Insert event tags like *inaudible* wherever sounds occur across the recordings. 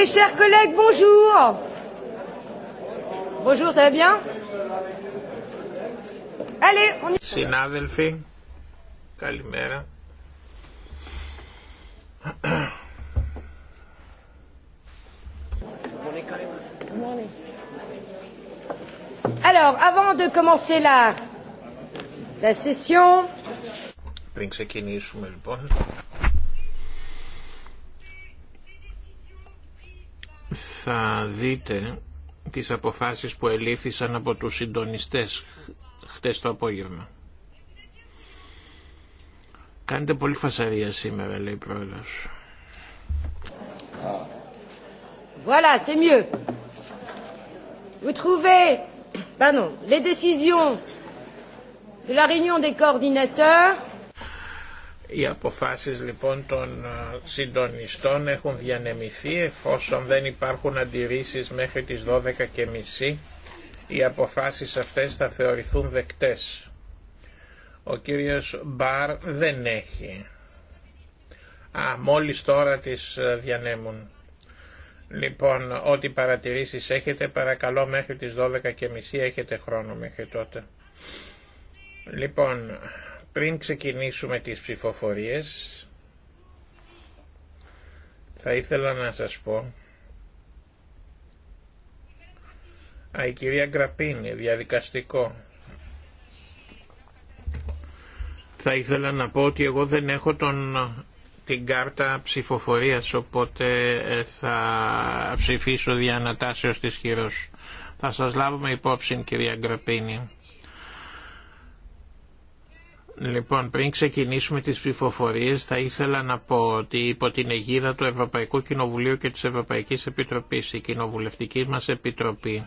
Mes chers collègues, bonjour. Bonjour, ça va bien Allez, on y va. Συνάδελφοι, καλημέρα. Alors, avant de commencer la, la session... Πριν ξεκινήσουμε λοιπόν, θα δείτε τις αποφάσεις που ελήφθησαν από τους συντονιστές χτες το απόγευμα. Κάνετε πολύ φασαρία σήμερα, λέει η πρόεδρος. Voilà, c'est mieux. Vous trouvez, pardon, les décisions de la réunion des coordinateurs οι αποφάσεις λοιπόν των ε, συντονιστών έχουν διανεμηθεί εφόσον δεν υπάρχουν αντιρρήσεις μέχρι τις μισή. οι αποφάσεις αυτές θα θεωρηθούν δεκτές. Ο κύριος Μπαρ δεν έχει. Α, μόλις τώρα τις ε, διανέμουν. Λοιπόν, ό,τι παρατηρήσεις έχετε, παρακαλώ μέχρι τις μισή έχετε χρόνο μέχρι τότε. Λοιπόν, πριν ξεκινήσουμε τις ψηφοφορίες, θα ήθελα να σας πω... Α, η κυρία Γκραπίνη, διαδικαστικό. Θα ήθελα να πω ότι εγώ δεν έχω τον, την κάρτα ψηφοφορίας, οπότε ε, θα ψηφίσω δια της χειρός. Θα σας λάβουμε υπόψη, κυρία Γκραπίνη. Λοιπόν, πριν ξεκινήσουμε τις ψηφοφορίες θα ήθελα να πω ότι υπό την αιγίδα του Ευρωπαϊκού Κοινοβουλίου και της Ευρωπαϊκής Επιτροπής, η Κοινοβουλευτική μας Επιτροπή,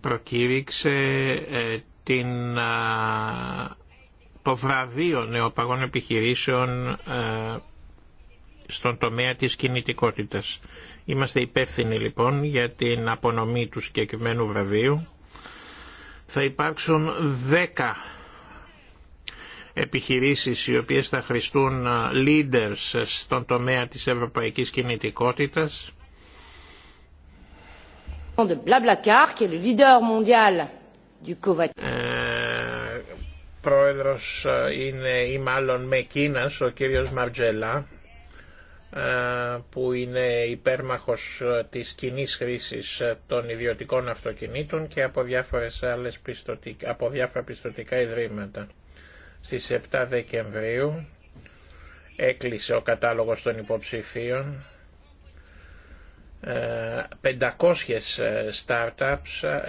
προκήρυξε ε, την, το βραβείο νεοπαγών επιχειρήσεων ε, στον τομέα της κινητικότητας. Είμαστε υπεύθυνοι λοιπόν για την απονομή του συγκεκριμένου βραβείου θα υπάρξουν δέκα επιχειρήσεις οι οποίες θα χρηστούν ε, leaders στον τομέα της ευρωπαϊκής κινητικότητας. Ε, πρόεδρος ε, είναι ή μάλλον με Κίνας ο κύριος Μαρτζελά ε, που είναι υπέρμαχος ε, της κοινή χρήση ε, των ιδιωτικών αυτοκινήτων και από, διάφορες άλλες πιστοτικ... από διάφορα πιστοτικά ιδρύματα. Στις 7 Δεκεμβρίου έκλεισε ο κατάλογος των υποψηφίων 500 startups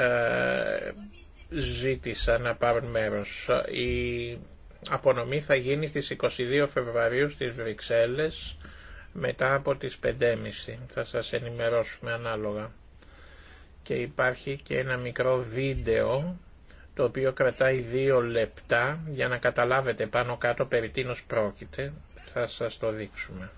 ζήτησαν να πάρουν μέρος. Η απονομή θα γίνει στις 22 Φεβρουαρίου στις Βρυξέλλες μετά από τις 5.30 θα σας ενημερώσουμε ανάλογα και υπάρχει και ένα μικρό βίντεο το οποίο κρατάει δύο λεπτά για να καταλάβετε πάνω κάτω περί τίνος πρόκειται θα σας το δείξουμε.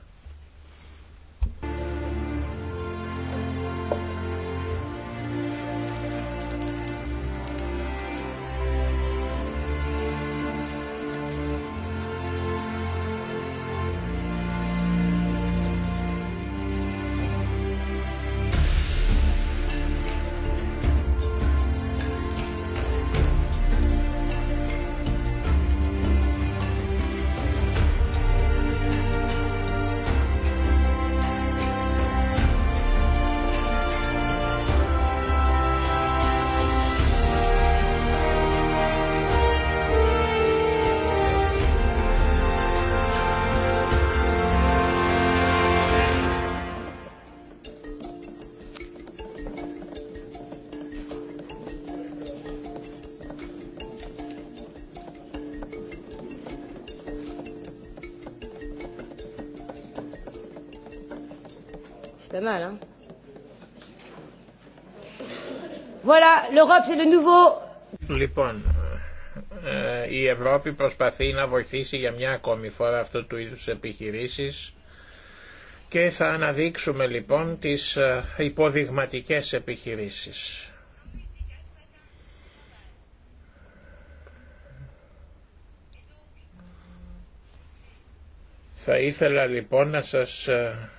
Λοιπόν, ε, η Ευρώπη προσπαθεί να βοηθήσει για μια ακόμη φορά αυτού του είδους επιχειρήσεις και θα αναδείξουμε λοιπόν τις ε, υποδειγματικές επιχειρήσεις. Θα ήθελα λοιπόν να σας ε,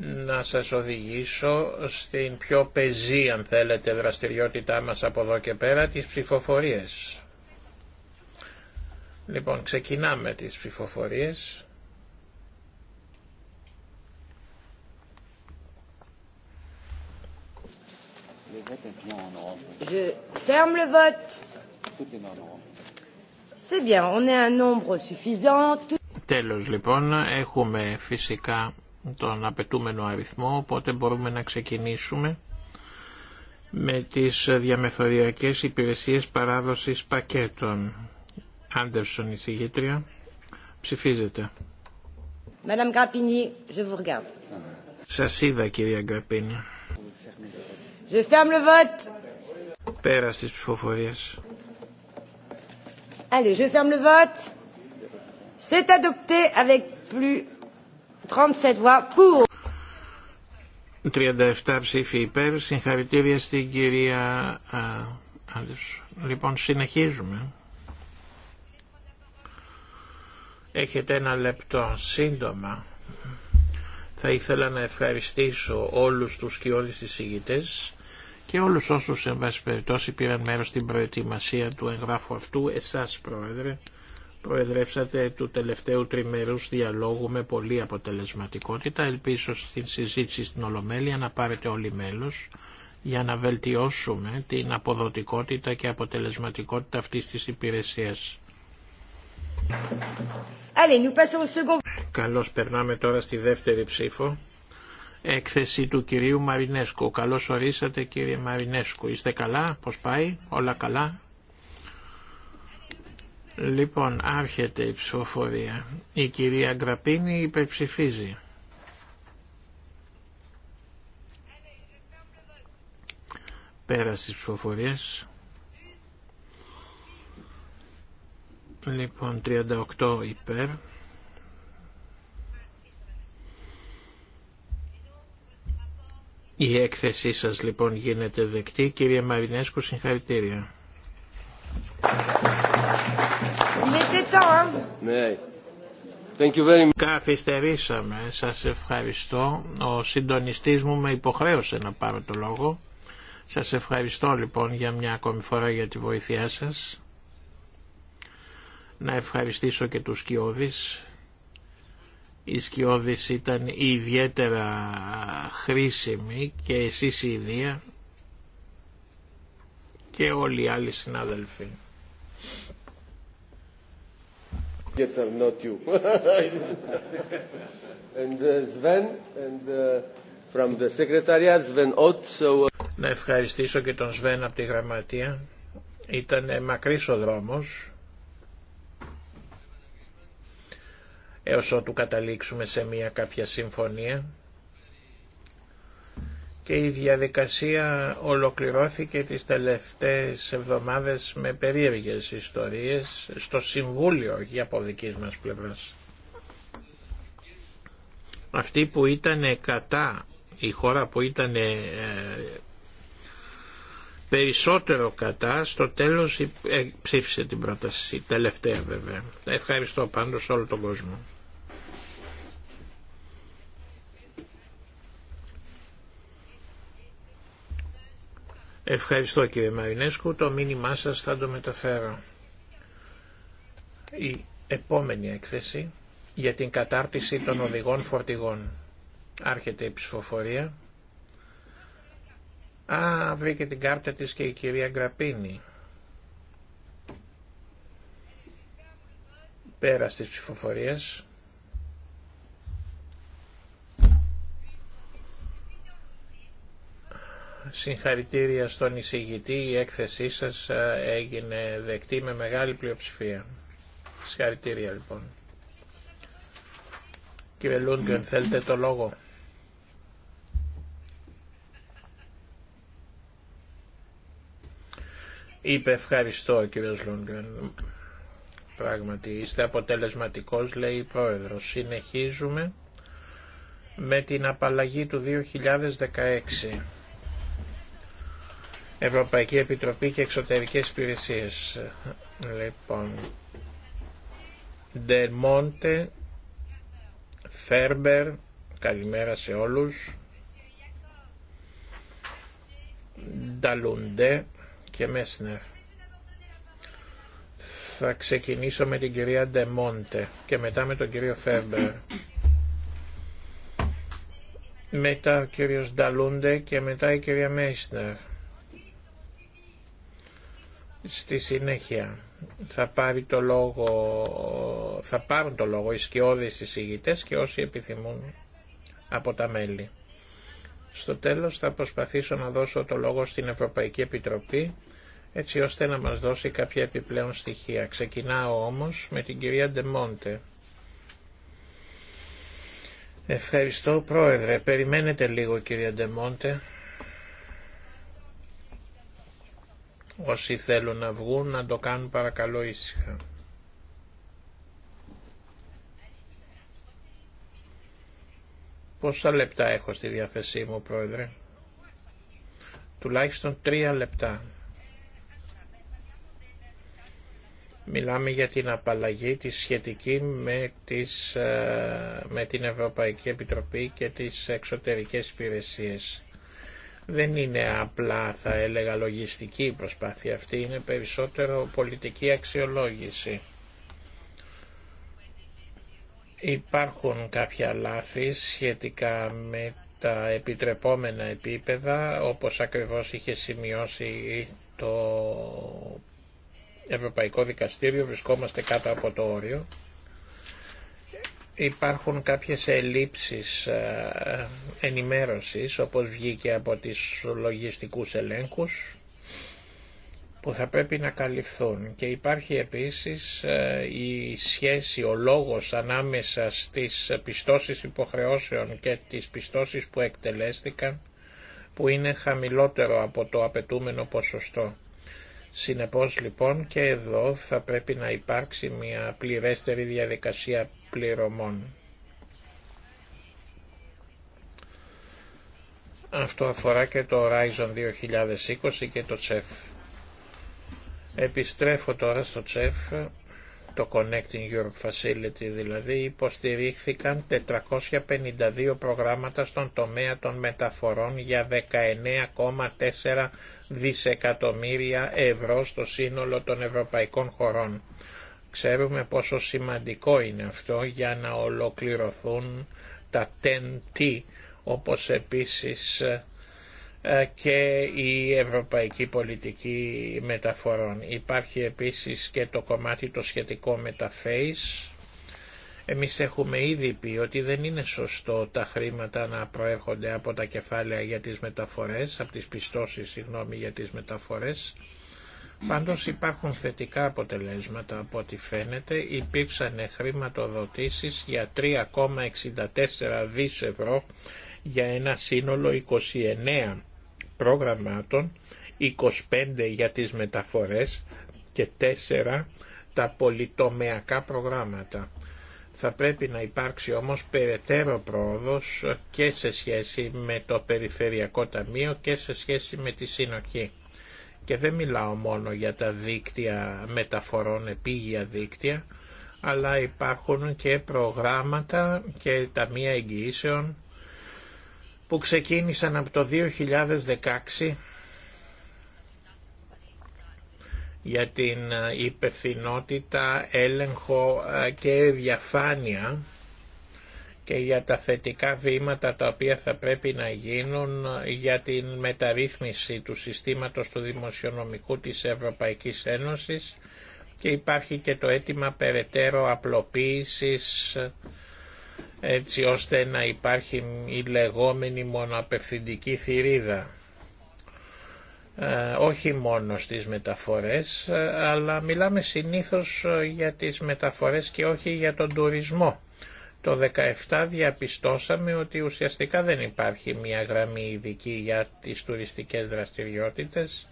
να σας οδηγήσω στην πιο πεζή, αν θέλετε, δραστηριότητά μας από εδώ και πέρα, τις ψηφοφορίες. Λοιπόν, ξεκινάμε τις ψηφοφορίες. Je ferme le vote. C'est bien, on est un nombre suffisant. Τέλος λοιπόν, έχουμε φυσικά τον απαιτούμενο αριθμό, οπότε μπορούμε να ξεκινήσουμε με τις διαμεθοδιακές υπηρεσίες παράδοσης πακέτων. Άντερσον, η εισηγήτρια, ψηφίζετε. Madame Grappini, je vous regarde. Σας είδα, κυρία Γκραπίνη. Je ferme le vote. Πέρα στις ψηφοφορίες. Allez, je ferme le vote. C'est adopté avec plus 37 voix pour. ψήφοι υπέρ. Συγχαρητήρια στην κυρία Άντερς. Λοιπόν, συνεχίζουμε. Έχετε ένα λεπτό σύντομα. Θα ήθελα να ευχαριστήσω όλους τους και όλες τις και όλους όσους εν πάση περιπτώσει πήραν μέρος στην προετοιμασία του εγγράφου αυτού, εσάς Πρόεδρε, προεδρεύσατε του τελευταίου τριμερούς διαλόγου με πολλή αποτελεσματικότητα. Ελπίζω στην συζήτηση στην Ολομέλεια να πάρετε όλοι μέλο για να βελτιώσουμε την αποδοτικότητα και αποτελεσματικότητα αυτής της υπηρεσίας. Allez, Καλώς περνάμε τώρα στη δεύτερη ψήφο. Έκθεση του κυρίου Μαρινέσκου. Καλώς ορίσατε κύριε Μαρινέσκου. Είστε καλά, πώς πάει, όλα καλά. Λοιπόν, άρχεται η ψηφοφορία. Η κυρία Γκραπίνη υπερψηφίζει. Πέρασε τις ψηφοφορίες. Λοιπόν, 38 υπέρ. Η έκθεσή σας λοιπόν γίνεται δεκτή. Κύριε Μαρινέσκου, συγχαρητήρια. Ναι. Thank Καθυστερήσαμε. Σας ευχαριστώ. Ο συντονιστής μου με υποχρέωσε να πάρω το λόγο. Σας ευχαριστώ λοιπόν για μια ακόμη φορά για τη βοήθειά σας. Να ευχαριστήσω και τους Σκιώδης. Οι Σκιώδης ήταν ιδιαίτερα χρήσιμοι και εσείς η ίδια και όλοι οι άλλοι συνάδελφοι not you. and Sven, Να ευχαριστήσω και τον Σβέν από τη γραμματεία. Ήταν μακρύς ο δρόμος. Έως ότου καταλήξουμε σε μια κάποια συμφωνία και η διαδικασία ολοκληρώθηκε τις τελευταίες εβδομάδες με περίεργες ιστορίες στο Συμβούλιο για από δικής μας πλευράς. Αυτή που ήταν κατά, η χώρα που ήταν ε, περισσότερο κατά, στο τέλος ε, ψήφισε την πρόταση, τελευταία βέβαια. Ευχαριστώ πάντως όλο τον κόσμο. Ευχαριστώ κύριε Μαρινέσκου, το μήνυμά σας θα το μεταφέρω. Η επόμενη έκθεση για την κατάρτιση των οδηγών φορτηγών. Άρχεται η ψηφοφορία. Α, βρήκε την κάρτα της και η κυρία Γκραπίνη. Πέρα της ψηφοφορίας. Συγχαρητήρια στον εισηγητή, η έκθεσή σας ε, έγινε δεκτή με μεγάλη πλειοψηφία. Συγχαρητήρια λοιπόν. Κύριε Λούντγκεν, θέλετε το λόγο. Είπε ευχαριστώ ο κύριος Πράγματι, είστε αποτελεσματικός, λέει η πρόεδρος. Συνεχίζουμε με την απαλλαγή του 2016. Ευρωπαϊκή Επιτροπή και Εξωτερικές Υπηρεσίες. Λοιπόν, Μόντε, Φέρμπερ, καλημέρα σε όλους. Νταλούντε και Μέσνερ. Θα ξεκινήσω με την κυρία Μόντε και μετά με τον κύριο Φέρμπερ. Μετά ο κύριος Νταλούντε και μετά η κυρία Μέσνερ. Στη συνέχεια θα, πάρει το λόγο, θα πάρουν το λόγο οι σκιώδεις εισηγητές και όσοι επιθυμούν από τα μέλη. Στο τέλος θα προσπαθήσω να δώσω το λόγο στην Ευρωπαϊκή Επιτροπή έτσι ώστε να μας δώσει κάποια επιπλέον στοιχεία. Ξεκινάω όμως με την κυρία Ντεμόντε. Ευχαριστώ πρόεδρε. Περιμένετε λίγο κυρία Ντεμόντε. Όσοι θέλουν να βγουν να το κάνουν παρακαλώ ήσυχα. Πόσα λεπτά έχω στη διάθεσή μου, Πρόεδρε. Τουλάχιστον τρία λεπτά. Μιλάμε για την απαλλαγή τη σχετική με, τις, ε, με την Ευρωπαϊκή Επιτροπή και τις εξωτερικές υπηρεσίες δεν είναι απλά θα έλεγα λογιστική η προσπάθεια αυτή, είναι περισσότερο πολιτική αξιολόγηση. Υπάρχουν κάποια λάθη σχετικά με τα επιτρεπόμενα επίπεδα, όπως ακριβώς είχε σημειώσει το Ευρωπαϊκό Δικαστήριο, βρισκόμαστε κάτω από το όριο υπάρχουν κάποιες ελλείψεις ε, ε, ενημέρωσης όπως βγήκε από τις λογιστικούς ελέγχους που θα πρέπει να καλυφθούν και υπάρχει επίσης ε, η σχέση, ο λόγος ανάμεσα στις πιστώσεις υποχρεώσεων και τις πιστώσεις που εκτελέστηκαν που είναι χαμηλότερο από το απαιτούμενο ποσοστό. Συνεπώς λοιπόν και εδώ θα πρέπει να υπάρξει μια πληρέστερη διαδικασία πληρωμών. Αυτό αφορά και το Horizon 2020 και το CEF. Επιστρέφω τώρα στο CEF, το Connecting Europe Facility δηλαδή, υποστηρίχθηκαν 452 προγράμματα στον τομέα των μεταφορών για 19,4 δισεκατομμύρια ευρώ στο σύνολο των ευρωπαϊκών χωρών. Ξέρουμε πόσο σημαντικό είναι αυτό για να ολοκληρωθούν τα TEN-T, όπως επίσης ε, και η ευρωπαϊκή πολιτική μεταφορών. Υπάρχει επίσης και το κομμάτι το σχετικό με τα FACE. Εμείς έχουμε ήδη πει ότι δεν είναι σωστό τα χρήματα να προέρχονται από τα κεφάλαια για τις μεταφορές, από τις πιστώσεις, συγγνώμη, για τις μεταφορές. Πάντως υπάρχουν θετικά αποτελέσματα από ό,τι φαίνεται. Υπήρξαν χρηματοδοτήσεις για 3,64 δις ευρώ για ένα σύνολο 29 προγραμμάτων, 25 για τις μεταφορές και 4 τα πολυτομεακά προγράμματα. Θα πρέπει να υπάρξει όμως περαιτέρω πρόοδος και σε σχέση με το Περιφερειακό Ταμείο και σε σχέση με τη Συνοχή. Και δεν μιλάω μόνο για τα δίκτυα μεταφορών, επίγεια δίκτυα, αλλά υπάρχουν και προγράμματα και ταμεία εγγυήσεων που ξεκίνησαν από το 2016 για την υπευθυνότητα, έλεγχο ε, και διαφάνεια και για τα θετικά βήματα τα οποία θα πρέπει να γίνουν για την μεταρρύθμιση του συστήματος του δημοσιονομικού της Ευρωπαϊκής Ένωσης και υπάρχει και το αίτημα περαιτέρω απλοποίησης έτσι ώστε να υπάρχει η λεγόμενη μονοαπευθυντική θηρίδα. Ε, όχι μόνο στις μεταφορές, ε, αλλά μιλάμε συνήθως για τις μεταφορές και όχι για τον τουρισμό. Το 17 διαπιστώσαμε ότι ουσιαστικά δεν υπάρχει μια γραμμή ειδική για τις τουριστικές δραστηριότητες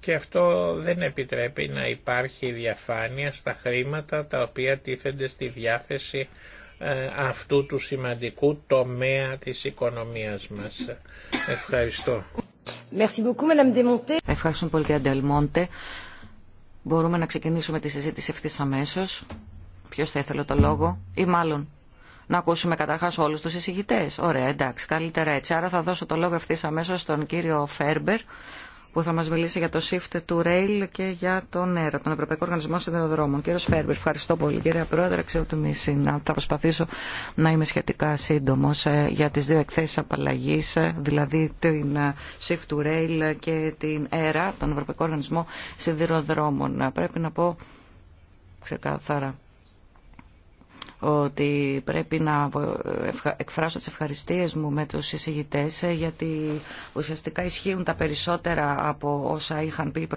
και αυτό δεν επιτρέπει να υπάρχει διαφάνεια στα χρήματα τα οποία τίθενται στη διάθεση ε, αυτού του σημαντικού τομέα της οικονομίας μας. Ευχαριστώ. Ευχαριστώ πολύ κύριε Ντελμόντε. Μπορούμε να ξεκινήσουμε τη συζήτηση ευθύ αμέσω. Ποιο θα ήθελε το λόγο ή μάλλον να ακούσουμε καταρχά όλου του εισηγητέ. Ωραία, εντάξει, καλύτερα έτσι. Άρα θα δώσω το λόγο ευθύ αμέσω στον κύριο Φέρμπερ που θα μα μιλήσει για το shift to rail και για τον ΕΡΑ, τον Ευρωπαϊκό Οργανισμό Σιδηροδρόμων. Κύριο Φέρμπερ, ευχαριστώ πολύ. Κύριε Πρόεδρε, ξέρω ότι θα προσπαθήσω να είμαι σχετικά σύντομο ε, για τι δύο εκθέσει απαλλαγή, ε, δηλαδή την ε, shift to rail και την ΕΡΑ, τον Ευρωπαϊκό Οργανισμό Σιδηροδρόμων. Πρέπει να πω ξεκάθαρα ότι πρέπει να εκφράσω τις ευχαριστίες μου με τους εισηγητές ε, γιατί ουσιαστικά ισχύουν τα περισσότερα από όσα είχαν πει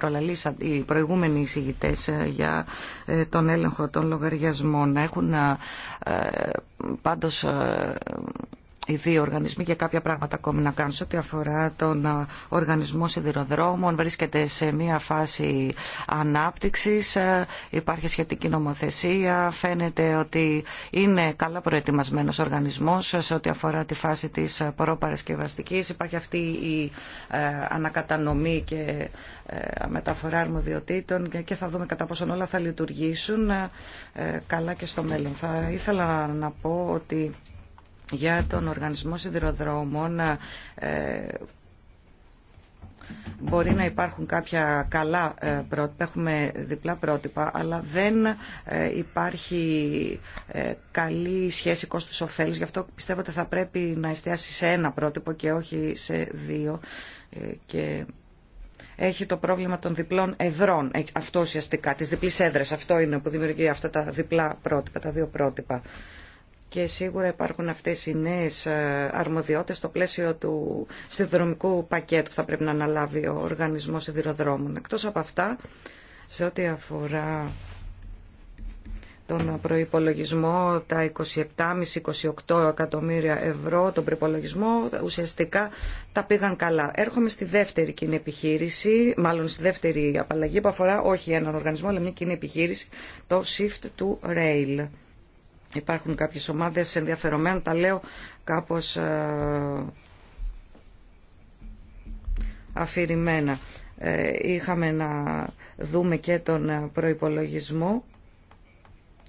οι προηγούμενοι εισηγητές ε, για ε, τον έλεγχο των λογαριασμών. Έχουν πάντως οι δύο οργανισμοί για κάποια πράγματα ακόμη να κάνουν. Σε ό,τι αφορά τον οργανισμό σιδηροδρόμων, βρίσκεται σε μία φάση ανάπτυξης, υπάρχει σχετική νομοθεσία, φαίνεται ότι είναι καλά προετοιμασμένος οργανισμός σε ό,τι αφορά τη φάση της προπαρασκευαστικής. Υπάρχει αυτή η ανακατανομή και ε, μεταφορά αρμοδιοτήτων και θα δούμε κατά πόσον όλα θα λειτουργήσουν ε, καλά και στο μέλλον. Θα ήθελα να πω ότι για τον Οργανισμό Σιδηροδρομών ε, μπορεί να υπάρχουν κάποια καλά ε, πρότυπα, έχουμε διπλά πρότυπα, αλλά δεν ε, υπάρχει καλή σχέση κόστους ωφέλους. Γι' αυτό πιστεύω ότι θα πρέπει να εστιάσει σε ένα πρότυπο και όχι σε δύο. Και έχει το πρόβλημα των διπλών εδρών, αυτό ουσιαστικά, της διπλής έδρας. Αυτό είναι που δημιουργεί αυτά τα διπλά πρότυπα, τα δύο πρότυπα και σίγουρα υπάρχουν αυτές οι νέες ε, αρμοδιότητες στο πλαίσιο του σιδηροδρομικού πακέτου που θα πρέπει να αναλάβει ο οργανισμός σιδηροδρόμων. Εκτός από αυτά, σε ό,τι αφορά τον προϋπολογισμό, τα 27,5-28 εκατομμύρια ευρώ, τον προϋπολογισμό, ουσιαστικά τα πήγαν καλά. Έρχομαι στη δεύτερη κοινή επιχείρηση, μάλλον στη δεύτερη απαλλαγή που αφορά όχι έναν οργανισμό, αλλά μια κοινή επιχείρηση, το Shift to Rail. Υπάρχουν κάποιες ομάδες ενδιαφερομένων, τα λέω κάπως ε, αφηρημένα. Ε, είχαμε να δούμε και τον ε, προϋπολογισμό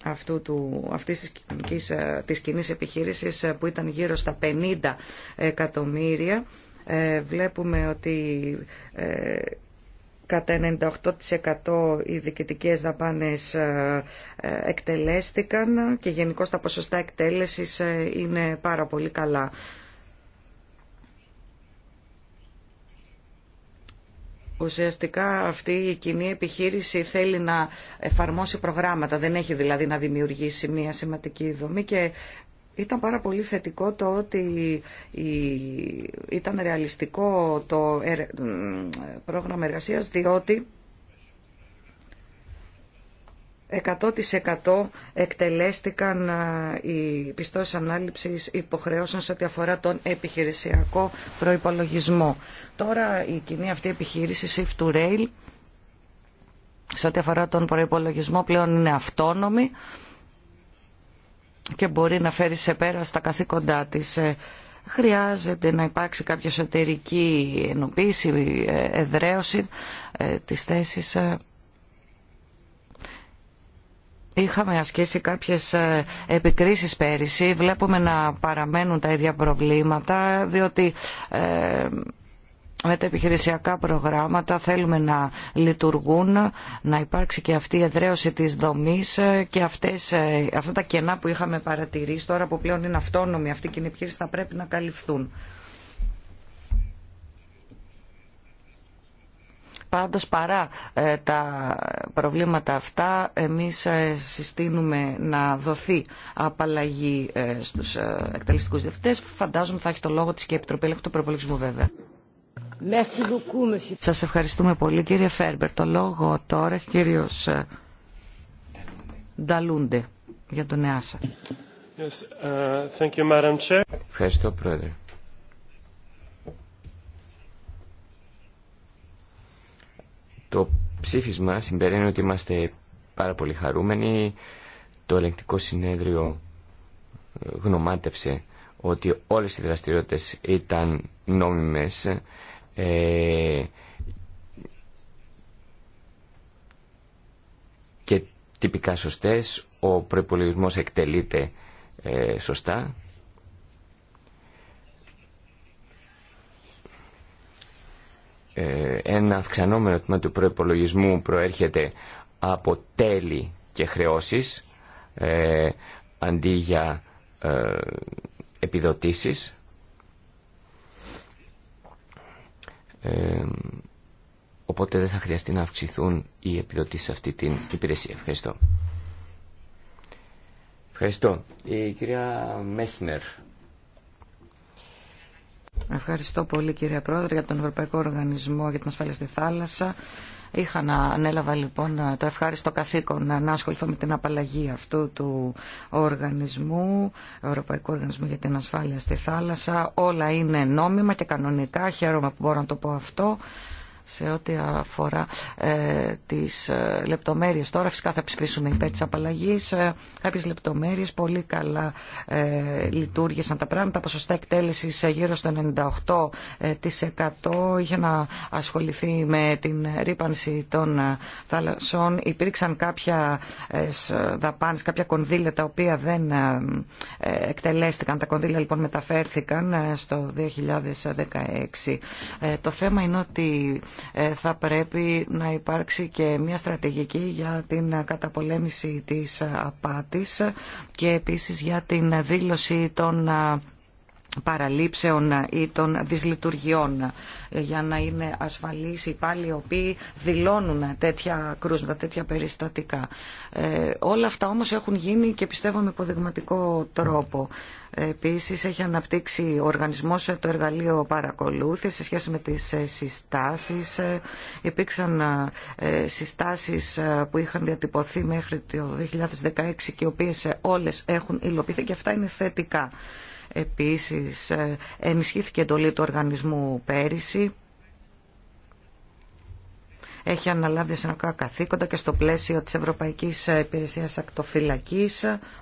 αυτού του, αυτής της, κοινής, της επιχείρησης που ήταν γύρω στα 50 εκατομμύρια. βλέπουμε ότι ε, κατά 98% οι διοικητικές δαπάνες ε, ε, εκτελέστηκαν και γενικώ τα ποσοστά εκτέλεσης ε, είναι πάρα πολύ καλά. Ουσιαστικά αυτή η κοινή επιχείρηση θέλει να εφαρμόσει προγράμματα, δεν έχει δηλαδή να δημιουργήσει μια σημαντική δομή και ήταν πάρα πολύ θετικό το ότι ήταν ρεαλιστικό το πρόγραμμα εργασίας διότι 100% εκτελέστηκαν οι πιστώσεις ανάληψης υποχρεώσεων σε ό,τι αφορά τον επιχειρησιακό προϋπολογισμό. Τώρα η κοινή αυτή επιχείρηση Shift to Rail σε ό,τι αφορά τον προϋπολογισμό πλέον είναι αυτόνομη και μπορεί να φέρει σε πέρα στα καθήκοντά της. Ε, χρειάζεται να υπάρξει κάποια εσωτερική ενοποίηση, ε, εδραίωση ε, της θέσης είχαμε ασκήσει κάποιες επικρίσεις πέρυσι βλέπουμε να παραμένουν τα ίδια προβλήματα διότι με τα επιχειρησιακά προγράμματα θέλουμε να λειτουργούν, να υπάρξει και αυτή η εδραίωση της δομής ε, και αυτές, ε, αυτά τα κενά που είχαμε παρατηρήσει τώρα που πλέον είναι αυτόνομοι αυτή και κοινή επιχείρηση θα πρέπει να καλυφθούν. Πάντως παρά ε, τα προβλήματα αυτά, εμείς συστήνουμε να δοθεί απαλλαγή στους εκτελεστικούς διευθυντές. Φαντάζομαι θα έχει το λόγο της και η Επιτροπή Ελέγχου του Προπολογισμού βέβαια. Σας ευχαριστούμε πολύ κύριε Φέρμπερ. Το λόγο τώρα έχει κύριος ε, Νταλούντε για τον ΕΑΣΑ. Yes, uh, thank you, Madam Chair. Ευχαριστώ Πρόεδρε. Το ψήφισμα συμπεραίνει ότι είμαστε πάρα πολύ χαρούμενοι. Το ελεγκτικό συνέδριο ε, γνωμάτευσε ότι όλες οι δραστηριότητες ήταν νόμιμες ε, και τυπικά σωστές, ο προπολογισμό εκτελείται ε, σωστά. Ε, ένα αυξανόμενο τμήμα του προϋπολογισμού προέρχεται από τέλη και χρεώσεις, ε, αντί για επιδοτήσεις. Ε, οπότε δεν θα χρειαστεί να αυξηθούν οι επιδοτήσεις σε αυτή την υπηρεσία. Ευχαριστώ. Ευχαριστώ. Η κυρία Μέσνερ. Ευχαριστώ πολύ κυρία Πρόεδρε για τον Ευρωπαϊκό Οργανισμό για την Ασφάλεια στη Θάλασσα. Είχα να ανέλαβα λοιπόν το ευχάριστο καθήκον να ασχοληθώ με την απαλλαγή αυτού του οργανισμού, Ευρωπαϊκού Οργανισμού για την Ασφάλεια στη Θάλασσα. Όλα είναι νόμιμα και κανονικά, χαίρομαι που μπορώ να το πω αυτό σε ό,τι αφορά ε, τις ε, λεπτομέρειες. Τώρα φυσικά θα ψηφίσουμε υπέρ της απαλλαγής. Ε, κάποιες λεπτομέρειες πολύ καλά ε, λειτουργήσαν τα πράγματα. Ποσοστά εκτέλεσης ε, γύρω στο 98% ε, είχε να ασχοληθεί με την ρήπανση των θάλασσών. Υπήρξαν κάποια δαπάνες, κάποια κονδύλια τα οποία δεν εκτελέστηκαν. Τα κονδύλια λοιπόν μεταφέρθηκαν στο 2016. Το θέμα είναι ότι ε, θα πρέπει να υπάρξει και μια στρατηγική για την καταπολέμηση της απάτης και επίσης για την δήλωση των παραλήψεων ή των δυσλειτουργιών για να είναι ασφαλείς οι υπάλληλοι οι οποίοι δηλώνουν τέτοια κρούσματα, τέτοια περιστατικά. Ε, όλα αυτά όμως έχουν γίνει και πιστεύω με υποδειγματικό τρόπο. Επίσης έχει αναπτύξει ο οργανισμός ε, το εργαλείο παρακολούθηση σε σχέση με τις ε, συστάσεις. Υπήρξαν συστάσεις που είχαν διατυπωθεί μέχρι το 2016 και οι οποίες όλες έχουν υλοποιηθεί και αυτά είναι θετικά. Επίσης ε, ενισχύθηκε εντολή του οργανισμού πέρυσι έχει αναλάβει συνολικά καθήκοντα και στο πλαίσιο της Ευρωπαϊκής Υπηρεσία Ακτοφυλακή,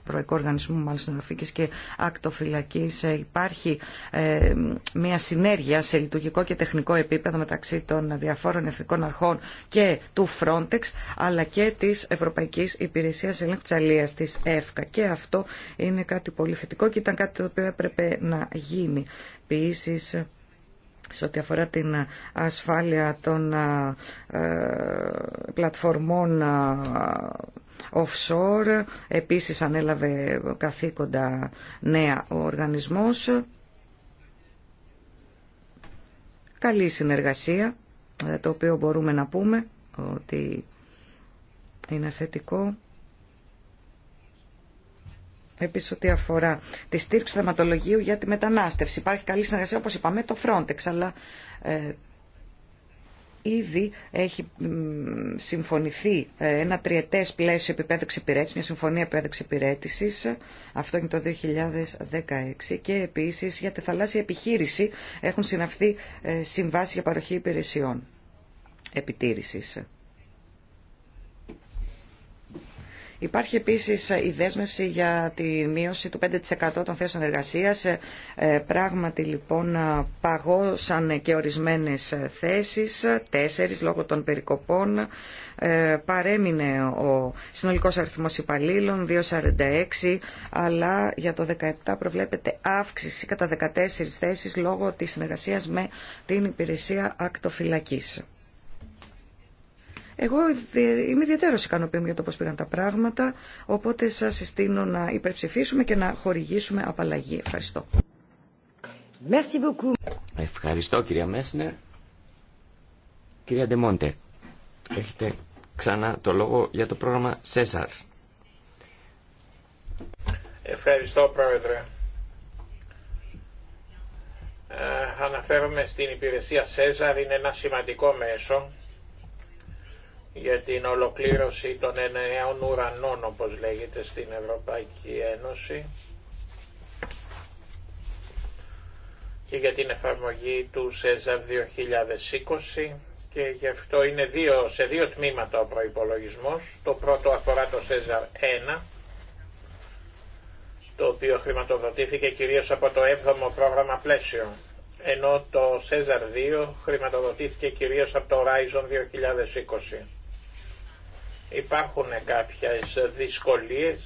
Προϊκού Οργανισμού μάλιστα Αφήκης και Ακτοφυλακή. Ε, υπάρχει ε, μια συνέργεια σε λειτουργικό και τεχνικό επίπεδο μεταξύ των διαφόρων εθνικών αρχών και του Frontex, αλλά και της Ευρωπαϊκής Υπηρεσία Ελέγχου της ΕΦΚΑ. Και αυτό είναι κάτι πολύ θετικό και ήταν κάτι το οποίο έπρεπε να γίνει. επίση σε ό,τι αφορά την ασφάλεια των ε, πλατφορμών ε, offshore. Επίσης ανέλαβε καθήκοντα νέα ο οργανισμός. Καλή συνεργασία, ε, το οποίο μπορούμε να πούμε ότι είναι θετικό. Επίσης ότι αφορά τη στήριξη του θεματολογίου για τη μετανάστευση. Υπάρχει καλή συνεργασία όπως είπαμε το Frontex, αλλά ε, ήδη έχει συμφωνηθεί ε, ένα τριετές πλαίσιο επίπεδου εξυπηρέτηση, μια συμφωνία επίπεδου υπηρέτηση, αυτό είναι το 2016 και επίσης για τη θαλάσσια επιχείρηση έχουν συναυθεί ε, συμβάσει για παροχή υπηρεσιών επιτήρησης. Υπάρχει επίσης η δέσμευση για τη μείωση του 5% των θέσεων εργασίας. Ε, ε, πράγματι λοιπόν παγώσαν και ορισμένε θέσεις, τέσσερι λόγω των περικοπών. Ε, παρέμεινε ο συνολικός αριθμός υπαλλήλων, 2,46, αλλά για το 2017 προβλέπεται αύξηση κατά 14 θέσεις λόγω της συνεργασίας με την υπηρεσία ακτοφυλακή. Εγώ είμαι ιδιαίτερο ικανοποιημένη για το πώ πήγαν τα πράγματα, οπότε σα συστήνω να υπερψηφίσουμε και να χορηγήσουμε απαλλαγή. Ευχαριστώ. Ευχαριστώ κυρία Μέσνερ. Κυρία Ντεμόντε, έχετε ξανά το λόγο για το πρόγραμμα ΣΕΣΑΡ. Ευχαριστώ πρόεδρε. Ε, αναφέρομαι στην υπηρεσία ΣΕΖΑΡ, είναι ένα σημαντικό μέσο για την ολοκλήρωση των εννέων ουρανών όπως λέγεται στην Ευρωπαϊκή Ένωση και για την εφαρμογή του ΣΕΖΑΡ 2020 και γι' αυτό είναι δύο, σε δύο τμήματα ο προϋπολογισμός. Το πρώτο αφορά το ΣΕΖΑΡ 1 το οποίο χρηματοδοτήθηκε κυρίως από το 7ο πρόγραμμα πλαίσιο, ενώ το ΣΕΖΑΡ 2 χρηματοδοτήθηκε κυρίως από το Horizon 2020. Υπάρχουν κάποιες δυσκολίες,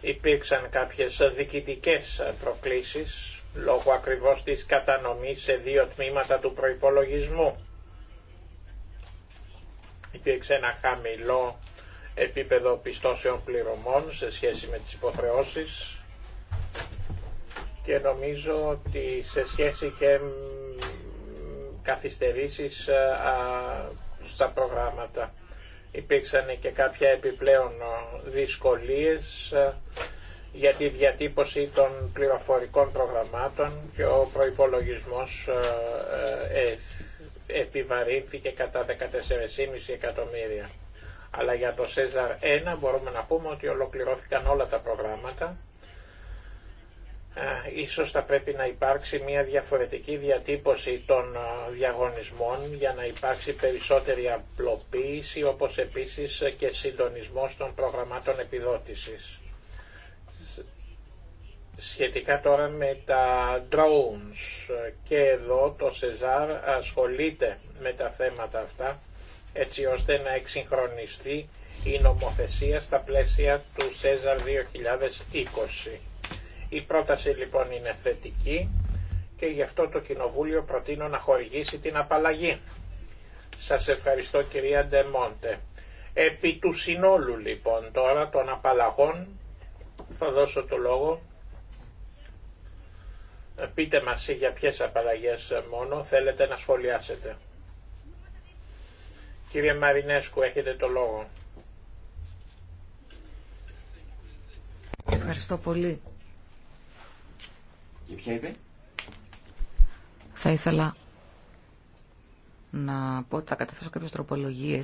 υπήρξαν κάποιες διοικητικές προκλήσεις λόγω ακριβώς της κατανομής σε δύο τμήματα του προϋπολογισμού. Υπήρξε ένα χαμηλό επίπεδο πιστώσεων πληρωμών σε σχέση με τις υποχρεώσεις και νομίζω ότι σε σχέση και καθυστερήσεις στα προγράμματα. Υπήρξαν και κάποια επιπλέον ε, δυσκολίες ε, για τη διατύπωση των πληροφορικών προγραμμάτων και ο προϋπολογισμός ε, επιβαρύνθηκε κατά 14,5 εκατομμύρια. Αλλά για το ΣΕΖΑΡ 1 μπορούμε να πούμε ότι ολοκληρώθηκαν όλα τα προγράμματα ίσως θα πρέπει να υπάρξει μια διαφορετική διατύπωση των διαγωνισμών για να υπάρξει περισσότερη απλοποίηση όπως επίσης και συντονισμός των προγραμμάτων επιδότησης. Σχετικά τώρα με τα drones και εδώ το ΣΕΖΑΡ ασχολείται με τα θέματα αυτά έτσι ώστε να εξυγχρονιστεί η νομοθεσία στα πλαίσια του ΣΕΖΑΡ 2020. Η πρόταση λοιπόν είναι θετική και γι' αυτό το Κοινοβούλιο προτείνω να χορηγήσει την απαλλαγή. Σας ευχαριστώ κυρία Ντεμόντε. Επί του συνόλου λοιπόν τώρα των απαλλαγών θα δώσω το λόγο. Ε, πείτε μας για ποιες απαλλαγές μόνο θέλετε να σχολιάσετε. Κύριε Μαρινέσκου, έχετε το λόγο. Ευχαριστώ πολύ. Θα ήθελα να πω ότι θα καταθέσω κάποιε τροπολογίε.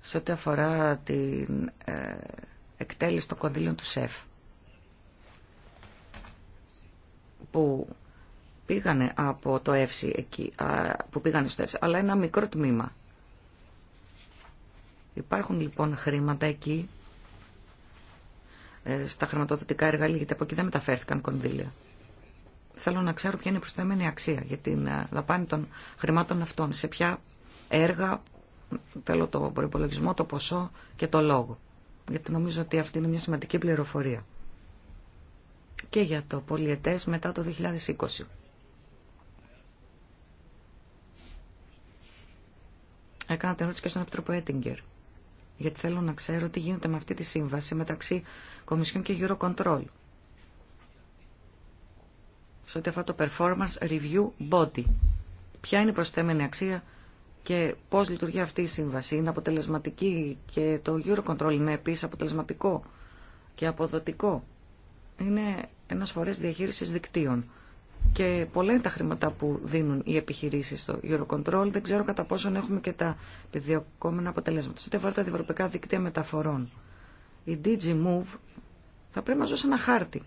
σε ό,τι αφορά την ε, εκτέλεση των κονδύλων του ΣΕΦ που πήγανε από το που πήγανε στο ΕΦΣΙ, αλλά ένα μικρό τμήμα. Υπάρχουν λοιπόν χρήματα εκεί ε, στα χρηματοδοτικά εργαλεία, γιατί από εκεί δεν μεταφέρθηκαν κονδύλια. Θέλω να ξέρω ποια είναι η προσταμένη αξία για την ε, δαπάνη των χρημάτων αυτών, σε ποια έργα, θέλω το προπολογισμό, το ποσό και το λόγο. Γιατί νομίζω ότι αυτή είναι μια σημαντική πληροφορία. Και για το πολιετές μετά το 2020. Έκανα την ερώτηση και στον Επιτροπό Έτιγκερ γιατί θέλω να ξέρω τι γίνεται με αυτή τη σύμβαση μεταξύ Κομισιόν και Eurocontrol. Σε ό,τι αφορά το Performance Review Body. Ποια είναι η προσθέμενη αξία και πώς λειτουργεί αυτή η σύμβαση. Είναι αποτελεσματική και το Eurocontrol είναι επίσης αποτελεσματικό και αποδοτικό. Είναι ένας φορές διαχείρισης δικτύων και πολλά είναι τα χρήματα που δίνουν οι επιχειρήσεις στο Eurocontrol. Δεν ξέρω κατά πόσον έχουμε και τα επιδιωκόμενα αποτελέσματα. Σε ό,τι αφορά τα ευρωπαϊκά δίκτυα μεταφορών, η DG Move θα πρέπει να ζώσει ένα χάρτη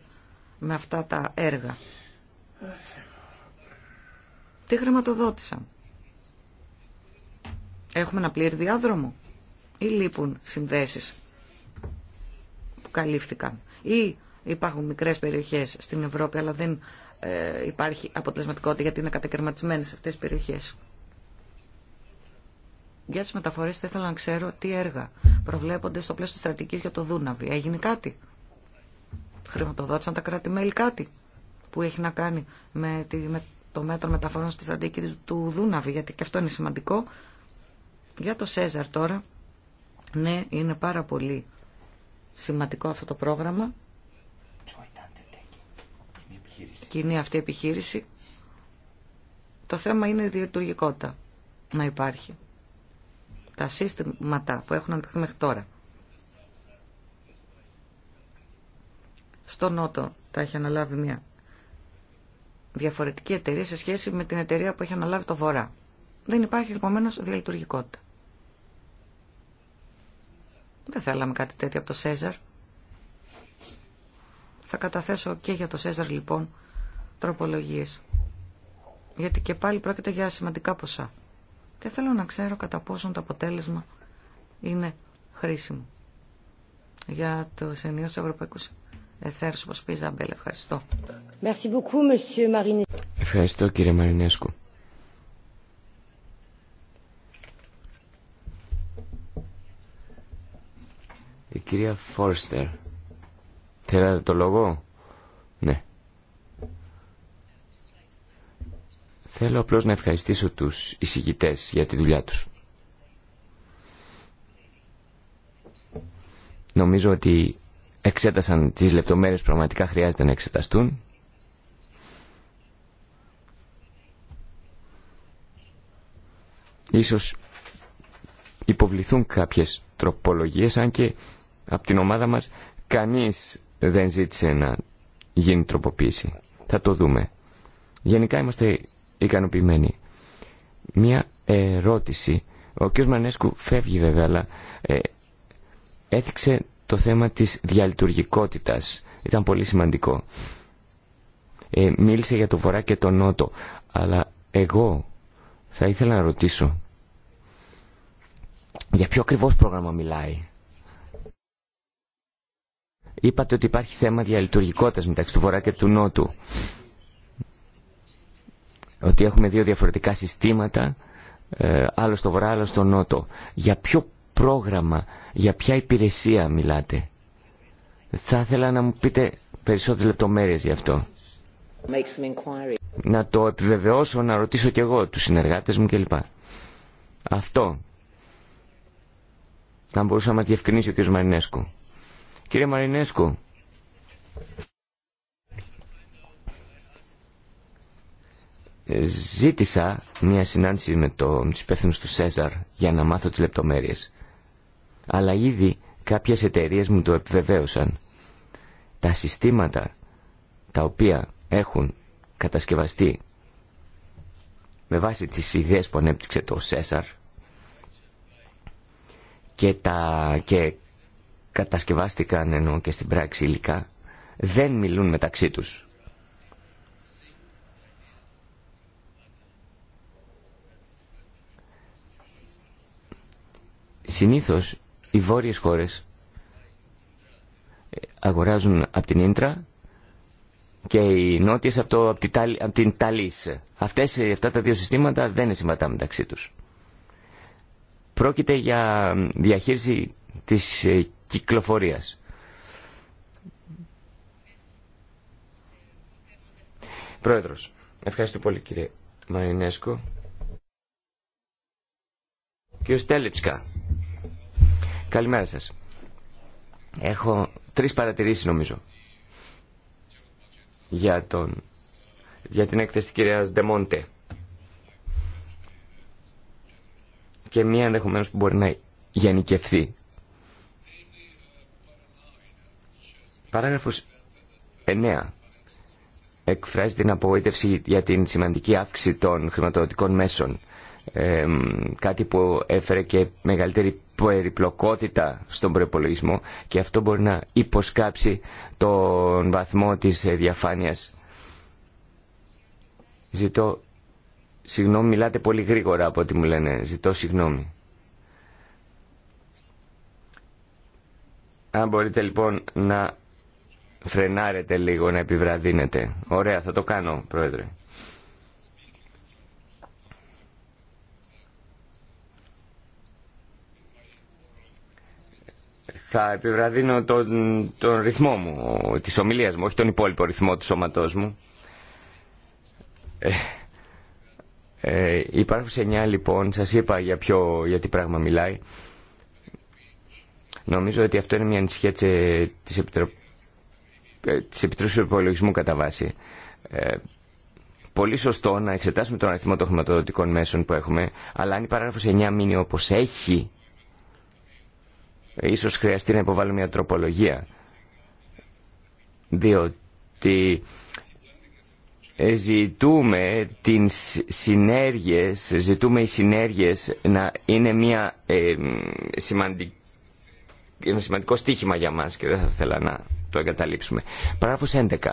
με αυτά τα έργα. Τι χρηματοδότησαν. Έχουμε ένα πλήρη διάδρομο ή λείπουν συνδέσεις που καλύφθηκαν ή υπάρχουν μικρές περιοχές στην Ευρώπη αλλά δεν ε, υπάρχει αποτελεσματικότητα γιατί είναι σε αυτές τι περιοχές. Για τι μεταφορές θα ήθελα να ξέρω τι έργα προβλέπονται στο πλαίσιο της στρατηγικής για το Δούναβι. Έγινε κάτι. Χρηματοδότησαν τα κράτη-μέλη κάτι που έχει να κάνει με, τη, με το μέτρο μεταφορών στη στρατηγική του Δούναβι γιατί και αυτό είναι σημαντικό. Για το Σέζαρ τώρα, ναι, είναι πάρα πολύ σημαντικό αυτό το πρόγραμμα κοινή αυτή επιχείρηση. Το θέμα είναι η διατουργικότητα να υπάρχει. Τα σύστηματα που έχουν αναπτυχθεί μέχρι τώρα. Στο Νότο τα έχει αναλάβει μια διαφορετική εταιρεία σε σχέση με την εταιρεία που έχει αναλάβει το Βορρά. Δεν υπάρχει λοιπόν, διαλειτουργικότητα. Δεν θέλαμε κάτι τέτοιο από το Σέζαρ. Θα καταθέσω και για το Σέζαρ λοιπόν τροπολογίες. Γιατί και πάλι πρόκειται για σημαντικά ποσά. Και θέλω να ξέρω κατά πόσον το αποτέλεσμα είναι χρήσιμο. Για το ενίο του Ευρωπαϊκού Εθέρου, όπω πει Ζαμπέλ, ευχαριστώ. Ευχαριστώ κύριε Μαρινέσκου. Η κυρία Φόρστερ. Θέλατε το λόγο. Ναι. Θέλω απλώς να ευχαριστήσω τους εισηγητές για τη δουλειά τους. Νομίζω ότι εξέτασαν τις λεπτομέρειες που πραγματικά χρειάζεται να εξεταστούν. Ίσως υποβληθούν κάποιες τροπολογίες, αν και από την ομάδα μας κανείς δεν ζήτησε να γίνει τροποποίηση. Θα το δούμε. Γενικά είμαστε ικανοποιημένοι. Μία ερώτηση. Ο κ. Μανέσκου φεύγει βέβαια, αλλά ε, έθιξε το θέμα της διαλειτουργικότητας. Ήταν πολύ σημαντικό. Ε, μίλησε για το βορρά και το νότο, αλλά εγώ θα ήθελα να ρωτήσω για ποιο ακριβώς πρόγραμμα μιλάει. Είπατε ότι υπάρχει θέμα διαλειτουργικότητας μεταξύ του Βορρά και του Νότου. Ότι έχουμε δύο διαφορετικά συστήματα, ε, άλλο στο Βορρά, άλλο στο Νότο. Για ποιο πρόγραμμα, για ποια υπηρεσία μιλάτε. Θα ήθελα να μου πείτε περισσότερες λεπτομέρειες γι' αυτό. Να το επιβεβαιώσω, να ρωτήσω κι εγώ τους συνεργάτες μου κλπ. Αυτό. Αν μπορούσε να μας διευκρινίσει ο κ. Μαρινέσκου. Κύριε Μαρινέσκο, ζήτησα μια συνάντηση με, το, με του Σέζαρ για να μάθω τις λεπτομέρειες. Αλλά ήδη κάποιες εταιρείε μου το επιβεβαίωσαν. Τα συστήματα τα οποία έχουν κατασκευαστεί με βάση τις ιδέες που ανέπτυξε το Σέσαρ και, τα, και κατασκευάστηκαν ενώ και στην πράξη υλικά δεν μιλούν μεταξύ τους. Συνήθως οι βόρειες χώρες αγοράζουν από την Ίντρα και οι νότιες από, το, από την Ταλής. αυτά τα δύο συστήματα δεν είναι συμβατά μεταξύ τους. Πρόκειται για διαχείριση της ε, κυκλοφορίας. Πρόεδρος, ευχαριστώ πολύ κύριε Μαρινέσκο. Κύριο Στέλιτσκα, καλημέρα σας. Έχω τρεις παρατηρήσεις νομίζω για, τον, για την έκθεση κυρίας Ντεμόντε. και μία ενδεχομένω που μπορεί να γενικευθεί. Παράγραφος 9. Εκφράζει την απογοήτευση για την σημαντική αύξηση των χρηματοδοτικών μέσων. κάτι που έφερε και μεγαλύτερη περιπλοκότητα στον προπολογισμό και αυτό μπορεί να υποσκάψει τον βαθμό της διαφάνειας. Ζητώ Συγγνώμη, μιλάτε πολύ γρήγορα από ό,τι μου λένε. Ζητώ συγγνώμη. Αν μπορείτε λοιπόν να φρενάρετε λίγο, να επιβραδύνετε. Ωραία, θα το κάνω, Πρόεδρε. Θα επιβραδύνω τον, τον ρυθμό μου, της ομιλίας μου, όχι τον υπόλοιπο ρυθμό του σώματός μου. Ε, ε, η 9, λοιπόν, σας είπα για, ποιο, για τι πράγμα μιλάει. Νομίζω ότι αυτό είναι μια ανησυχία της, ε, Επιτρο... Ε, της του Υπολογισμού κατά βάση. Ε, πολύ σωστό να εξετάσουμε τον αριθμό των χρηματοδοτικών μέσων που έχουμε, αλλά αν η παράγραφος 9 μείνει όπως έχει, ίσως χρειαστεί να υποβάλουμε μια τροπολογία. Διότι ζητούμε τις συνέργειες, ζητούμε οι συνέργειες να είναι μια ε, ένα σημαντικό στίχημα για μας και δεν θα ήθελα να το εγκαταλείψουμε. Παράγραφος 11.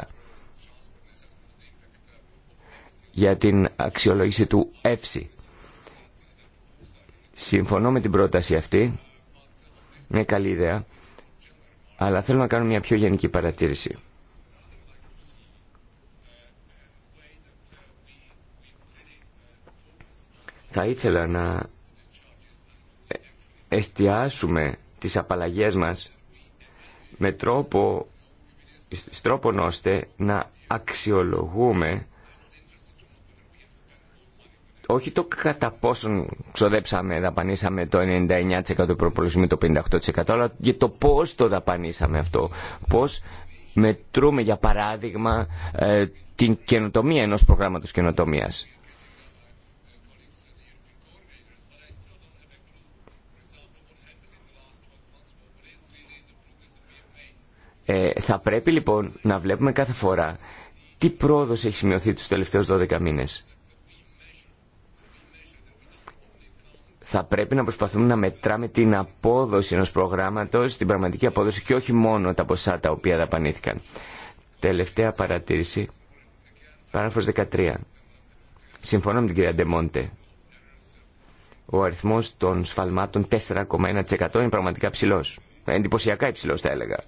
Για την αξιολόγηση του ΕΦΣΥ. Συμφωνώ με την πρόταση αυτή. Είναι καλή ιδέα. Αλλά θέλω να κάνω μια πιο γενική παρατήρηση. Θα ήθελα να εστιάσουμε τις απαλλαγές μας με τρόπο, ώστε να αξιολογούμε όχι το κατά πόσον ξοδέψαμε, δαπανίσαμε το 99% του προπολογισμού, το 58%, αλλά για το πώς το δαπανίσαμε αυτό. Πώς μετρούμε, για παράδειγμα, ε, την καινοτομία ενός προγράμματος καινοτομίας. Ε, θα πρέπει λοιπόν να βλέπουμε κάθε φορά τι πρόοδος έχει σημειωθεί τους τελευταίους 12 μήνες. Θα πρέπει να προσπαθούμε να μετράμε την απόδοση ενός προγράμματος, την πραγματική απόδοση και όχι μόνο τα ποσά τα οποία δαπανήθηκαν. Τελευταία παρατήρηση, παράγραφος 13. Συμφωνώ με την κυρία Ντεμόντε. Ο αριθμός των σφαλμάτων 4,1% είναι πραγματικά ψηλός. Ε, εντυπωσιακά υψηλός θα έλεγα.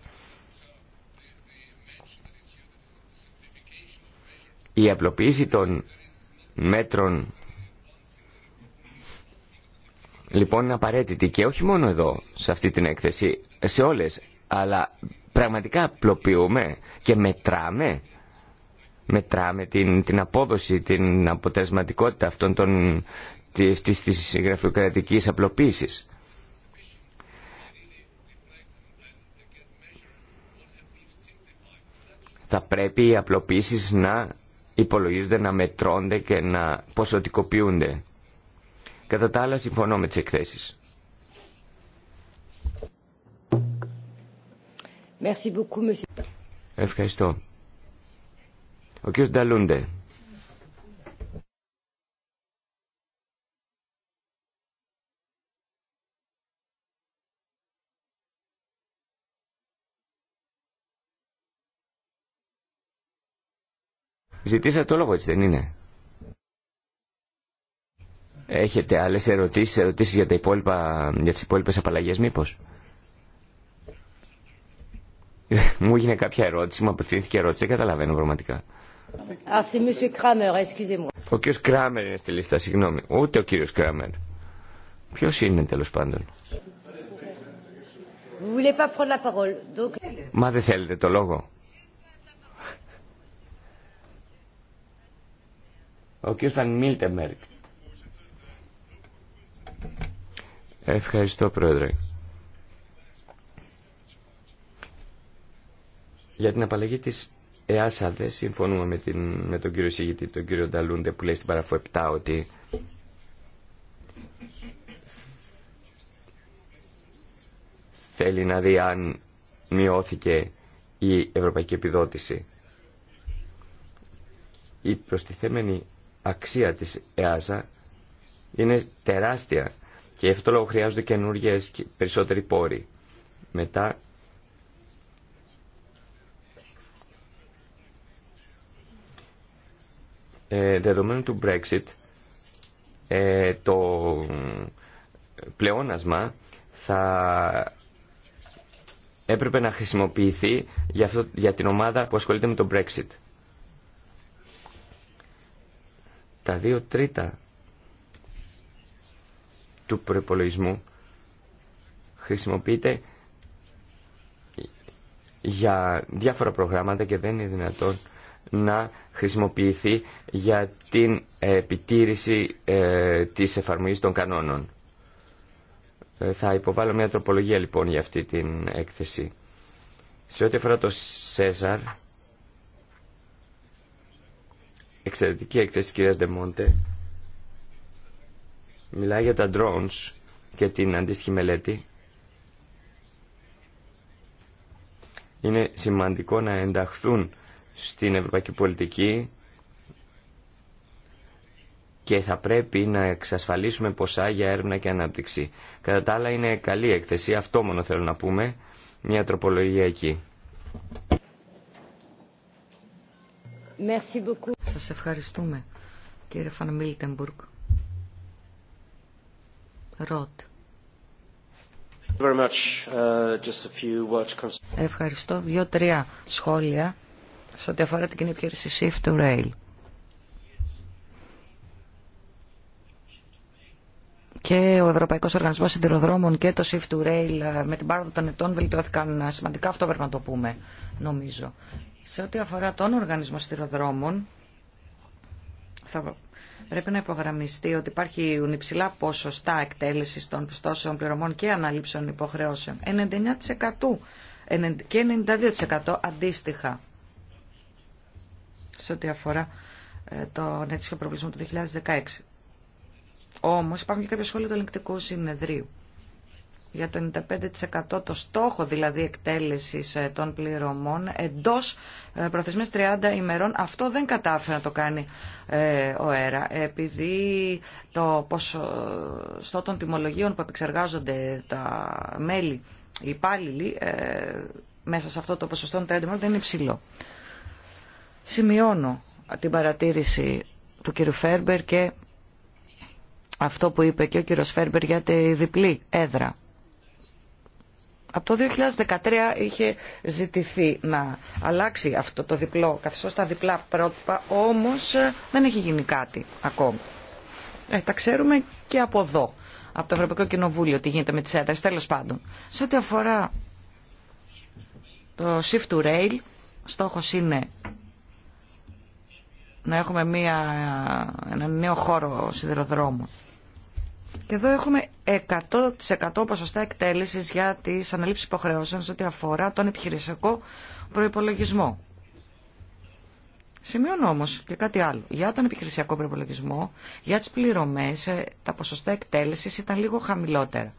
Η απλοποίηση των μέτρων λοιπόν είναι απαραίτητη και όχι μόνο εδώ σε αυτή την έκθεση, σε όλες, αλλά πραγματικά απλοποιούμε και μετράμε μετράμε την, την απόδοση, την αποτελεσματικότητα αυτών των, της της γραφειοκρατικής απλοποίησης. Θα πρέπει οι απλοποίησεις να υπολογίζονται, να μετρώνται και να ποσοτικοποιούνται. Κατά τα άλλα συμφωνώ με τις εκθέσεις. Ευχαριστώ. Ο κύριος Νταλούντε. Ζητήσατε το λόγο, έτσι δεν είναι. Έχετε άλλες ερωτήσεις, ερωτήσεις για, τα υπόλοιπα, για τις υπόλοιπες απαλλαγές μήπως. *laughs* Μου έγινε κάποια ερώτηση, μου απευθύνθηκε ερώτηση, δεν καταλαβαίνω πραγματικά. Ah, ο κ. Κράμερ είναι στη λίστα, συγγνώμη. Ούτε ο κ. Κράμερ. Ποιος είναι τέλος πάντων. Μα δεν θέλετε το λόγο. Ο κ. Φαν Μίλτεμπεργκ. Ευχαριστώ, Πρόεδρε. Για την απαλλαγή της ΕΑΣΑ δεν συμφωνούμε με, την, με τον κύριο Σιγητή, τον κύριο Νταλούντε που λέει στην παραφού 7 ότι θέλει να δει αν μειώθηκε η ευρωπαϊκή επιδότηση. Η προστιθέμενη αξία της ΕΑΣΑ είναι τεράστια και γι' αυτό λόγο χρειάζονται καινούργιε και περισσότεροι πόροι. Μετά ε, δεδομένου του Brexit ε, το πλεόνασμα θα έπρεπε να χρησιμοποιηθεί για, αυτό, για την ομάδα που ασχολείται με το Brexit. τα δύο τρίτα του προπολογισμού χρησιμοποιείται για διάφορα προγράμματα και δεν είναι δυνατόν να χρησιμοποιηθεί για την επιτήρηση ε, της εφαρμογής των κανόνων. Ε, θα υποβάλω μια τροπολογία λοιπόν για αυτή την έκθεση. Σε ό,τι αφορά το Σέζαρ, εξαιρετική έκθεση κυρίας Δεμόντε. Μιλάει για τα drones και την αντίστοιχη μελέτη. Είναι σημαντικό να ενταχθούν στην ευρωπαϊκή πολιτική και θα πρέπει να εξασφαλίσουμε ποσά για έρευνα και ανάπτυξη. Κατά τα άλλα είναι καλή έκθεση, αυτό μόνο θέλω να πούμε, μια τροπολογία εκεί. Merci Σας ευχαριστούμε, κύριε Φαν Μίλτεμπουργκ. Ροτ. Uh, Ευχαριστώ. Δύο-τρία σχόλια σε ό,τι αφορά την κοινή επιχείρηση Shift to Rail. και ο Ευρωπαϊκός Οργανισμός Συντηροδρόμων και το Shift to Rail ε, με την πάροδο των ετών βελτιώθηκαν ε, σημαντικά, αυτό πρέπει να το πούμε, νομίζω. Σε ό,τι αφορά τον οργανισμό στηροδρόμων, θα πρέπει να υπογραμμιστεί ότι υπάρχει υψηλά ποσοστά εκτέλεσης των πιστώσεων πληρωμών και αναλήψεων υποχρεώσεων. 99% και 92% αντίστοιχα σε ό,τι αφορά ε, τον αίτησιο προβλησμό του 2016. Όμως υπάρχουν και κάποια σχόλια του ελεγκτικού συνεδρίου για το 95% το στόχο δηλαδή εκτέλεσης ε, των πληρωμών εντός ε, προθεσμίας 30 ημερών. Αυτό δεν κατάφερε να το κάνει ε, ο ΕΡΑ επειδή το ποσοστό των τιμολογίων που επεξεργάζονται τα μέλη, οι υπάλληλοι μέσα σε αυτό το ποσοστό των 30 ημερών δεν είναι υψηλό. Σημειώνω την παρατήρηση του κ. Φέρμπερ και αυτό που είπε και ο κύριος Φέρμπερ για τη διπλή έδρα από το 2013 είχε ζητηθεί να αλλάξει αυτό το διπλό καθεστώς, στα διπλά πρότυπα, όμως ε, δεν έχει γίνει κάτι ακόμα. Ε, τα ξέρουμε και από εδώ, από το Ευρωπαϊκό Κοινοβούλιο, τι γίνεται με τις έδρες, τέλος πάντων. Σε ό,τι αφορά το shift to rail, στόχος είναι να έχουμε μια, ένα νέο χώρο σιδηροδρόμου και εδώ έχουμε 100% ποσοστά εκτέλεσης για τις αναλήψεις υποχρεώσεων σε ό,τι αφορά τον επιχειρησιακό προϋπολογισμό. Σημειώνω όμω και κάτι άλλο. Για τον επιχειρησιακό προπολογισμό, για τι πληρωμέ, ε, τα ποσοστά εκτέλεση ήταν λίγο χαμηλότερα.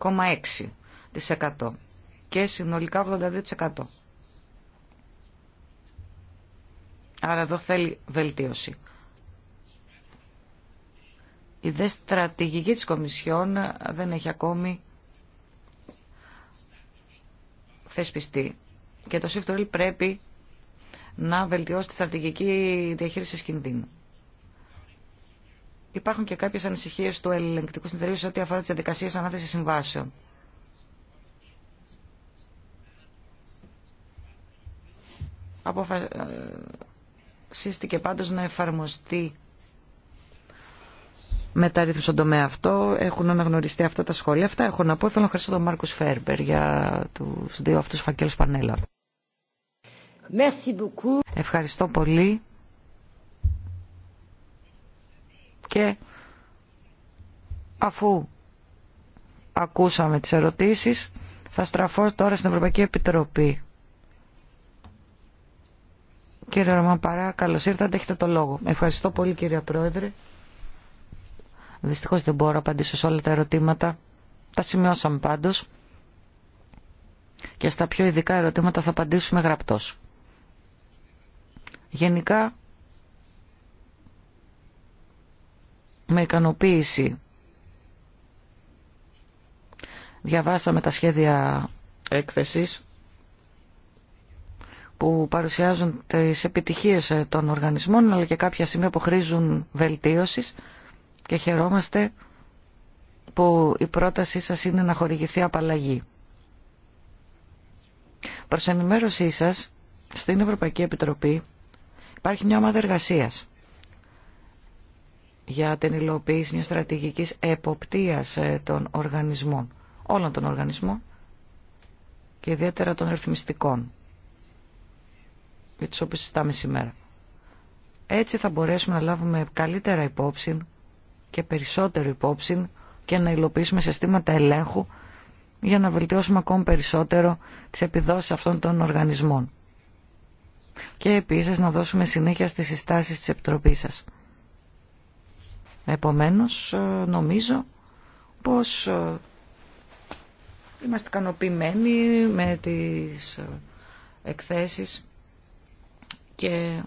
86,6% και συνολικά 82%. Άρα εδώ θέλει βελτίωση. Η δε στρατηγική της Κομισιόν δεν έχει ακόμη θεσπιστεί. Και το ΣΥΦΤΟΡΙΛ πρέπει να βελτιώσει τη στρατηγική διαχείριση κινδύνου. Υπάρχουν και κάποιες ανησυχίες του ελεγκτικού συνεταιρίου σε ό,τι αφορά τις διαδικασίες ανάθεσης συμβάσεων. Αποφασίστηκε ε, πάντως να εφαρμοστεί μεταρρύθμιση στον τομέα αυτό. Έχουν αναγνωριστεί αυτά τα σχόλια. Αυτά έχω να πω. Θέλω να ευχαριστώ τον Μάρκο Φέρμπερ για του δύο αυτού φακέλου πανέλα. Ευχαριστώ πολύ. Και αφού ακούσαμε τις ερωτήσεις, θα στραφώ τώρα στην Ευρωπαϊκή Επιτροπή. Κύριε Παρά, καλώς ήρθατε, έχετε το λόγο. Ευχαριστώ πολύ κύριε Πρόεδρε. Δυστυχώς δεν μπορώ να απαντήσω σε όλα τα ερωτήματα. Τα σημειώσαμε πάντως. Και στα πιο ειδικά ερωτήματα θα απαντήσουμε γραπτός. Γενικά, με ικανοποίηση διαβάσαμε τα σχέδια έκθεσης που παρουσιάζουν τις επιτυχίες των οργανισμών αλλά και κάποια σημεία που χρήζουν βελτίωσης και χαιρόμαστε που η πρότασή σας είναι να χορηγηθεί απαλλαγή. Προς ενημέρωσή σας, στην Ευρωπαϊκή Επιτροπή υπάρχει μια ομάδα εργασίας για την υλοποίηση μιας στρατηγικής εποπτείας ε, των οργανισμών, όλων των οργανισμών και ιδιαίτερα των ρυθμιστικών, για τις όποιες συστάμε σήμερα. Έτσι θα μπορέσουμε να λάβουμε καλύτερα υπόψη και περισσότερο υπόψη και να υλοποιήσουμε συστήματα ελέγχου για να βελτιώσουμε ακόμη περισσότερο τις επιδόσεις αυτών των οργανισμών. Και επίσης να δώσουμε συνέχεια στις συστάσεις της Επιτροπής σας. Επομένως, ε, νομίζω πως ε, είμαστε ικανοποιημένοι με τις ε, εκθέσεις και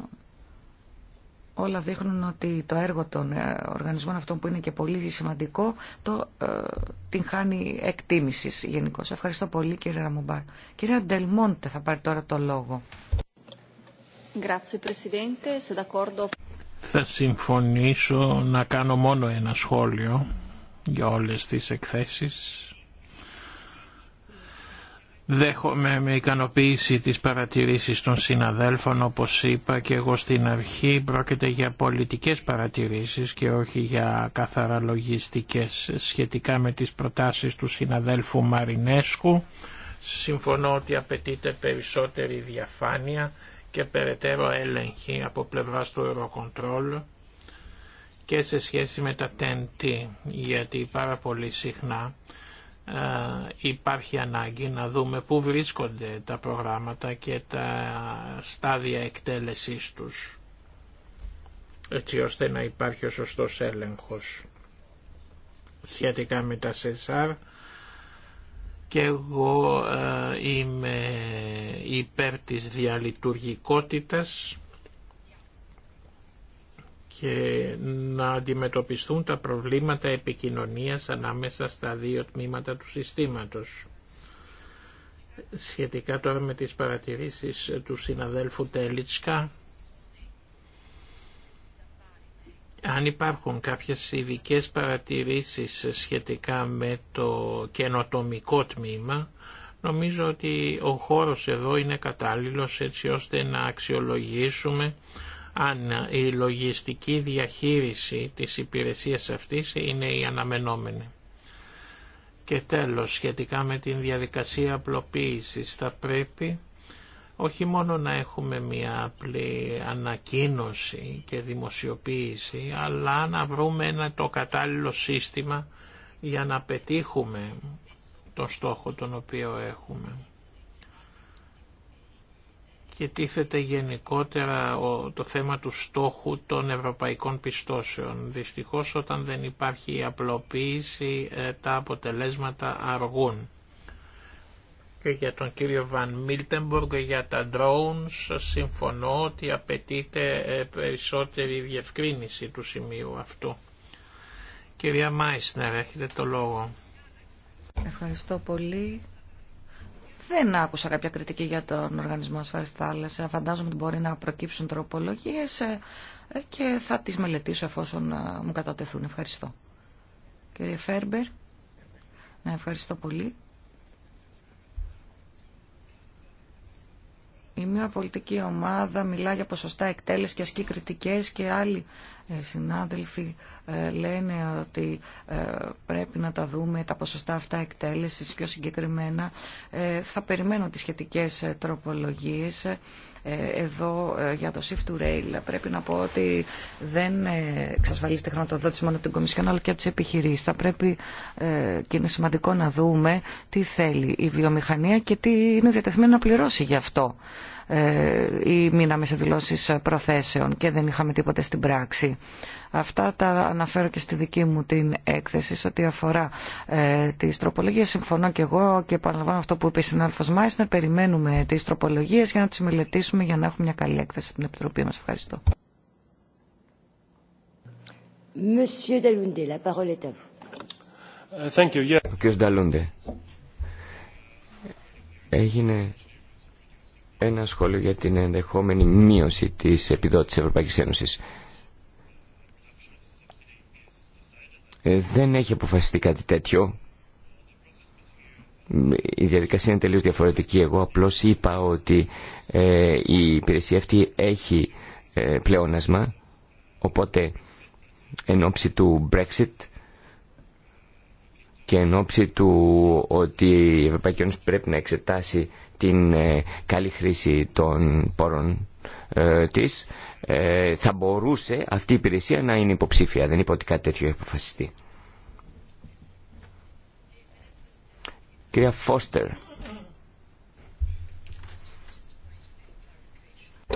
όλα δείχνουν ότι το έργο των ε, οργανισμών αυτών που είναι και πολύ σημαντικό το, ε, την χάνει εκτίμηση γενικώ. Ευχαριστώ πολύ κύριε Ραμουμπάρ. Κυρία Ντελμόντε θα πάρει τώρα το λόγο. Θα συμφωνήσω να κάνω μόνο ένα σχόλιο για όλες τις εκθέσεις. Δέχομαι με ικανοποίηση τις παρατηρήσεις των συναδέλφων, όπως είπα και εγώ στην αρχή, πρόκειται για πολιτικές παρατηρήσεις και όχι για καθαρά λογιστικές σχετικά με τις προτάσεις του συναδέλφου Μαρινέσκου. Συμφωνώ ότι απαιτείται περισσότερη διαφάνεια και περαιτέρω έλεγχη από πλευράς του Eurocontrol και σε σχέση με τα TNT, γιατί πάρα πολύ συχνά ε, υπάρχει ανάγκη να δούμε πού βρίσκονται τα προγράμματα και τα στάδια εκτέλεσής τους έτσι ώστε να υπάρχει ο σωστός έλεγχος σχετικά με τα ΣΕΣΑΡ και εγώ ε, είμαι υπέρ της διαλειτουργικότητας και να αντιμετωπιστούν τα προβλήματα επικοινωνίας ανάμεσα στα δύο τμήματα του συστήματος. Σχετικά τώρα με τις παρατηρήσεις του συναδέλφου Τέλιτσκα, αν υπάρχουν κάποιες ειδικέ παρατηρήσεις σχετικά με το καινοτομικό τμήμα, νομίζω ότι ο χώρος εδώ είναι κατάλληλος έτσι ώστε να αξιολογήσουμε αν η λογιστική διαχείριση της υπηρεσίας αυτής είναι η αναμενόμενη. Και τέλος, σχετικά με την διαδικασία απλοποίησης, θα πρέπει όχι μόνο να έχουμε μια απλή ανακοίνωση και δημοσιοποίηση, αλλά να βρούμε ένα το κατάλληλο σύστημα για να πετύχουμε τον στόχο τον οποίο έχουμε και τίθεται γενικότερα το θέμα του στόχου των ευρωπαϊκών πιστώσεων. Δυστυχώς όταν δεν υπάρχει απλοποίηση ε, τα αποτελέσματα αργούν. Και για τον κύριο Βαν Μίλτεμποργκ για τα drones συμφωνώ ότι απαιτείται ε, περισσότερη διευκρίνηση του σημείου αυτού. Κυρία Μάισνερ, έχετε το λόγο. Ευχαριστώ πολύ. Δεν άκουσα κάποια κριτική για τον Οργανισμό Ασφάλισης Θάλασσα. Φαντάζομαι ότι μπορεί να προκύψουν τροπολογίες ε, ε, και θα τις μελετήσω εφόσον ε, μου κατατεθούν. Ευχαριστώ. Κύριε Φέρμπερ, ναι, ευχαριστώ πολύ. Η μία πολιτική ομάδα μιλά για ποσοστά εκτέλεση και ασκεί κριτικές και άλλοι... Ε, συνάδελφοι ε, λένε ότι ε, πρέπει να τα δούμε τα ποσοστά αυτά εκτέλεσης πιο συγκεκριμένα. Θα περιμένω τις σχετικές τροπολογίες. Εδώ για το shift to rail πρέπει να πω ότι δεν εξασφαλίζεται χρηματοδότηση μόνο από την Κομισιόν αλλά και από τι επιχειρήσει. Θα πρέπει και είναι σημαντικό να δούμε τι θέλει η βιομηχανία και τι είναι διατεθειμένη να πληρώσει γι' αυτό. Ε, ή μείναμε σε δηλώσεις προθέσεων και δεν είχαμε τίποτε στην πράξη. Αυτά τα αναφέρω και στη δική μου την έκθεση σε ό,τι αφορά ε, τις Συμφωνώ και εγώ και επαναλαμβάνω αυτό που είπε η συνάδελφος Μάισνερ. Περιμένουμε τις τροπολογίες για να τις μελετήσουμε για να έχουμε μια καλή έκθεση στην Επιτροπή μας. Ευχαριστώ. Monsieur Έγινε ένα σχόλιο για την ενδεχόμενη μείωση της επιδότησης Ευρωπαϊκής Ένωσης. Ε, δεν έχει αποφασιστεί κάτι τέτοιο. Η διαδικασία είναι τελείως διαφορετική. Εγώ απλώς είπα ότι ε, η υπηρεσία αυτή έχει ε, πλεόνασμα, οπότε εν ώψη του Brexit και εν ώψη του ότι η Ευρωπαϊκή Ένωση πρέπει να εξετάσει την ε, καλή χρήση των πόρων ε, της ε, θα μπορούσε αυτή η υπηρεσία να είναι υποψήφια. Δεν είπα ότι κάτι τέτοιο έχει αποφασιστεί. Κυρία Φώστερ.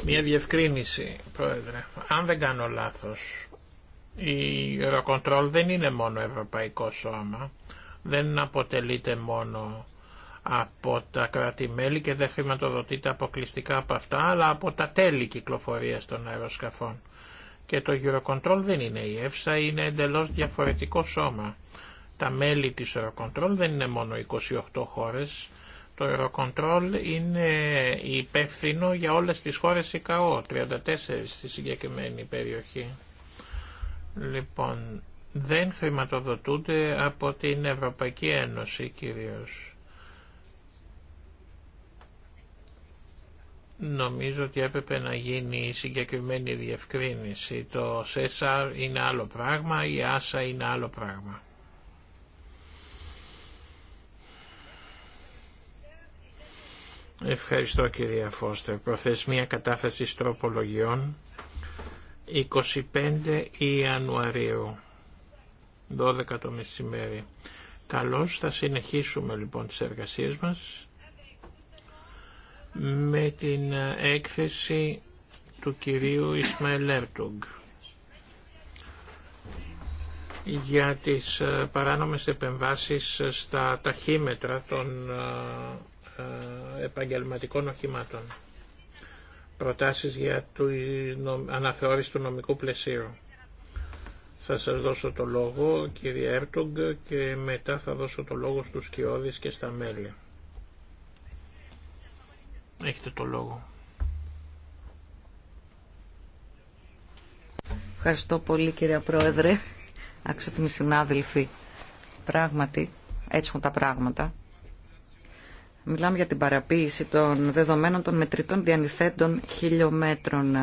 Μια διευκρίνηση, Πρόεδρε. Αν δεν κάνω λάθος, η Eurocontrol δεν είναι μόνο ευρωπαϊκό σώμα, δεν αποτελείται μόνο από τα κράτη-μέλη και δεν χρηματοδοτείται αποκλειστικά από αυτά, αλλά από τα τέλη κυκλοφορίας των αεροσκαφών. Και το Eurocontrol δεν είναι η ΕΦΣΑ, είναι εντελώς διαφορετικό σώμα. Τα μέλη της Eurocontrol δεν είναι μόνο 28 χώρες. Το Eurocontrol είναι υπεύθυνο για όλες τις χώρες ΙΚΑΟ, 34 στη συγκεκριμένη περιοχή. Λοιπόν, δεν χρηματοδοτούνται από την Ευρωπαϊκή Ένωση κυρίως. Νομίζω ότι έπρεπε να γίνει συγκεκριμένη διευκρίνηση. Το ΣΕΣΑΡ είναι άλλο πράγμα, η ΆΣΑ είναι άλλο πράγμα. Ευχαριστώ κυρία Φώστερ. Προθεσμία κατάθεση τροπολογιών 25 Ιανουαρίου, 12 το μεσημέρι. Καλώς, θα συνεχίσουμε λοιπόν τις εργασίες μας με την έκθεση του κυρίου Ισμαήλ Έρτογκ για τις ε, παράνομες επεμβάσεις στα ταχύμετρα των ε, ε, επαγγελματικών οχημάτων. Προτάσεις για το αναθεώρηση του νομικού πλαισίου. Θα σας δώσω το λόγο, κύριε Έρτογκ, και μετά θα δώσω το λόγο στους Κιώδης και στα μέλη. Έχετε το λόγο. Ευχαριστώ πολύ κύριε Πρόεδρε, αξιότιμοι συνάδελφοι. Πράγματι, έτσι έχουν τα πράγματα. Μιλάμε για την παραποίηση των δεδομένων των μετρητών διανυθέντων χιλιόμετρων.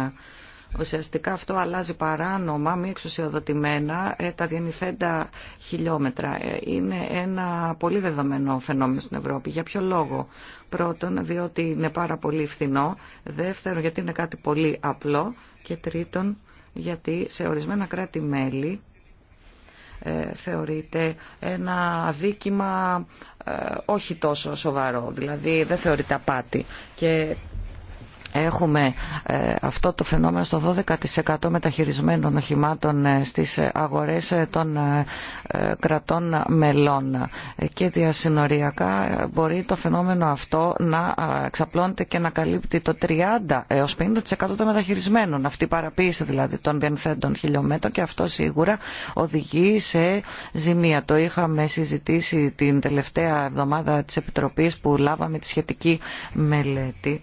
Ουσιαστικά αυτό αλλάζει παράνομα, μη εξουσιοδοτημένα, ε, τα διανυθέντα χιλιόμετρα. Ε, είναι ένα πολύ δεδομένο φαινόμενο στην Ευρώπη. Για ποιο λόγο. Πρώτον, διότι είναι πάρα πολύ φθηνό. Δεύτερον, γιατί είναι κάτι πολύ απλό. Και τρίτον, γιατί σε ορισμένα κράτη-μέλη ε, θεωρείται ένα αδίκημα ε, όχι τόσο σοβαρό, δηλαδή δεν θεωρείται απάτη. Και έχουμε ε, αυτό το φαινόμενο στο 12% μεταχειρισμένων οχημάτων ε, στις ε, αγορές των κρατών μελών και διασυνοριακά μπορεί το φαινόμενο αυτό να εξαπλώνεται και να καλύπτει το 30 έως 50% των μεταχειρισμένων αυτή η παραποίηση δηλαδή των διανθέντων χιλιόμετρων και αυτό σίγουρα οδηγεί σε ζημία. Το είχαμε συζητήσει την τελευταία εβδομάδα της Επιτροπής που λάβαμε τη σχετική μελέτη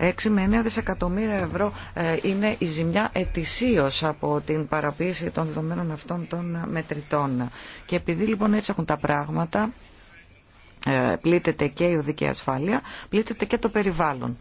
6 με 9 δισεκατομμύρια ευρώ ε, είναι η ζημιά ετησίως από την παραποίηση των δεδομένων αυτών των ε, μετρητών. Και επειδή λοιπόν έτσι έχουν τα πράγματα, ε, πλήττεται και η οδική ασφάλεια, πλήττεται και το περιβάλλον.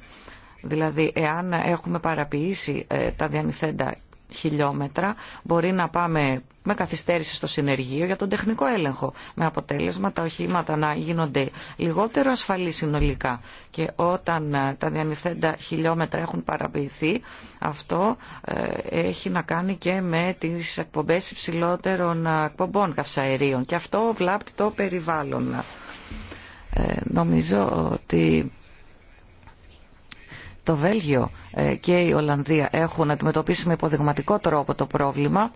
Δηλαδή, εάν έχουμε παραποιήσει τα διανυθέντα χιλιόμετρα μπορεί να πάμε με καθυστέρηση στο συνεργείο για τον τεχνικό έλεγχο με αποτέλεσμα τα οχήματα να γίνονται λιγότερο ασφαλή συνολικά και όταν ε, τα διανυθέντα χιλιόμετρα έχουν παραποιηθεί αυτό ε, έχει να κάνει και με τις εκπομπές υψηλότερων ε, εκπομπών καυσαερίων και αυτό βλάπτει το περιβάλλον. νομίζω ότι το Βέλγιο ε, και η Ολλανδία έχουν αντιμετωπίσει με υποδειγματικό τρόπο το πρόβλημα.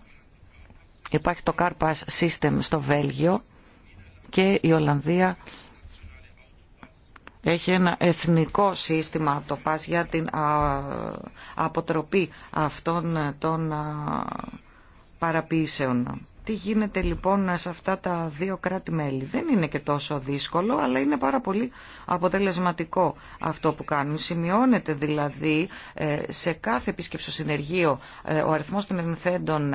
Υπάρχει το Car Pass System στο Βέλγιο και η Ολλανδία έχει ένα εθνικό σύστημα το Pass για την αποτροπή αυτών των παραποιήσεων. Τι γίνεται λοιπόν σε αυτά τα δύο κράτη-μέλη. Δεν είναι και τόσο δύσκολο, αλλά είναι πάρα πολύ αποτελεσματικό αυτό που κάνουν. Σημειώνεται δηλαδή ε, σε κάθε επίσκεψη συνεργείο ε, ο αριθμός των ενθέντων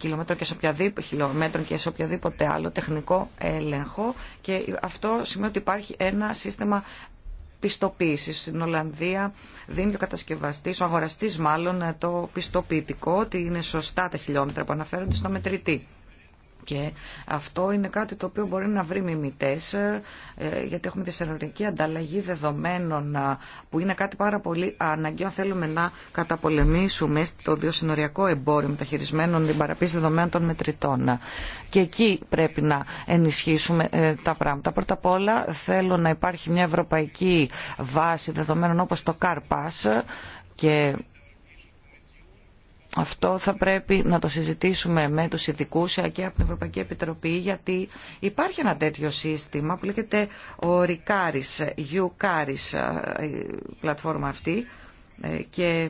χιλιόμετρων ε, και, σε χιλιόμετρων και σε οποιαδήποτε άλλο τεχνικό έλεγχο και αυτό σημαίνει ότι υπάρχει ένα σύστημα πιστοποίηση. Στην Ολλανδία δίνει ο κατασκευαστή, ο αγοραστή μάλλον, το πιστοποιητικό ότι είναι σωστά τα χιλιόμετρα που αναφέρονται στο μετρητή. Και αυτό είναι κάτι το οποίο μπορεί να βρει μιμητέ, ε, γιατί έχουμε συνοριακή ανταλλαγή δεδομένων, ε, που είναι κάτι πάρα πολύ αναγκαίο θέλουμε να καταπολεμήσουμε το διοσυνοριακό εμπόριο μεταχειρισμένων την παραπίση δεδομένων των μετρητών. Και εκεί πρέπει να ενισχύσουμε ε, τα πράγματα. Πρώτα απ' όλα θέλω να υπάρχει μια ευρωπαϊκή βάση δεδομένων όπως το CarPass και αυτό θα πρέπει να το συζητήσουμε με τους ειδικούς και από την Ευρωπαϊκή Επιτροπή γιατί υπάρχει ένα τέτοιο σύστημα που λέγεται ο Ρικάρις, Ιουκάρις, ε, η πλατφόρμα αυτή ε, και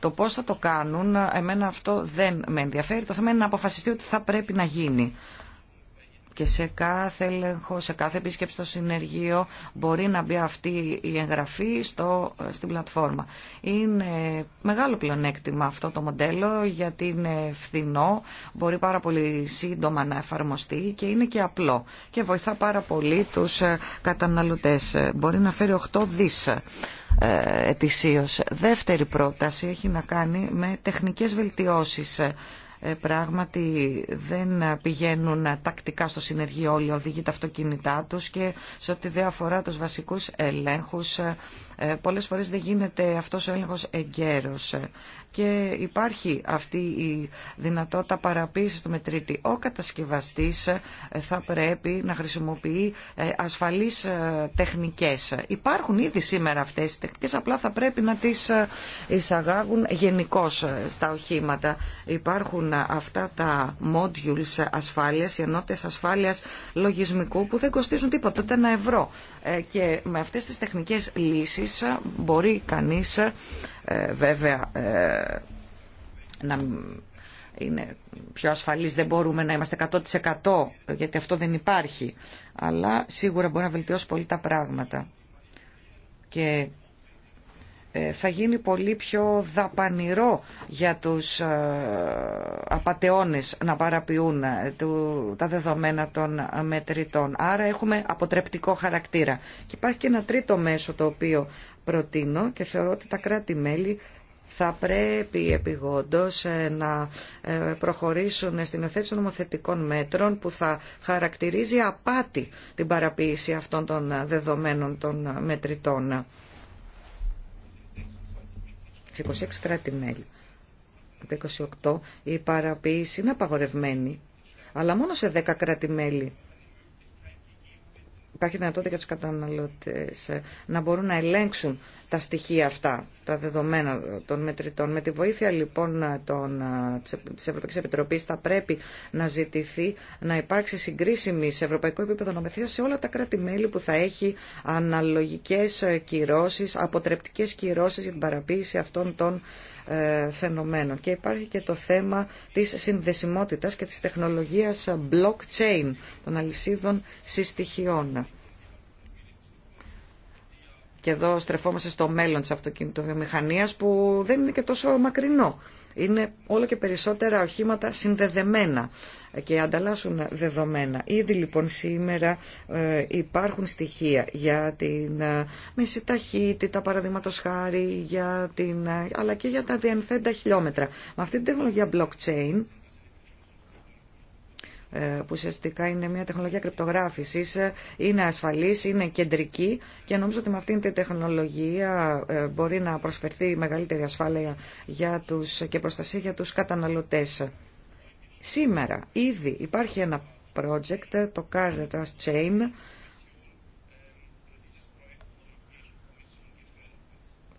το πώς θα το κάνουν εμένα αυτό δεν με ενδιαφέρει. Το θέμα είναι να αποφασιστεί ότι θα πρέπει να γίνει και σε κάθε έλεγχο, σε κάθε επίσκεψη στο συνεργείο μπορεί να μπει αυτή η εγγραφή στο, στην πλατφόρμα. Είναι μεγάλο πλεονέκτημα αυτό το μοντέλο γιατί είναι φθηνό, μπορεί πάρα πολύ σύντομα να εφαρμοστεί και είναι και απλό και βοηθά πάρα πολύ τους ε, καταναλωτές. Μπορεί να φέρει 8 δις ε, ετησίως. Δεύτερη πρόταση έχει να κάνει με τεχνικές βελτιώσεις ε, ε, πράγματι δεν πηγαίνουν τακτικά στο συνεργείο όλοι οι οδηγοί τα αυτοκίνητά τους και σε ό,τι δεν αφορά τους βασικούς ελέγχους ε, ε, πολλές φορές δεν γίνεται αυτός ο έλεγχος εγκαίρος και υπάρχει αυτή η δυνατότητα παραποίησης του μετρήτη. Ο κατασκευαστής ε, θα πρέπει να χρησιμοποιεί ε, ασφαλείς ε, τεχνικές. Υπάρχουν ήδη σήμερα αυτές οι τεχνικές, απλά θα πρέπει να τις εισαγάγουν γενικώ στα οχήματα. Υπάρχουν αυτά τα modules ασφάλειας, οι ενότητες ασφάλειας λογισμικού που δεν κοστίζουν τίποτα, ούτε ένα ευρώ. Και με αυτές τις τεχνικές λύσεις μπορεί κανείς ε, βέβαια ε, είναι πιο ασφαλής, δεν μπορούμε να είμαστε 100% γιατί αυτό δεν υπάρχει. Αλλά σίγουρα μπορεί να βελτιώσει πολύ τα πράγματα. Και ε, θα γίνει πολύ πιο δαπανηρό για τους απατεώνες να παραποιούν τα δεδομένα των μετρητών. Άρα έχουμε αποτρεπτικό χαρακτήρα. Και υπάρχει και ένα τρίτο μέσο το οποίο προτείνω και θεωρώ ότι τα κράτη-μέλη θα πρέπει επιγόντως ε, να ε, προχωρήσουν στην των νομοθετικών μέτρων που θα χαρακτηρίζει απάτη την παραποίηση αυτών των δεδομένων των μετρητών. 26 κράτη-μέλη. Το 28 η παραποίηση είναι απαγορευμένη, αλλά μόνο σε 10 κράτη-μέλη υπάρχει δυνατότητα για τους καταναλωτές ε, να μπορούν να ελέγξουν τα στοιχεία αυτά, τα δεδομένα των μετρητών. Με τη βοήθεια λοιπόν των, ε, της Ευρωπαϊκής Επιτροπής θα πρέπει να ζητηθεί να υπάρξει συγκρίσιμη σε ευρωπαϊκό επίπεδο σε όλα τα κράτη-μέλη που θα έχει αναλογικές ε, κυρώσεις, αποτρεπτικές κυρώσεις για την παραποίηση αυτών των ε, φαινομένων. Και υπάρχει και το θέμα της συνδεσιμότητας και της τεχνολογίας blockchain των αλυσίδων συστοιχειών. Και εδώ στρεφόμαστε στο μέλλον της αυτοκινητοβιομηχανίας που δεν είναι και τόσο μακρινό. Είναι όλο και περισσότερα οχήματα συνδεδεμένα και ανταλλάσσουν δεδομένα. Ήδη λοιπόν σήμερα ε, υπάρχουν στοιχεία για την ε, μέση ταχύτητα, παραδείγματο χάρη, για την, ε, αλλά και για τα διανθέντα χιλιόμετρα. Με αυτή την τεχνολογία blockchain, που ουσιαστικά είναι μια τεχνολογία κρυπτογράφησης, είναι ασφαλής, είναι κεντρική και νομίζω ότι με αυτήν την τεχνολογία μπορεί να προσφερθεί μεγαλύτερη ασφάλεια για τους, και προστασία για τους καταναλωτές. Σήμερα ήδη υπάρχει ένα project, το Car Trust Chain,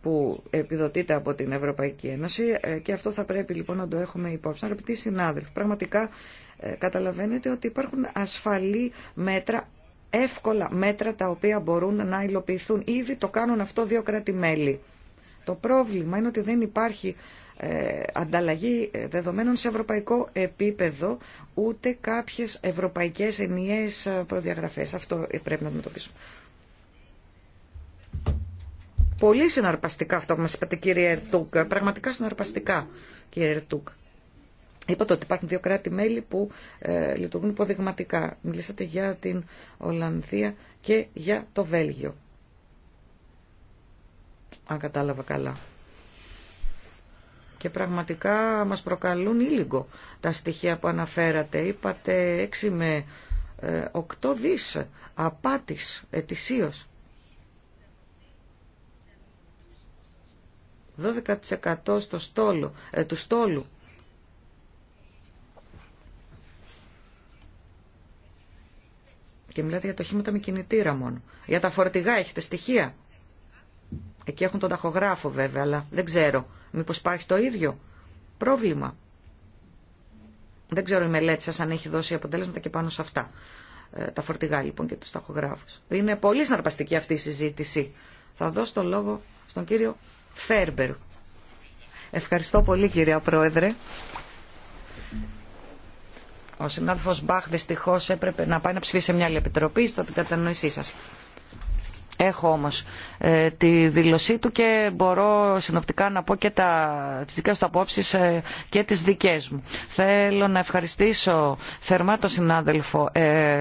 που επιδοτείται από την Ευρωπαϊκή Ένωση ε, και αυτό θα πρέπει λοιπόν να το έχουμε υπόψη. Αγαπητοί συνάδελφοι, πραγματικά ε, καταλαβαίνετε ότι υπάρχουν ασφαλή μέτρα, εύκολα μέτρα τα οποία μπορούν να υλοποιηθούν. Ήδη το κάνουν αυτό δύο κράτη-μέλη. Το πρόβλημα είναι ότι δεν υπάρχει ε, ανταλλαγή ε, δεδομένων σε ευρωπαϊκό επίπεδο, ούτε κάποιες ευρωπαϊκές ενιαίες ε, προδιαγραφές. Αυτό πρέπει να αντιμετωπίσουμε. Πολύ συναρπαστικά αυτό που μας είπατε κύριε Ερτούκ, πραγματικά συναρπαστικά κύριε Ερτούκ. Είπατε ότι υπάρχουν δύο κράτη-μέλη που ε, λειτουργούν υποδειγματικά. Μιλήσατε για την Ολλανδία και για το Βέλγιο. Αν κατάλαβα καλά και πραγματικά μας προκαλούν ήλικο τα στοιχεία που αναφέρατε. Είπατε 6 με 8 ε, δις απάτης ετησίως. 12% στο στόλο, ε, του στόλου. Και μιλάτε για τα με κινητήρα μόνο. Για τα φορτηγά έχετε στοιχεία. Εκεί έχουν τον ταχογράφο βέβαια, αλλά δεν ξέρω. Μήπως υπάρχει το ίδιο πρόβλημα. Δεν ξέρω η μελέτη σας αν έχει δώσει αποτέλεσματα και πάνω σε αυτά. Ε, τα φορτηγά λοιπόν και τους ταχογράφους. Είναι πολύ συναρπαστική αυτή η συζήτηση. Θα δώσω το λόγο στον κύριο Φέρμπερ. Ευχαριστώ πολύ κυρία Πρόεδρε. Ο συνάδελφος Μπαχ δυστυχώς έπρεπε να πάει να ψηφίσει σε μια άλλη επιτροπή, στο την κατανοησή σας. Έχω όμως ε, τη δήλωσή του και μπορώ συνοπτικά να πω και τα, τις δικές του απόψεις ε, και τις δικές μου. Θέλω να ευχαριστήσω θερμά τον συνάδελφο ε,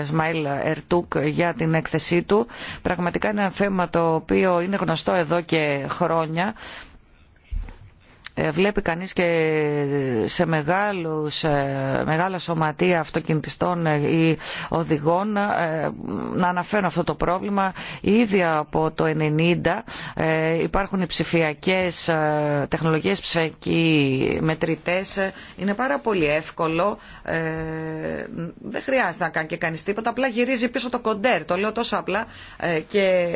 Ερτούκ για την έκθεσή του. Πραγματικά είναι ένα θέμα το οποίο είναι γνωστό εδώ και χρόνια ε, βλέπει κανείς και σε μεγάλους, ε, μεγάλα σωματεία αυτοκινητιστών ε, ή οδηγών να αναφέρουν αυτό το πρόβλημα. Ήδη από το 1990 υπάρχουν οι ψηφιακές τεχνολογίες ψηφιακοί μετρητές. Είναι πάρα πολύ εύκολο. Δεν χρειάζεται να κάνει και κανείς τίποτα. Απλά γυρίζει πίσω το κοντέρ. Το λέω τόσο απλά και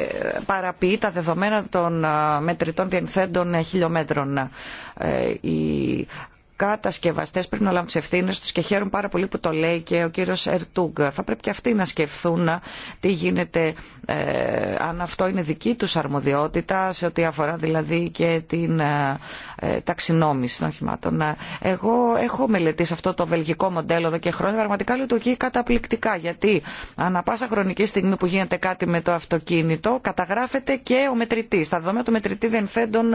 παραποιεί τα δεδομένα των μετρητών διενθέντων χιλιόμετρων. Ε, η κατασκευαστέ πρέπει να λάβουν τι ευθύνε τους και χαίρομαι πάρα πολύ που το λέει και ο κύριο Ερτούγκα. Θα πρέπει και αυτοί να σκεφτούν τι γίνεται, ε, αν αυτό είναι δική του αρμοδιότητα, σε ό,τι αφορά δηλαδή και την ε, ε, ταξινόμηση των οχημάτων. Εγώ έχω μελετήσει αυτό το βελγικό μοντέλο εδώ και χρόνια, πραγματικά λειτουργεί καταπληκτικά, γιατί ανά πάσα χρονική στιγμή που γίνεται κάτι με το αυτοκίνητο, καταγράφεται και ο μετρητής. Τα δεδομένα του μετρητή δεν θέτουν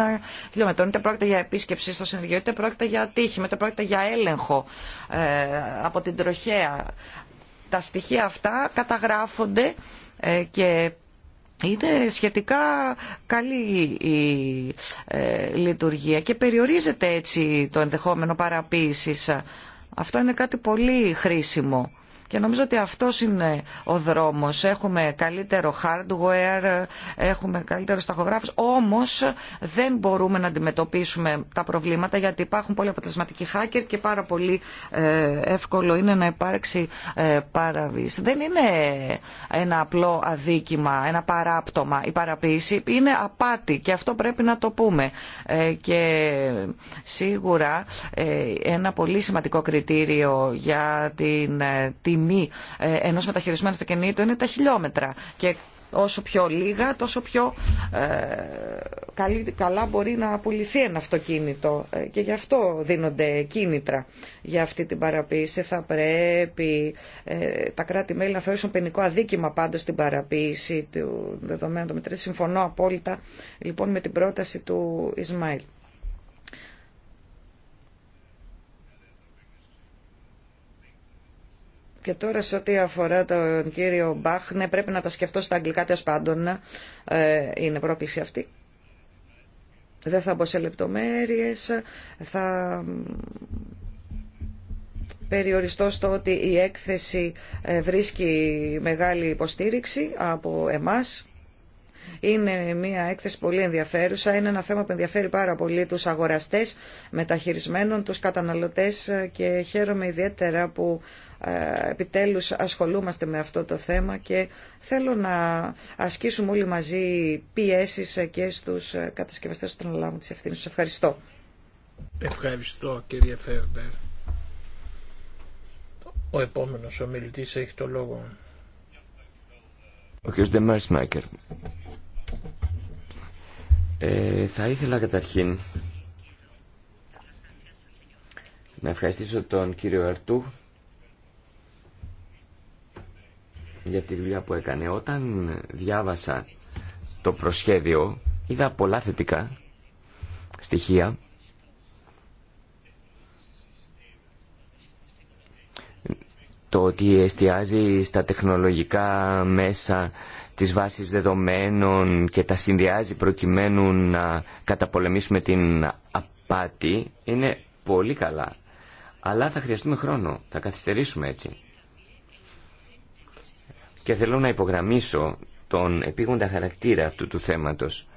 χιλιόμετρων, είτε πρόκειται για επίσκεψη στο συνεργείο, είτε πρόκειται για τύχη το πρόκειται για έλεγχο ε, από την τροχέα. Τα στοιχεία αυτά καταγράφονται ε, και είναι σχετικά καλή η ε, λειτουργία και περιορίζεται έτσι το ενδεχόμενο παραποίησης. Αυτό είναι κάτι πολύ χρήσιμο. Και νομίζω ότι αυτός είναι ο δρόμος. Έχουμε καλύτερο hardware, έχουμε καλύτερο σταχογράφους, όμως δεν μπορούμε να αντιμετωπίσουμε τα προβλήματα γιατί υπάρχουν πολλοί αποτελεσματικοί hacker και πάρα πολύ ε, εύκολο είναι να υπάρξει ε, παραβίαση. Δεν είναι ένα απλό αδίκημα, ένα παράπτωμα. Η παραποίηση είναι απάτη και αυτό πρέπει να το πούμε. Ε, και σίγουρα ένα πολύ σημαντικό κριτήριο για την τιμή τιμή ε, ενός μεταχειρισμένου αυτοκινήτου είναι τα χιλιόμετρα και όσο πιο λίγα τόσο πιο ε, καλά μπορεί να πουληθεί ένα αυτοκίνητο ε, και γι' αυτό δίνονται κίνητρα για αυτή την παραποίηση. Θα πρέπει τα κράτη-μέλη να θεωρήσουν πενικό αδίκημα πάντως στην παραποίηση του δεδομένου των μετρήσεων. Συμφωνώ απόλυτα λοιπόν με την πρόταση του Ισμαήλ. Και τώρα σε ό,τι αφορά τον κύριο Μπαχ, ναι, πρέπει να τα σκεφτώ στα αγγλικά, τέλο πάντων ε, είναι πρόκληση αυτή. Δεν θα μπω σε λεπτομέρειες, θα περιοριστώ στο ότι η έκθεση ε, βρίσκει μεγάλη υποστήριξη από εμάς είναι μια έκθεση πολύ ενδιαφέρουσα. Είναι ένα θέμα που ενδιαφέρει πάρα πολύ τους αγοραστές μεταχειρισμένων, τους καταναλωτές και χαίρομαι ιδιαίτερα που ε, επιτέλους ασχολούμαστε με αυτό το θέμα και θέλω να ασκήσουμε όλοι μαζί πιέσεις και στους κατασκευαστές που αναλάβουν τις ευθύνης. Σας ευχαριστώ. Ευχαριστώ κύριε Φέρμπερ. Ο επόμενος ομιλητής έχει το λόγο. Ο κ. Σμάκερ. Ε, θα ήθελα καταρχήν να ευχαριστήσω τον κύριο Αρτού για τη δουλειά που έκανε. Όταν διάβασα το προσχέδιο είδα πολλά θετικά στοιχεία το ότι εστιάζει στα τεχνολογικά μέσα τις βάσεις δεδομένων και τα συνδυάζει προκειμένου να καταπολεμήσουμε την απάτη είναι πολύ καλά. Αλλά θα χρειαστούμε χρόνο, θα καθυστερήσουμε έτσι. Και θέλω να υπογραμμίσω τον επίγοντα χαρακτήρα αυτού του θέματος.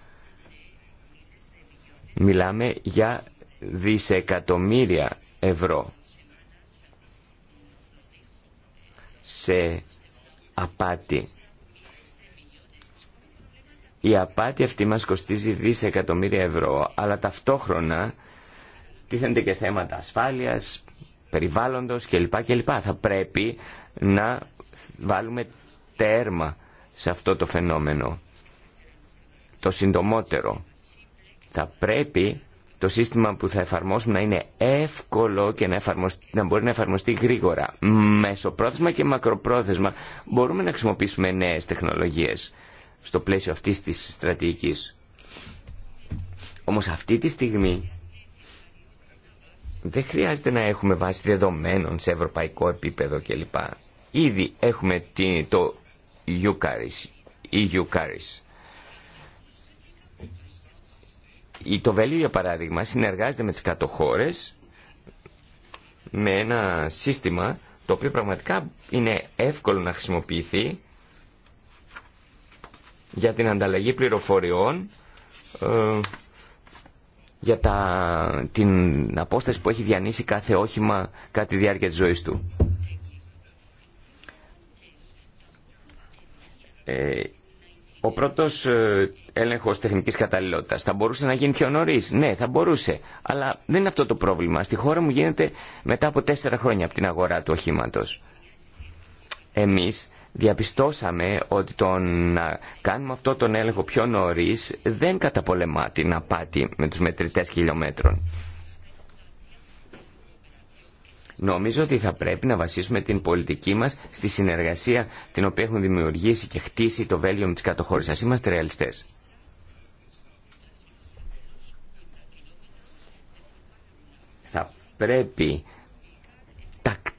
Μιλάμε για δισεκατομμύρια ευρώ σε απάτη η απάτη αυτή μας κοστίζει δισεκατομμύρια ευρώ, αλλά ταυτόχρονα τίθενται και θέματα ασφάλειας, περιβάλλοντος κλπ. Θα πρέπει να βάλουμε τέρμα σε αυτό το φαινόμενο. Το συντομότερο. Θα πρέπει το σύστημα που θα εφαρμόσουμε να είναι εύκολο και να, να μπορεί να εφαρμοστεί γρήγορα. Μεσοπρόθεσμα και μακροπρόθεσμα μπορούμε να χρησιμοποιήσουμε νέες τεχνολογίες στο πλαίσιο αυτής της στρατηγικής. Όμως αυτή τη στιγμή δεν χρειάζεται να έχουμε βάση δεδομένων σε ευρωπαϊκό επίπεδο κλπ. Ήδη έχουμε το ή Ιουκάρις. Το Βέλιο, για παράδειγμα, συνεργάζεται με τις κατοχώρες με ένα σύστημα το οποίο πραγματικά είναι εύκολο να χρησιμοποιηθεί για την ανταλλαγή πληροφοριών ε, για τα, την απόσταση που έχει διανύσει κάθε όχημα κατά τη διάρκεια της ζωής του. Ε, ο πρώτος ε, έλεγχος τεχνικής καταλληλότητας θα μπορούσε να γίνει πιο νωρίς. Ναι, θα μπορούσε. Αλλά δεν είναι αυτό το πρόβλημα. Στη χώρα μου γίνεται μετά από τέσσερα χρόνια από την αγορά του οχήματος. Εμείς διαπιστώσαμε ότι το να κάνουμε αυτό τον έλεγχο πιο νωρί δεν καταπολεμά την απάτη με τους μετρητές χιλιόμετρων. Νομίζω ότι θα πρέπει να βασίσουμε την πολιτική μας στη συνεργασία την οποία έχουν δημιουργήσει και χτίσει το Βέλιο με τις κατοχώρες. Ας είμαστε ρεαλιστές. Θα πρέπει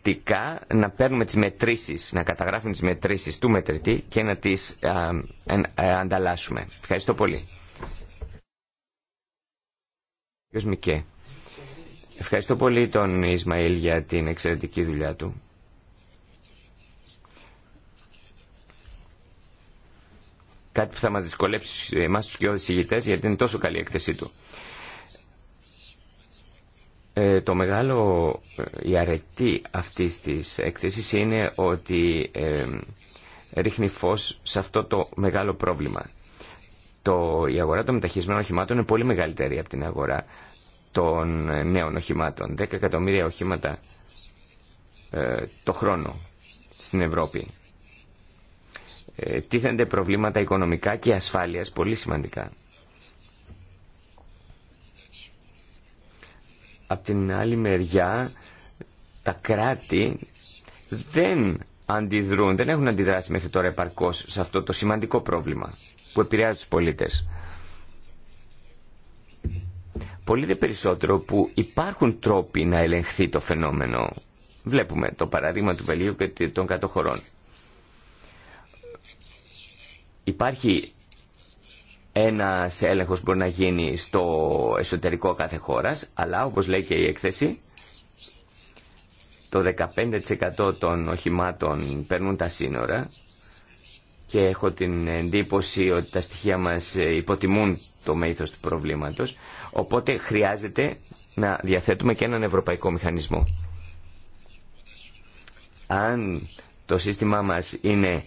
ουσιαστικά να παίρνουμε τις μετρήσεις, να καταγράφουμε τις μετρήσεις του μετρητή και να τις α, πολύ. Ε, ανταλλάσσουμε. Ευχαριστώ πολύ. Ευχαριστώ πολύ τον Ισμαήλ για την εξαιρετική δουλειά του. Κάτι που θα μας δυσκολέψει εμάς τους και ηγητές γιατί είναι τόσο καλή η έκθεσή του. Ε, το μεγάλο, ε, η αρετή αυτής της έκθεσης είναι ότι ε, ρίχνει φως σε αυτό το μεγάλο πρόβλημα. Το, η αγορά των μεταχειρισμένων οχημάτων είναι πολύ μεγαλύτερη από την αγορά των ε, νέων οχημάτων. 10 εκατομμύρια οχήματα ε, το χρόνο στην Ευρώπη. Ε, τίθενται προβλήματα οικονομικά και ασφάλειας πολύ σημαντικά. Απ' την άλλη μεριά, τα κράτη δεν αντιδρούν, δεν έχουν αντιδράσει μέχρι τώρα επαρκώς σε αυτό το σημαντικό πρόβλημα που επηρεάζει τους πολίτες. Πολύ δε περισσότερο που υπάρχουν τρόποι να ελεγχθεί το φαινόμενο. Βλέπουμε το παράδειγμα του Βελίου και των κατοχωρών. Υπάρχει ένα έλεγχο μπορεί να γίνει στο εσωτερικό κάθε χώρας, αλλά όπως λέει και η έκθεση, το 15% των οχημάτων περνούν τα σύνορα και έχω την εντύπωση ότι τα στοιχεία μας υποτιμούν το μέγεθος του προβλήματος, οπότε χρειάζεται να διαθέτουμε και έναν ευρωπαϊκό μηχανισμό. Αν το σύστημά μας είναι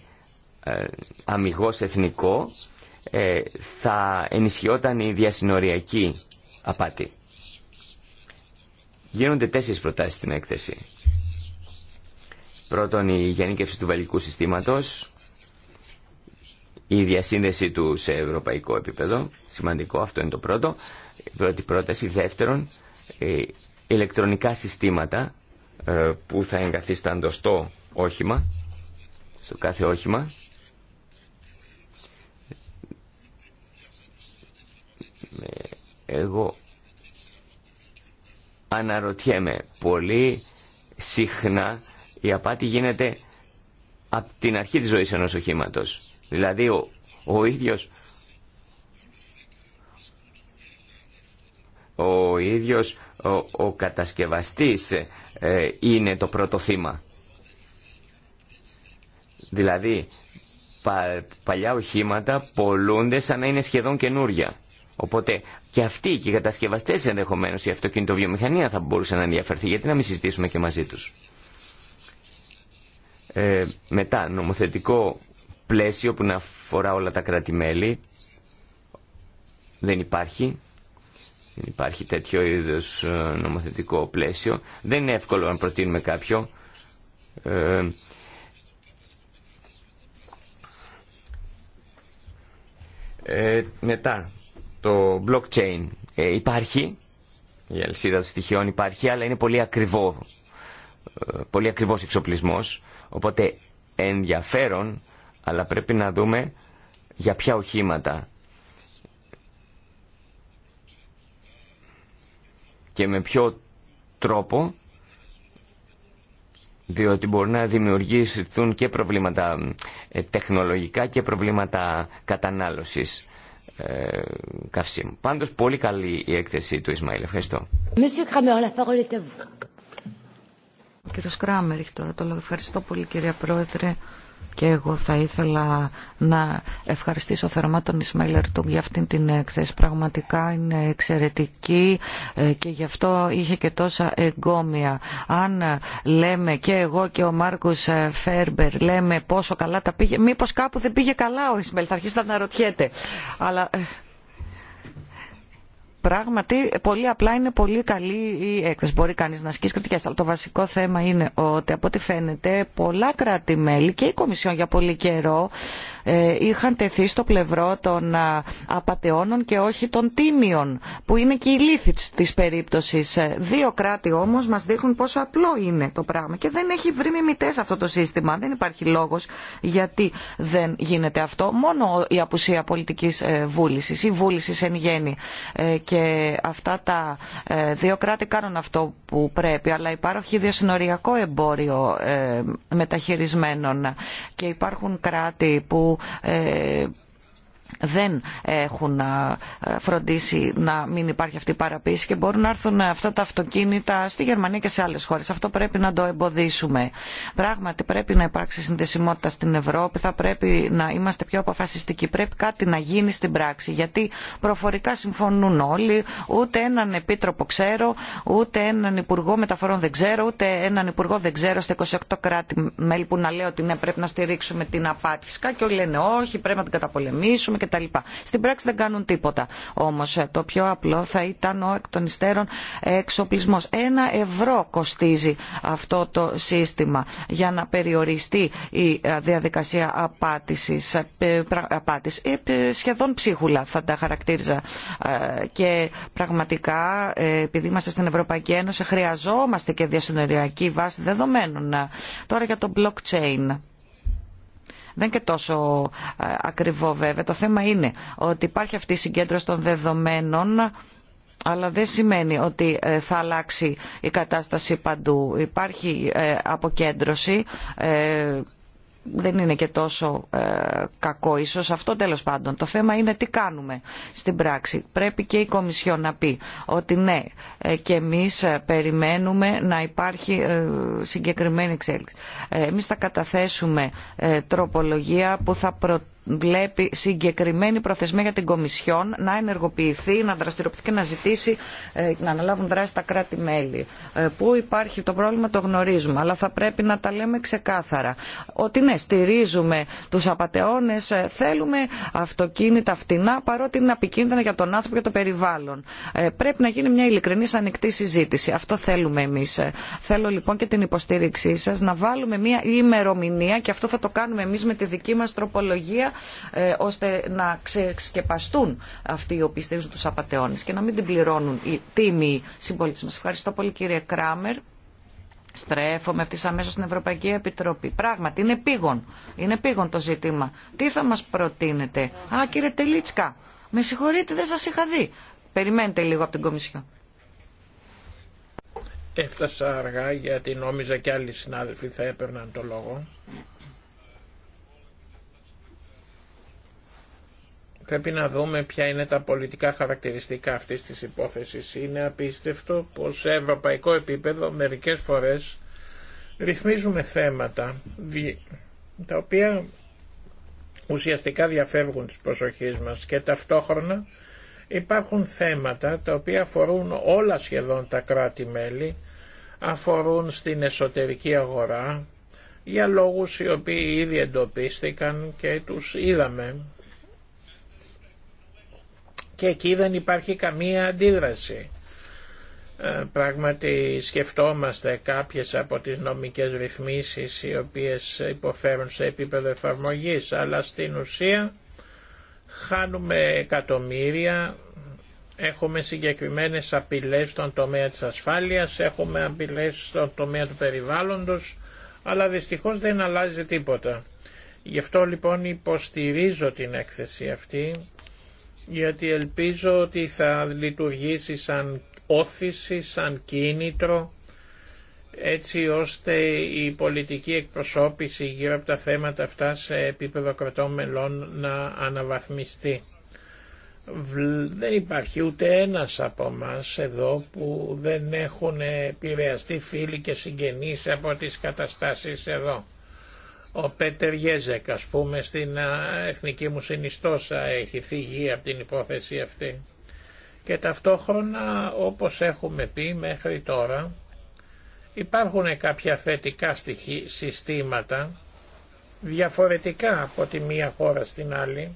ε, αμυγός εθνικό, ε, θα ενισχυόταν η διασυνοριακή απάτη. Γίνονται τέσσερις προτάσεις στην έκθεση. Πρώτον, η γενίκευση του βαλικού συστήματος, η διασύνδεση του σε ευρωπαϊκό επίπεδο, σημαντικό, αυτό είναι το πρώτο. Η πρώτη πρόταση. Δεύτερον, ε, ηλεκτρονικά συστήματα ε, που θα εγκαθίστανται στο όχημα, στο κάθε όχημα. εγώ αναρωτιέμαι πολύ συχνά η απάτη γίνεται από την αρχή της ζωής ενός οχήματος. Δηλαδή ο, ο ίδιος ο ίδιος ο, ο κατασκευαστής ε, είναι το πρώτο θύμα. Δηλαδή παλιά οχήματα πολλούνται σαν να είναι σχεδόν καινούρια. Οπότε και αυτοί και οι κατασκευαστέ ενδεχομένω, η αυτοκινητοβιομηχανία θα μπορούσε να ενδιαφερθεί. Γιατί να μην συζητήσουμε και μαζί του. Ε, μετά, νομοθετικό πλαίσιο που να αφορά όλα τα κράτη-μέλη. Δεν υπάρχει. Δεν υπάρχει τέτοιο είδο ε, νομοθετικό πλαίσιο. Δεν είναι εύκολο να προτείνουμε κάποιο. ε, ε μετά, το blockchain ε, υπάρχει, η αλυσίδα στοιχειών υπάρχει, αλλά είναι πολύ ακριβό, ε, πολύ ακριβός εξοπλισμός. Οπότε ενδιαφέρον, αλλά πρέπει να δούμε για ποια οχήματα και με ποιο τρόπο διότι μπορεί να δημιουργηθούν και προβλήματα ε, τεχνολογικά και προβλήματα κατανάλωσης ε, καυσίμου. Πάντως πολύ καλή η έκθεση του Ισμαήλ. Ευχαριστώ. vous. κύριος Κράμερ έχει τώρα το λόγο. Ευχαριστώ πολύ κυρία Πρόεδρε και εγώ θα ήθελα να ευχαριστήσω θερμά τον Ισμαήλ Ερτούγκ για αυτήν την έκθεση. Πραγματικά είναι εξαιρετική ε, και γι' αυτό είχε και τόσα εγκόμια. Αν λέμε και εγώ και ο Μάρκος ε, Φέρμπερ λέμε πόσο καλά τα πήγε, μήπως κάπου δεν πήγε καλά ο Ισμαήλ, θα αρχίσει να αναρωτιέται. Αλλά ε, Πράγματι, πολύ απλά είναι πολύ καλή η έκθεση. Μπορεί κανεί να ασκήσει κριτικέ. Αλλά το βασικό θέμα είναι ότι, από ό,τι φαίνεται, πολλά κράτη-μέλη και η Κομισιόν για πολύ καιρό ε, είχαν τεθεί στο πλευρό των απαταιώνων και όχι των τίμιων που είναι και η λύθη της περίπτωσης. Ε, δύο κράτη όμως μας δείχνουν πόσο απλό είναι το πράγμα και δεν έχει βρει μιμητές αυτό το σύστημα. Δεν υπάρχει λόγος γιατί δεν γίνεται αυτό. Μόνο η απουσία πολιτικής ε, βούλησης ή βούλησης εν γέννη. Και αυτά τα δύο κράτη κάνουν αυτό που πρέπει αλλά υπάρχει διασυνοριακό εμπόριο μεταχειρισμένων και υπάρχουν κράτη που ε δεν έχουν ε, φροντίσει να μην υπάρχει αυτή η παραποίηση και μπορούν να έρθουν αυτά τα αυτοκίνητα στη Γερμανία και σε άλλες χώρες. Αυτό πρέπει να το εμποδίσουμε. Πράγματι πρέπει να υπάρξει συνδεσιμότητα στην Ευρώπη, θα πρέπει να είμαστε πιο αποφασιστικοί. Πρέπει κάτι να γίνει στην πράξη γιατί προφορικά συμφωνούν όλοι, ούτε έναν επίτροπο ξέρω, ούτε έναν υπουργό μεταφορών δεν ξέρω, ούτε έναν υπουργό δεν ξέρω στα 28 κράτη μέλη που να λέω ότι ναι, πρέπει να στηρίξουμε την απάτη. Φυσικά και όλοι λένε όχι, πρέπει να την καταπολεμήσουμε στην πράξη δεν κάνουν τίποτα. Όμω ε, το πιο απλό θα ήταν ο εκ των υστέρων εξοπλισμό. Ένα ευρώ κοστίζει αυτό το σύστημα για να περιοριστεί η ε, διαδικασία απάτησης, ε, Σχεδόν ψίχουλα θα τα χαρακτήριζα. Και πραγματικά, επειδή είμαστε στην Ευρωπαϊκή Ένωση, χρειαζόμαστε και διασυνοριακή βάση δεδομένων. Τώρα για το blockchain δεν και τόσο ε, ακριβό βέβαια. Το θέμα είναι ότι υπάρχει αυτή η συγκέντρωση των δεδομένων αλλά δεν σημαίνει ότι ε, θα αλλάξει η κατάσταση παντού. Υπάρχει ε, αποκέντρωση δεν είναι και τόσο ε, κακό ίσως αυτό τέλος πάντων. Το θέμα είναι τι κάνουμε στην πράξη. Πρέπει και η Κομισιό να πει ότι ναι ε, και εμείς ε, περιμένουμε να υπάρχει συγκεκριμένη εξέλιξη. Ε, εμείς θα καταθέσουμε τροπολογία που θα προτείνουμε βλέπει συγκεκριμένη προθεσμία για την Κομισιόν να ενεργοποιηθεί, να δραστηριοποιηθεί και να ζητήσει ε, να αναλάβουν δράση τα κράτη-μέλη. Ε, πού υπάρχει το πρόβλημα το γνωρίζουμε, αλλά θα πρέπει να τα λέμε ξεκάθαρα. Ότι ναι, στηρίζουμε τους απαταιώνες, ε, θέλουμε αυτοκίνητα φτηνά, παρότι είναι επικίνδυνα για τον άνθρωπο και το περιβάλλον. Πρέπει να γίνει μια ειλικρινή ανοιχτή συζήτηση. Αυτό θέλουμε εμείς. Θέλω λοιπόν και την υποστήριξή σας να βάλουμε μια ημερομηνία και αυτό θα το κάνουμε εμείς με τη δική μας τροπολογία ε, ώστε να ξεσκεπαστούν αυτοί οι οποίοι στηρίζουν τους απαταιώνες και να μην την πληρώνουν οι τίμοι συμπολίτες μας. Ευχαριστώ πολύ κύριε Κράμερ. Στρέφομαι αυτή αμέσω στην Ευρωπαϊκή Επιτροπή. Πράγματι, είναι πήγον. Είναι πήγον το ζήτημα. Τι θα μα προτείνετε. Α, κύριε Τελίτσκα, με συγχωρείτε, δεν σα είχα δει. Περιμένετε λίγο από την Κομισιό. Έφτασα αργά γιατί νόμιζα και άλλοι συνάδελφοι θα έπαιρναν το λόγο. Πρέπει να δούμε ποια είναι τα πολιτικά χαρακτηριστικά αυτής της υπόθεσης. Είναι απίστευτο πως σε ευρωπαϊκό επίπεδο μερικές φορές ρυθμίζουμε θέματα τα οποία ουσιαστικά διαφεύγουν της προσοχής μας και ταυτόχρονα υπάρχουν θέματα τα οποία αφορούν όλα σχεδόν τα κράτη-μέλη, αφορούν στην εσωτερική αγορά για λόγους οι οποίοι ήδη εντοπίστηκαν και τους είδαμε και εκεί δεν υπάρχει καμία αντίδραση. Ε, πράγματι σκεφτόμαστε κάποιες από τις νομικές ρυθμίσεις οι οποίες υποφέρουν σε επίπεδο εφαρμογής, αλλά στην ουσία χάνουμε εκατομμύρια, έχουμε συγκεκριμένες απειλές στον τομέα της ασφάλειας, έχουμε απειλές στον τομέα του περιβάλλοντος, αλλά δυστυχώς δεν αλλάζει τίποτα. Γι' αυτό λοιπόν υποστηρίζω την έκθεση αυτή γιατί ελπίζω ότι θα λειτουργήσει σαν όθηση, σαν κίνητρο, έτσι ώστε η πολιτική εκπροσώπηση γύρω από τα θέματα αυτά σε επίπεδο κρατών μελών να αναβαθμιστεί. Δεν υπάρχει ούτε ένας από μας εδώ που δεν έχουν επηρεαστεί φίλοι και συγγενείς από τις καταστάσεις εδώ. Ο Πέτερ Γέζεκ, ας πούμε, στην εθνική μου συνιστόσα έχει φύγει από την υπόθεση αυτή. Και ταυτόχρονα, όπως έχουμε πει μέχρι τώρα, υπάρχουν κάποια θετικά συστήματα, διαφορετικά από τη μία χώρα στην άλλη.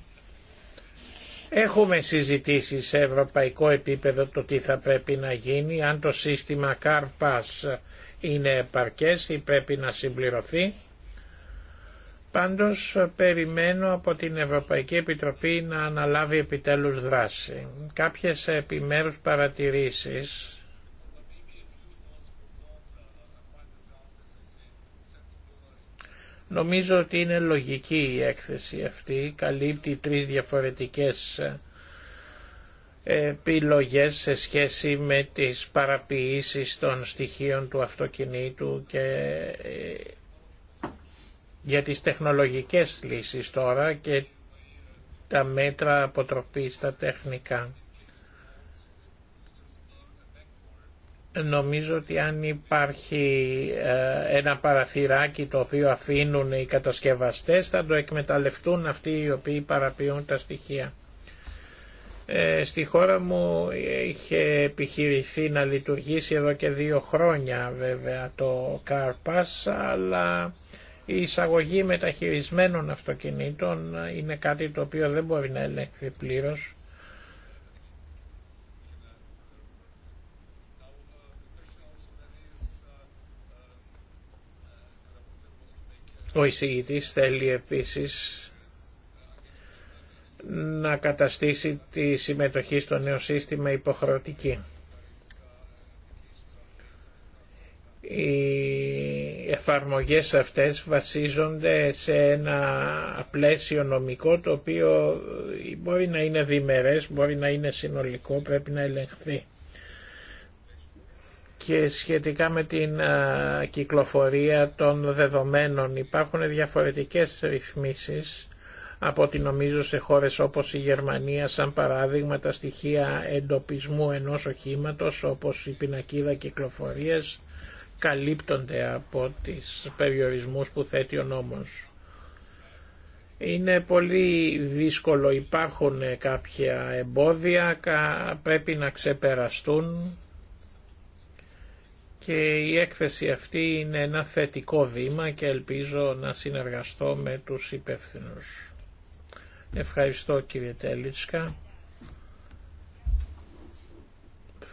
Έχουμε συζητήσει σε ευρωπαϊκό επίπεδο το τι θα πρέπει να γίνει, αν το σύστημα CarPass είναι επαρκές ή πρέπει να συμπληρωθεί Πάντως περιμένω από την Ευρωπαϊκή Επιτροπή να αναλάβει επιτέλους δράση. Κάποιες επιμέρους παρατηρήσεις Νομίζω ότι είναι λογική η έκθεση αυτή, καλύπτει τρεις διαφορετικές επιλογές σε σχέση με τις παραποιήσεις των στοιχείων του αυτοκινήτου και για τις τεχνολογικές λύσεις τώρα και τα μέτρα αποτροπής στα τεχνικά. Νομίζω ότι αν υπάρχει ε, ένα παραθυράκι το οποίο αφήνουν οι κατασκευαστές θα το εκμεταλλευτούν αυτοί οι οποίοι παραποιούν τα στοιχεία. Ε, στη χώρα μου είχε επιχειρηθεί να λειτουργήσει εδώ και δύο χρόνια βέβαια το CarPass αλλά η εισαγωγή μεταχειρισμένων αυτοκινήτων είναι κάτι το οποίο δεν μπορεί να ελέγχθει πλήρως. Ο εισηγητής θέλει επίσης να καταστήσει τη συμμετοχή στο νέο σύστημα υποχρεωτική. οι εφαρμογές αυτές βασίζονται σε ένα πλαίσιο νομικό το οποίο μπορεί να είναι διμερές, μπορεί να είναι συνολικό, πρέπει να ελεγχθεί. Και σχετικά με την κυκλοφορία των δεδομένων υπάρχουν διαφορετικές ρυθμίσεις από ό,τι νομίζω σε χώρες όπως η Γερμανία σαν παράδειγμα τα στοιχεία εντοπισμού ενός οχήματος όπως η πινακίδα κυκλοφορίας καλύπτονται από τις περιορισμούς που θέτει ο νόμος. Είναι πολύ δύσκολο, υπάρχουν κάποια εμπόδια, πρέπει να ξεπεραστούν και η έκθεση αυτή είναι ένα θετικό βήμα και ελπίζω να συνεργαστώ με τους υπεύθυνους. Ευχαριστώ κύριε Τέλιτσκα.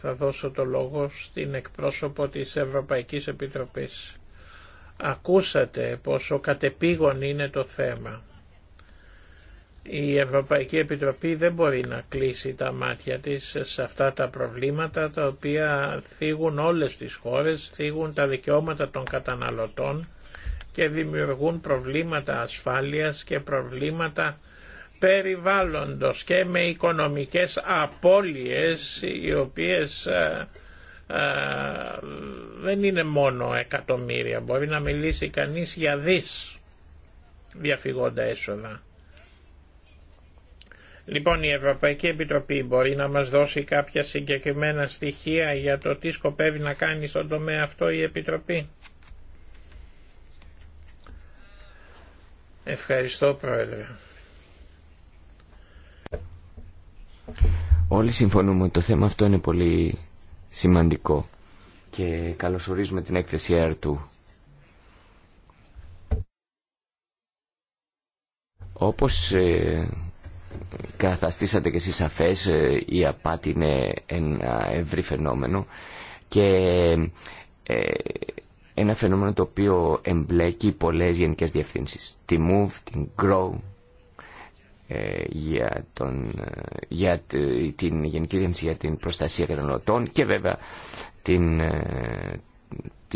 θα δώσω το λόγο στην εκπρόσωπο της Ευρωπαϊκής Επιτροπής. Ακούσατε πόσο κατεπήγον είναι το θέμα. Η Ευρωπαϊκή Επιτροπή δεν μπορεί να κλείσει τα μάτια της σε αυτά τα προβλήματα τα οποία θίγουν όλες τις χώρες, θίγουν τα δικαιώματα των καταναλωτών και δημιουργούν προβλήματα ασφάλειας και προβλήματα περιβάλλοντος και με οικονομικές απώλειες οι οποίες ε, ε, δεν είναι μόνο εκατομμύρια, μπορεί να μιλήσει κανείς για δις διαφυγόντα έσοδα. Λοιπόν, η Ευρωπαϊκή Επιτροπή μπορεί να μας δώσει κάποια συγκεκριμένα στοιχεία για το τι σκοπεύει να κάνει στον τομέα αυτό η Επιτροπή. Ευχαριστώ, Πρόεδρε. Όλοι συμφωνούμε ότι το θέμα αυτό είναι πολύ σημαντικό και καλωσορίζουμε την έκθεση ΕΡΤΟΥ. Όπως ε, καθαστήσατε και εσείς σαφές, ε, η απάτη είναι ένα ευρύ φαινόμενο και ε, ένα φαινόμενο το οποίο εμπλέκει πολλές γενικές διευθύνσεις. Τη MOVE, την GROW, ε, για, τον, ε, για την Γενική Διεύθυνση για την Προστασία Καταναλωτών και βέβαια την, ε,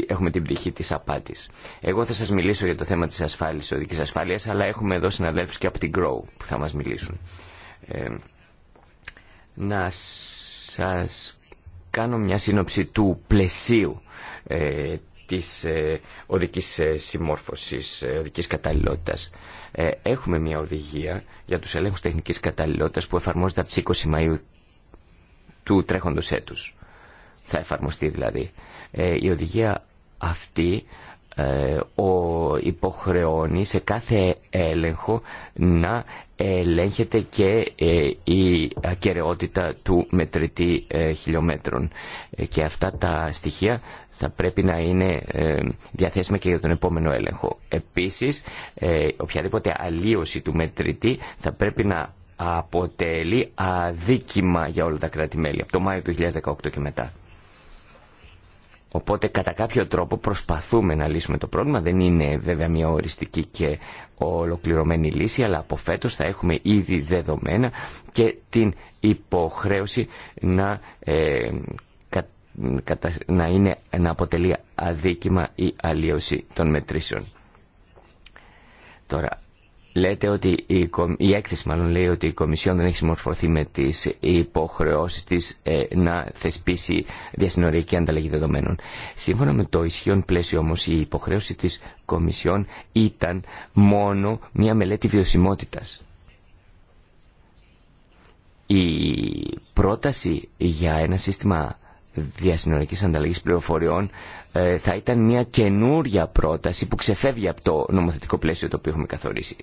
έχουμε την πτυχή της απάτης. Εγώ θα σας μιλήσω για το θέμα της ασφάλειας, οδικής ασφάλειας, αλλά έχουμε εδώ συναδέλφους και από την Grow που θα μας μιλήσουν. Ε, να σας κάνω μια σύνοψη του πλαισίου ε, της ε, οδικής ε, συμμόρφωσης, ε, οδικής καταλληλότητας. Έχουμε μια οδηγία για τους ελέγχους τεχνικής καταλληλότητας που εφαρμόζεται από τις 20 Μαΐου του τρέχοντος έτους. Θα εφαρμοστεί δηλαδή. Η οδηγία αυτή ο υποχρεώνει σε κάθε έλεγχο να ελέγχεται και η ακαιρεότητα του μετρητή χιλιόμετρων. Και αυτά τα στοιχεία θα πρέπει να είναι ε, διαθέσιμα και για τον επόμενο έλεγχο. Επίσης, ε, οποιαδήποτε αλλίωση του μετρητή θα πρέπει να αποτελεί αδίκημα για όλα τα κράτη-μέλη από το Μάιο του 2018 και μετά. Οπότε κατά κάποιο τρόπο προσπαθούμε να λύσουμε το πρόβλημα. Δεν είναι βέβαια μια οριστική και ολοκληρωμένη λύση, αλλά από φέτος θα έχουμε ήδη δεδομένα και την υποχρέωση να ε, να, είναι, να αποτελεί αδίκημα η αλλίωση των μετρήσεων. Τώρα, λέτε ότι η, έκθεση μάλλον λέει ότι η Κομισιόν δεν έχει συμμορφωθεί με τις υποχρεώσεις της ε, να θεσπίσει διασυνοριακή ανταλλαγή δεδομένων. Σύμφωνα με το ισχύον πλαίσιο όμως η υποχρέωση της Κομισιόν ήταν μόνο μια μελέτη βιωσιμότητας. Η πρόταση για ένα σύστημα διασυνορικής ανταλλαγής πληροφοριών ε, θα ήταν μια καινούρια πρόταση που ξεφεύγει από το νομοθετικό πλαίσιο το οποίο έχουμε καθορίσει.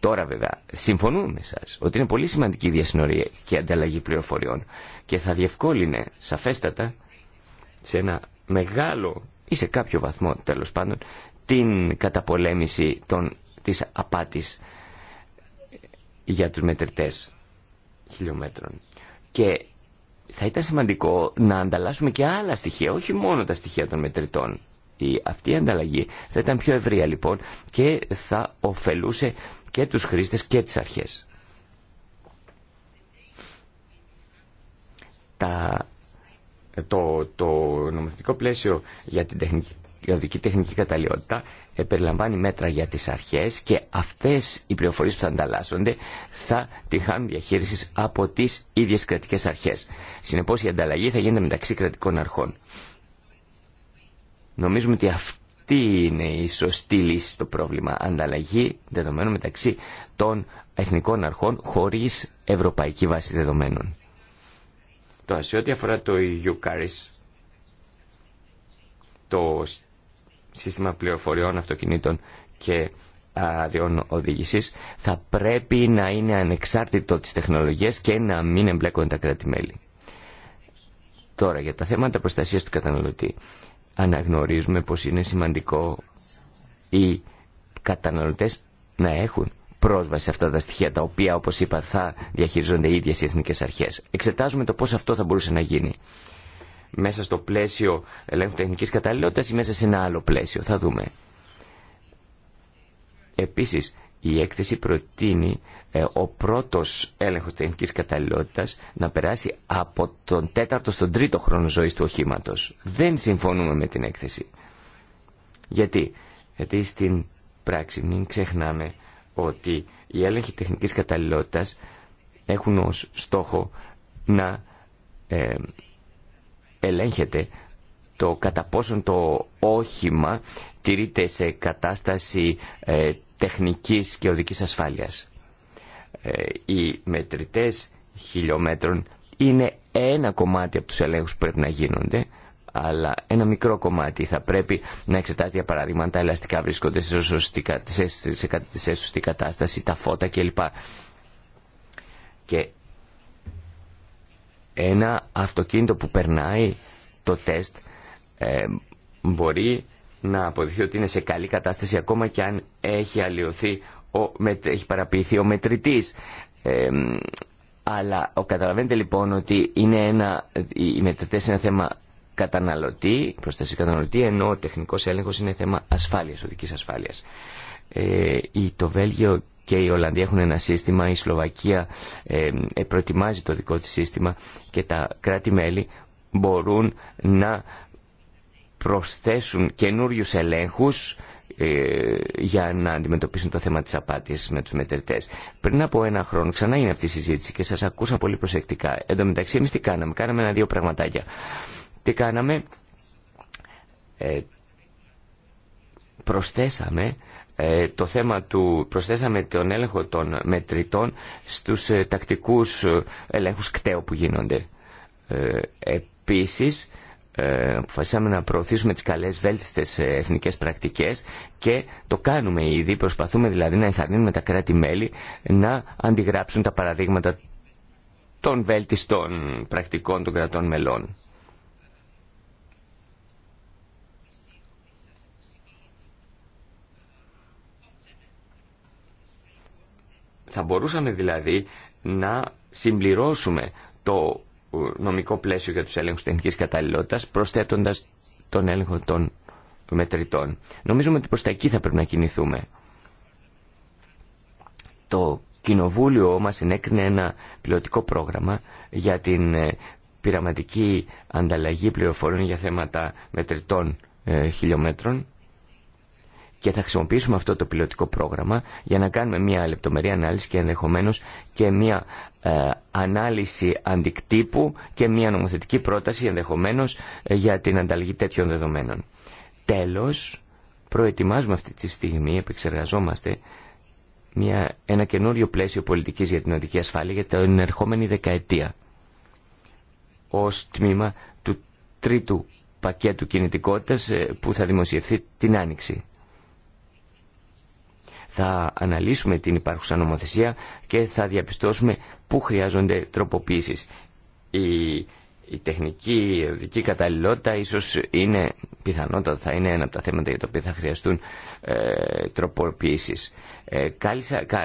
Τώρα βέβαια, συμφωνούμε με σας ότι είναι πολύ σημαντική η διασυνορική ανταλλαγή πληροφοριών και θα διευκόλυνε σαφέστατα σε ένα μεγάλο ή σε κάποιο βαθμό τέλος πάντων την καταπολέμηση των, της απάτης για τους μετρητές χιλιόμετρων. Και θα ήταν σημαντικό να ανταλλάσσουμε και άλλα στοιχεία, όχι μόνο τα στοιχεία των μετρητών. Η, αυτή η ανταλλαγή θα ήταν πιο ευρεία λοιπόν και θα ωφελούσε και τους χρήστες και τις αρχές. Τα, το, το νομοθετικό πλαίσιο για την τεχνική, για τεχνική καταλληλότητα περιλαμβάνει μέτρα για τις αρχές και αυτές οι πληροφορίες που θα ανταλλάσσονται θα τη χάνουν διαχείρισης από τις ίδιες κρατικές αρχές. Συνεπώς η ανταλλαγή θα γίνεται μεταξύ κρατικών αρχών. Νομίζουμε ότι αυτή είναι η σωστή λύση στο πρόβλημα. Ανταλλαγή δεδομένων μεταξύ των εθνικών αρχών χωρίς ευρωπαϊκή βάση δεδομένων. Τώρα, σε ό,τι αφορά το Eucaris, το σύστημα πληροφοριών, αυτοκινήτων και αδειών οδηγηση, θα πρέπει να είναι ανεξάρτητο τη τεχνολογία και να μην εμπλέκονται τα κράτη-μέλη. Τώρα, για τα θέματα προστασίας του καταναλωτή. Αναγνωρίζουμε πως είναι σημαντικό οι καταναλωτές να έχουν πρόσβαση σε αυτά τα στοιχεία, τα οποία, όπως είπα, θα διαχειριζόνται οι ίδιες οι εθνικές αρχές. Εξετάζουμε το πώ αυτό θα μπορούσε να γίνει μέσα στο πλαίσιο ελέγχου τεχνικής καταλληλότητας ή μέσα σε ένα άλλο πλαίσιο. Θα δούμε. Επίσης, η έκθεση προτείνει ε, ο πρώτος έλεγχος τεχνικής καταλληλότητας να περάσει από τον τέταρτο στον τρίτο χρόνο ζωής του οχήματος. Δεν συμφωνούμε με την έκθεση. Γιατί, Γιατί στην πράξη μην ξεχνάμε ότι οι έλεγχοι τεχνικής καταλληλότητας έχουν ως στόχο να ε, ελέγχεται το κατά πόσον το όχημα τηρείται σε κατάσταση ε, τεχνικής και οδικής ασφάλειας. Ε, οι μετρητές χιλιόμετρων είναι ένα κομμάτι από τους ελέγχους που πρέπει να γίνονται, αλλά ένα μικρό κομμάτι θα πρέπει να εξετάσει, για παράδειγμα αν τα ελαστικά βρίσκονται σε σωστή, κατάσταση, τα φώτα κλπ. Και ένα αυτοκίνητο που περνάει το τεστ ε, μπορεί να αποδειχθεί ότι είναι σε καλή κατάσταση ακόμα και αν έχει αλλοιωθεί, ο, έχει παραποιηθεί ο μετρητής. Ε, αλλά ο, καταλαβαίνετε λοιπόν ότι είναι ένα, οι μετρητές είναι θέμα καταναλωτή, προστασία καταναλωτή, ενώ ο τεχνικός έλεγχος είναι θέμα ασφάλειας, οδικής ασφάλειας. Ε, το Βέλγιο και η Ολλανδία έχουν ένα σύστημα, η Σλοβακία ε, ε, προετοιμάζει το δικό της σύστημα και τα κράτη-μέλη μπορούν να προσθέσουν καινούριου ελέγχους ε, για να αντιμετωπίσουν το θέμα της απάτης με τους μετερτές Πριν από ένα χρόνο ξανά είναι αυτή η συζήτηση και σας ακούσα πολύ προσεκτικά. Εν τω μεταξύ εμείς τι κάναμε, κάναμε ένα-δύο πραγματάκια. Τι κάναμε, ε, προσθέσαμε ε, το θέμα του προσθέσαμε τον έλεγχο των μετρητών στους ε, τακτικούς ε, ελέγχους κταίου που γίνονται. Ε, επίσης, ε, αποφασίσαμε να προωθήσουμε τις καλές βέλτιστες εθνικές πρακτικές και το κάνουμε ήδη, προσπαθούμε δηλαδή να ενθαρρύνουμε τα κράτη-μέλη να αντιγράψουν τα παραδείγματα των βέλτιστων πρακτικών των κρατών μελών. Θα μπορούσαμε δηλαδή να συμπληρώσουμε το ε, νομικό πλαίσιο για τους έλεγχους τεχνικής καταλληλότητας προσθέτοντας τον έλεγχο των μετρητών. Νομίζουμε ότι προς τα εκεί θα πρέπει να κινηθούμε. Το κοινοβούλιο μας ενέκρινε ένα πλειοτικό πρόγραμμα για την ε, πειραματική ανταλλαγή πληροφοριών για θέματα μετρητών ε, χιλιόμετρων και θα χρησιμοποιήσουμε αυτό το πιλωτικό πρόγραμμα για να κάνουμε μια λεπτομερή ανάλυση και ενδεχομένως και μια ε, ανάλυση αντικτύπου και μια νομοθετική πρόταση ενδεχομένως ε, για την ανταλλαγή τέτοιων δεδομένων. Τέλος, προετοιμάζουμε αυτή τη στιγμή, επεξεργαζόμαστε μια, ένα καινούριο πλαίσιο πολιτικής για την οδική ασφάλεια για την ερχόμενη δεκαετία ως τμήμα του τρίτου πακέτου κινητικότητας ε, που θα δημοσιευθεί την Άνοιξη θα αναλύσουμε την υπάρχουσα νομοθεσία και θα διαπιστώσουμε πού χρειάζονται τροποποίησεις. Η, η τεχνική ειδική καταλληλότητα ίσως είναι πιθανότατα θα είναι ένα από τα θέματα για τα οποία θα χρειαστούν ε, τροποποιήσεις. Ε,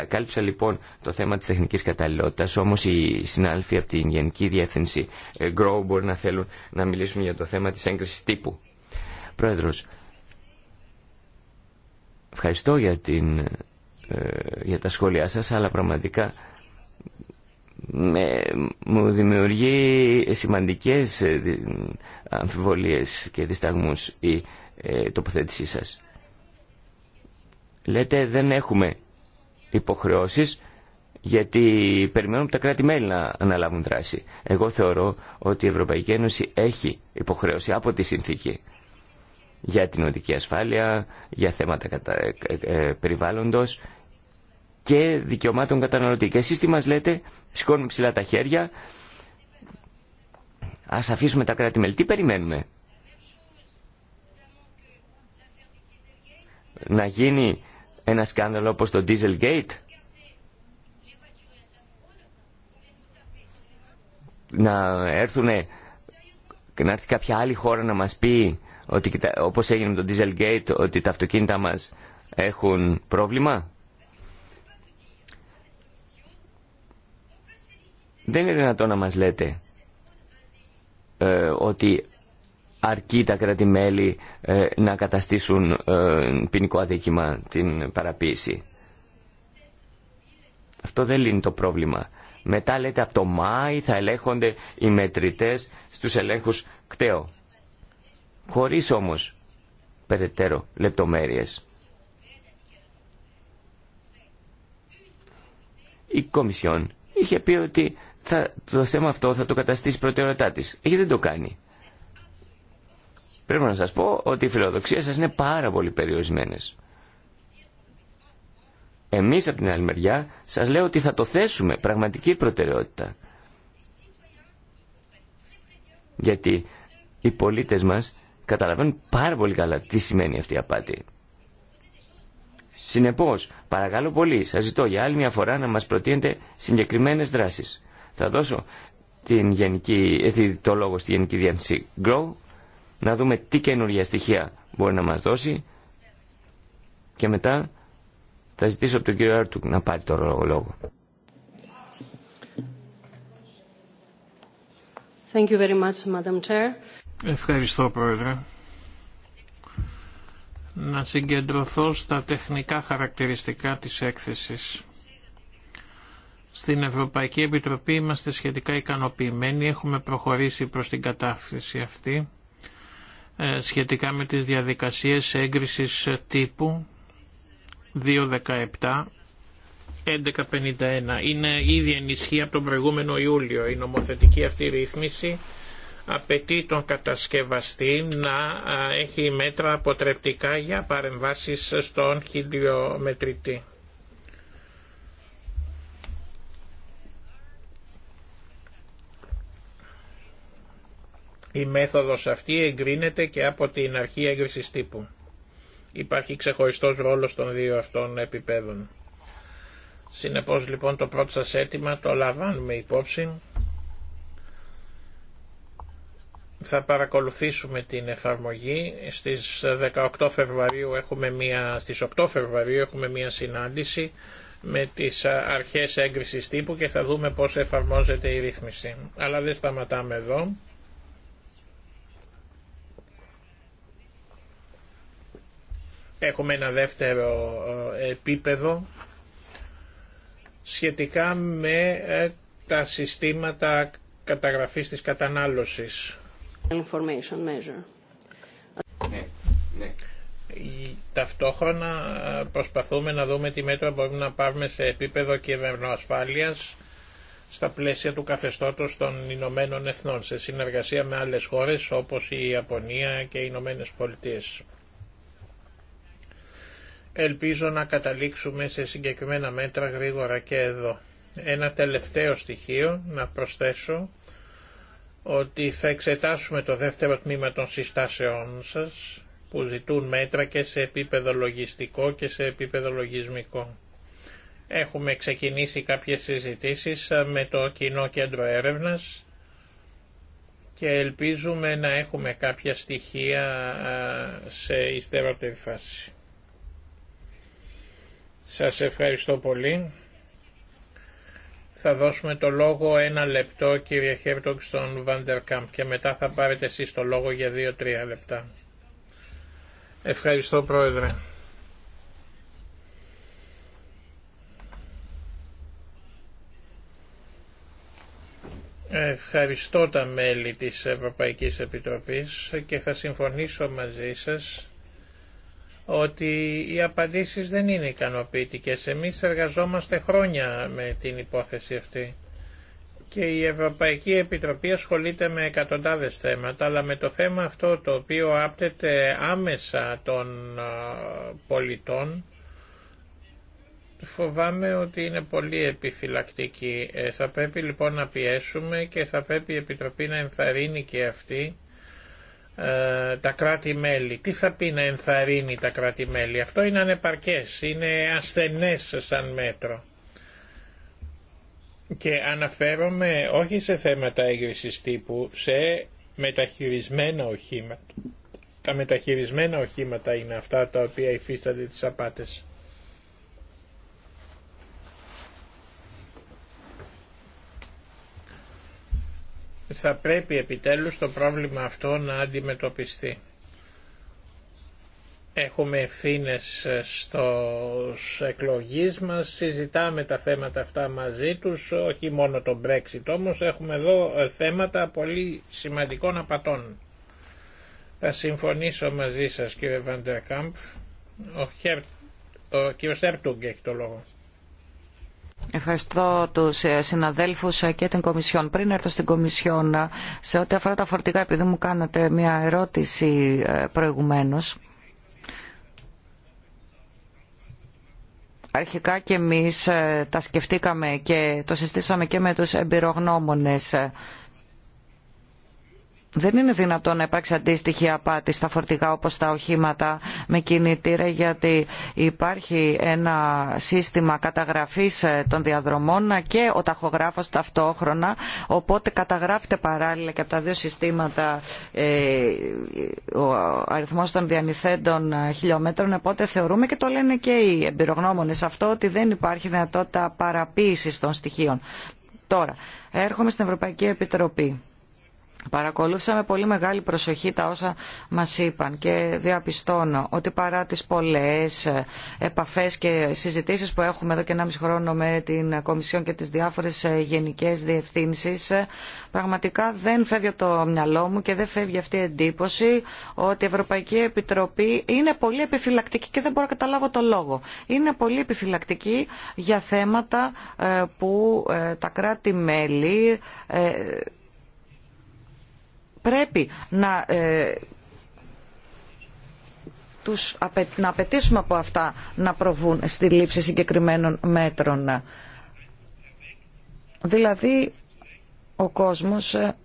κάλυψα, λοιπόν το θέμα της τεχνικής καταλληλότητας, όμως οι συνάλφοι από την Γενική Διεύθυνση ε, Grow μπορεί να θέλουν να μιλήσουν για το θέμα της έγκρισης τύπου. Πρόεδρος, Ευχαριστώ για, την, ε, για τα σχόλιά σας, αλλά πραγματικά μου δημιουργεί σημαντικές ε, αμφιβολίες και δισταγμούς η ε, τοποθέτησή σας. Λέτε δεν έχουμε υποχρεώσεις γιατί περιμένουμε τα κράτη-μέλη να αναλάβουν δράση. Εγώ θεωρώ ότι η Ευρωπαϊκή Ένωση έχει υποχρέωση από τη συνθήκη για την οδική ασφάλεια, για θέματα κατα... Ε, ε, περιβάλλοντος και δικαιωμάτων καταναλωτή. Και εσείς τι μας λέτε, σηκώνουμε ψηλά τα χέρια, ας αφήσουμε τα κράτη-μέλη. Τι περιμένουμε. Να γίνει ένα σκάνδαλο όπως το Dieselgate. Να έρθουν να έρθει κάποια άλλη χώρα να μας πει ότι, όπως έγινε με το Dieselgate, ότι τα αυτοκίνητα μας έχουν πρόβλημα. Δεν είναι δυνατό να μας λέτε ε, ότι αρκεί τα κράτη-μέλη ε, να καταστήσουν ε, ποινικό αδίκημα την παραποίηση. Αυτό δεν λύνει το πρόβλημα. Μετά λέτε από το Μάη θα ελέγχονται οι μετρητές στους ελέγχους κτεο χωρίς όμως περαιτέρω λεπτομέρειες. Η Κομισιόν είχε πει ότι θα, το θέμα αυτό θα το καταστήσει προτεραιότητά της. Έχει δεν το κάνει. Πρέπει να σας πω ότι οι φιλοδοξίες σας είναι πάρα πολύ περιορισμένες. Εμείς από την άλλη μεριά σας λέω ότι θα το θέσουμε πραγματική προτεραιότητα. Γιατί οι πολίτες μας καταλαβαίνουν πάρα πολύ καλά τι σημαίνει αυτή η απάτη. Συνεπώς, παρακαλώ πολύ, σας ζητώ για άλλη μια φορά να μας προτείνετε συγκεκριμένες δράσεις. Θα δώσω την γενική, ε, το λόγο στη Γενική Διεύθυνση Grow, να δούμε τι καινούργια στοιχεία μπορεί να μας δώσει και μετά θα ζητήσω από τον κύριο Άρτουκ να πάρει το λόγο. Thank you very much, Madam Chair. Ευχαριστώ Πρόεδρε. Να συγκεντρωθώ στα τεχνικά χαρακτηριστικά της έκθεσης. Στην Ευρωπαϊκή Επιτροπή είμαστε σχετικά ικανοποιημένοι, έχουμε προχωρήσει προς την κατάφυση αυτή ε, σχετικά με τις διαδικασίες έγκρισης τύπου 2.17 11.51. Είναι ήδη ενισχύ από τον προηγούμενο Ιούλιο η νομοθετική αυτή ρύθμιση απαιτεί τον κατασκευαστή να έχει μέτρα αποτρεπτικά για παρεμβάσεις στον χιλιομετρητή. Η μέθοδος αυτή εγκρίνεται και από την αρχή έγκρισης τύπου. Υπάρχει ξεχωριστός ρόλος των δύο αυτών επιπέδων. Συνεπώς λοιπόν το πρώτο σας αίτημα το λαμβάνουμε υπόψη θα παρακολουθήσουμε την εφαρμογή. Στις, 18 Φεβρουαρίου έχουμε μια, στις 8 Φεβρουαρίου έχουμε μια συνάντηση με τις αρχές έγκρισης τύπου και θα δούμε πώς εφαρμόζεται η ρύθμιση. Αλλά δεν σταματάμε εδώ. Έχουμε ένα δεύτερο ε, επίπεδο σχετικά με ε, τα συστήματα καταγραφής της κατανάλωσης. Information measure. Ναι, ναι. Ταυτόχρονα ε, προσπαθούμε να δούμε τι μέτρα μπορούμε να πάρουμε σε επίπεδο κυβερνοασφάλειας στα πλαίσια του καθεστώτος των Ηνωμένων Εθνών σε συνεργασία με άλλες χώρες όπως η Ιαπωνία και οι Ηνωμένε Πολιτείε. Ελπίζω να καταλήξουμε σε συγκεκριμένα μέτρα γρήγορα και εδώ. Ένα τελευταίο στοιχείο να προσθέσω ότι θα εξετάσουμε το δεύτερο τμήμα των συστάσεών σας που ζητούν μέτρα και σε επίπεδο λογιστικό και σε επίπεδο λογισμικό. Έχουμε ξεκινήσει κάποιες συζητήσεις ε, με το Κοινό Κέντρο Έρευνας και ελπίζουμε να έχουμε κάποια στοιχεία ε, σε υστερότερη φάση. Σας ευχαριστώ πολύ. Θα δώσουμε το λόγο ένα λεπτό κύριε Χέρτογκ στον Βαντερκάμπ και μετά θα πάρετε εσείς το λόγο για δύο-τρία λεπτά. Ευχαριστώ πρόεδρε. Ευχαριστώ τα μέλη της Ευρωπαϊκής Επιτροπής και θα συμφωνήσω μαζί σας ότι οι απαντήσεις δεν είναι ικανοποιητικές. Εμείς εργαζόμαστε χρόνια με την υπόθεση αυτή και η Ευρωπαϊκή Επιτροπή ασχολείται με εκατοντάδες θέματα, αλλά με το θέμα αυτό το οποίο άπτεται άμεσα των πολιτών, φοβάμαι ότι είναι πολύ επιφυλακτική. Ε, θα πρέπει λοιπόν να πιέσουμε και θα πρέπει η Επιτροπή να ενθαρρύνει και αυτή ε, τα κράτη-μέλη. Τι θα πει να ενθαρρύνει τα κράτη-μέλη. Αυτό είναι ανεπαρκές, είναι ασθενές σαν μέτρο. Και αναφέρομαι όχι σε θέματα έγκρισης τύπου, σε μεταχειρισμένα οχήματα. Τα μεταχειρισμένα οχήματα είναι αυτά τα οποία υφίστανται τις απάτες. θα πρέπει επιτέλους το πρόβλημα αυτό να αντιμετωπιστεί. Έχουμε ευθύνε ε, στους εκλογείς μα. συζητάμε τα θέματα αυτά μαζί τους, όχι μόνο το Brexit όμως, έχουμε εδώ ε, θέματα πολύ σημαντικών απατών. Θα συμφωνήσω μαζί σας κύριε Βαντερκάμπ, ο, Χερ, ο έχει το λόγο. Ευχαριστώ του ε, συναδέλφου ε, και την Κομισιόν. Πριν έρθω στην Κομισιόν, ε, σε ό,τι αφορά τα φορτικά, επειδή μου κάνατε μια ερώτηση προηγουμένω. Αρχικά και εμείς τα σκεφτήκαμε και το συστήσαμε και με τους εμπειρογνώμονες δεν είναι δυνατόν να υπάρξει αντίστοιχη απάτη στα φορτηγά όπως τα οχήματα με κινητήρα γιατί υπάρχει ένα σύστημα καταγραφής ε, των διαδρομών και ο ταχογράφος ταυτόχρονα οπότε καταγράφεται παράλληλα και από τα δύο συστήματα ε, ο αριθμός των διανυθέντων ε, χιλιόμετρων οπότε θεωρούμε και το λένε και οι εμπειρογνώμονες αυτό ότι δεν υπάρχει δυνατότητα παραποίησης των στοιχείων. Τώρα, έρχομαι στην Ευρωπαϊκή Επιτροπή Παρακολούθησα με πολύ μεγάλη προσοχή τα όσα μας είπαν και διαπιστώνω ότι παρά τις πολλές επαφές και συζητήσεις που έχουμε εδώ και ένα μισό χρόνο με την Κομισιόν και τις διάφορες γενικές διευθύνσεις, πραγματικά δεν φεύγει από το μυαλό μου και δεν φεύγει αυτή η εντύπωση ότι η Ευρωπαϊκή Επιτροπή είναι πολύ επιφυλακτική και δεν μπορώ να καταλάβω το λόγο. Είναι πολύ επιφυλακτική για θέματα ε, που ε, τα κράτη-μέλη ε, πρέπει να ε, τους, να απαιτήσουμε από αυτά να προβούν στη λήψη συγκεκριμένων μέτρων. Δηλαδή, ο κόσμος ε,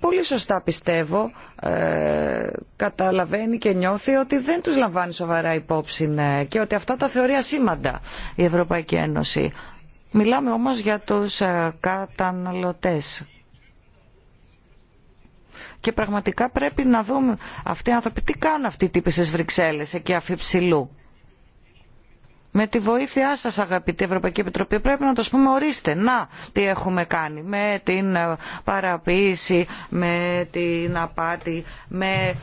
πολύ σωστά πιστεύω ε, καταλαβαίνει και νιώθει ότι δεν τους λαμβάνει σοβαρά υπόψη και ότι αυτά τα θεωρεί ασήμαντα η Ευρωπαϊκή Ένωση. Μιλάμε όμως για τους ε, καταναλωτές. Και πραγματικά πρέπει να δούμε αυτοί οι άνθρωποι τι κάνουν αυτοί οι τύποι στις Βρυξέλλες εκεί αφιψηλού. Με τη βοήθειά σας αγαπητή Ευρωπαϊκή Επιτροπή πρέπει να το πούμε ορίστε να τι έχουμε κάνει με την ε, παραποίηση, με την απάτη, με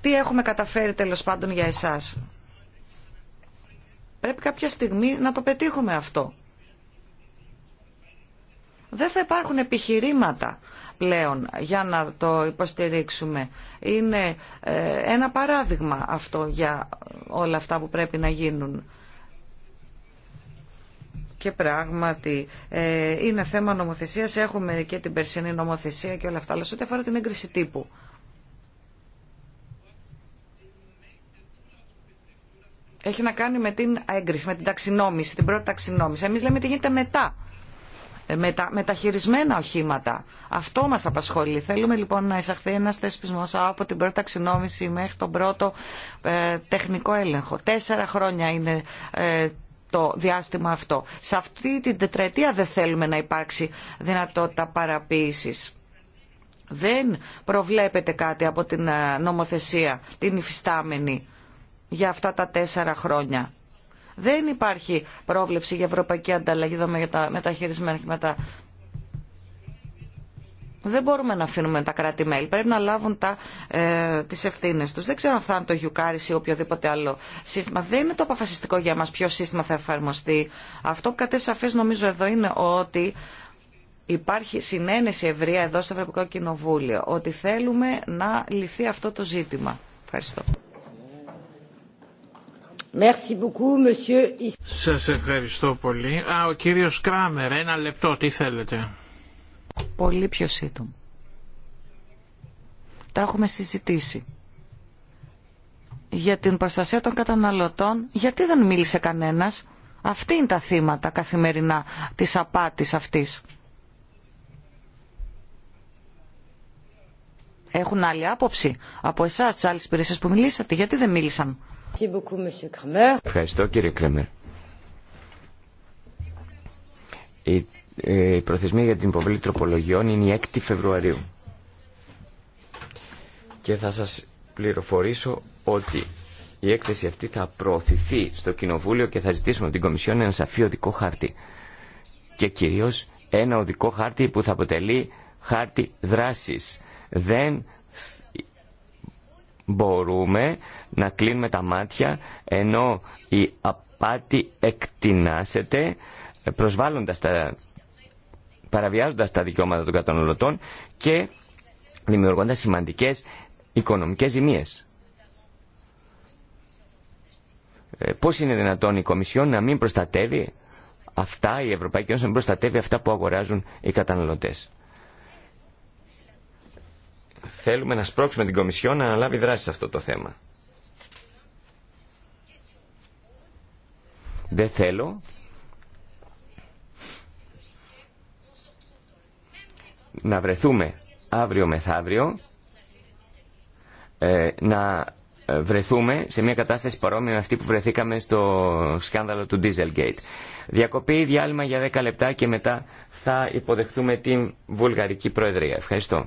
τι έχουμε καταφέρει τέλος πάντων για εσάς. Πρέπει κάποια στιγμή να το πετύχουμε αυτό δεν θα υπάρχουν επιχειρήματα πλέον για να το υποστηρίξουμε. Είναι ε, ένα παράδειγμα αυτό για όλα αυτά που πρέπει να γίνουν. Και πράγματι ε, είναι θέμα νομοθεσίας. Έχουμε και την περσινή νομοθεσία και όλα αυτά. Αλλά σε ό,τι αφορά την έγκριση τύπου. Έχει να κάνει με την έγκριση, με την ταξινόμηση, την πρώτη ταξινόμηση. Εμείς λέμε τι γίνεται μετά ε, με τα μεταχειρισμένα οχήματα. Αυτό μας απασχολεί. Θέλουμε λοιπόν να εισαχθεί ένας θεσπισμός από την πρώτη αξινόμηση μέχρι τον πρώτο ε, τεχνικό έλεγχο. Τέσσερα χρόνια είναι ε, το διάστημα αυτό. Σε αυτή την τετραετία δεν θέλουμε να υπάρξει δυνατότητα παραποίησης. Δεν προβλέπεται κάτι από την νομοθεσία, την υφιστάμενη, για αυτά τα τέσσερα χρόνια. Δεν υπάρχει πρόβλεψη για ευρωπαϊκή ανταλλαγή με τα μεταχειρισμένα Δεν μπορούμε να αφήνουμε τα κράτη-μέλη. Πρέπει να λάβουν τα, ε, τις ευθύνες τους. Δεν ξέρω αν θα είναι το γιουκάρις ή οποιοδήποτε άλλο σύστημα. Δεν είναι το αποφασιστικό για μας ποιο σύστημα θα εφαρμοστεί. Αυτό που κατέσσε σαφές νομίζω εδώ είναι ότι υπάρχει συνένεση ευρεία εδώ στο Ευρωπαϊκό Κοινοβούλιο ότι θέλουμε να λυθεί αυτό το ζήτημα. Ευχαριστώ. Merci beaucoup, monsieur. Σας ευχαριστώ πολύ. Α, ο κύριος Κράμερ, ένα λεπτό, τι θέλετε. Πολύ πιο σύντομο. Τα έχουμε συζητήσει. Για την προστασία των καταναλωτών, γιατί δεν μίλησε κανένας. Αυτή είναι τα θύματα καθημερινά της απάτης αυτής. Έχουν άλλη άποψη από εσάς, τις άλλες υπηρεσίες που μιλήσατε. Γιατί δεν μίλησαν. Ευχαριστώ κύριε Κρέμερ. Ε, η, προθεσμία για την υποβολή τροπολογιών είναι η 6η Φεβρουαρίου. Και θα σας πληροφορήσω ότι η έκθεση αυτή θα προωθηθεί στο Κοινοβούλιο και θα ζητήσουμε από την Κομισιόν ένα σαφή οδικό χάρτη. Και κυρίως ένα οδικό χάρτη που θα αποτελεί χάρτη δράσης. Δεν μπορούμε να κλείνουμε τα μάτια ενώ η απάτη εκτινάσεται προσβάλλοντας τα, παραβιάζοντας τα δικαιώματα των καταναλωτών και δημιουργώντας σημαντικές οικονομικές ζημίες. Ε, πώς είναι δυνατόν η Κομισιόν να μην προστατεύει αυτά, η Ευρωπαϊκή Ένωση να μην προστατεύει αυτά που αγοράζουν οι καταναλωτές θέλουμε να σπρώξουμε την Κομισιό να αναλάβει δράση σε αυτό το θέμα. Δεν θέλω να βρεθούμε αύριο μεθαύριο ε, να βρεθούμε σε μια κατάσταση παρόμοια με αυτή που βρεθήκαμε στο σκάνδαλο του Dieselgate. Διακοπή διάλειμμα για 10 λεπτά και μετά θα υποδεχθούμε την Βουλγαρική Προεδρία. Ευχαριστώ.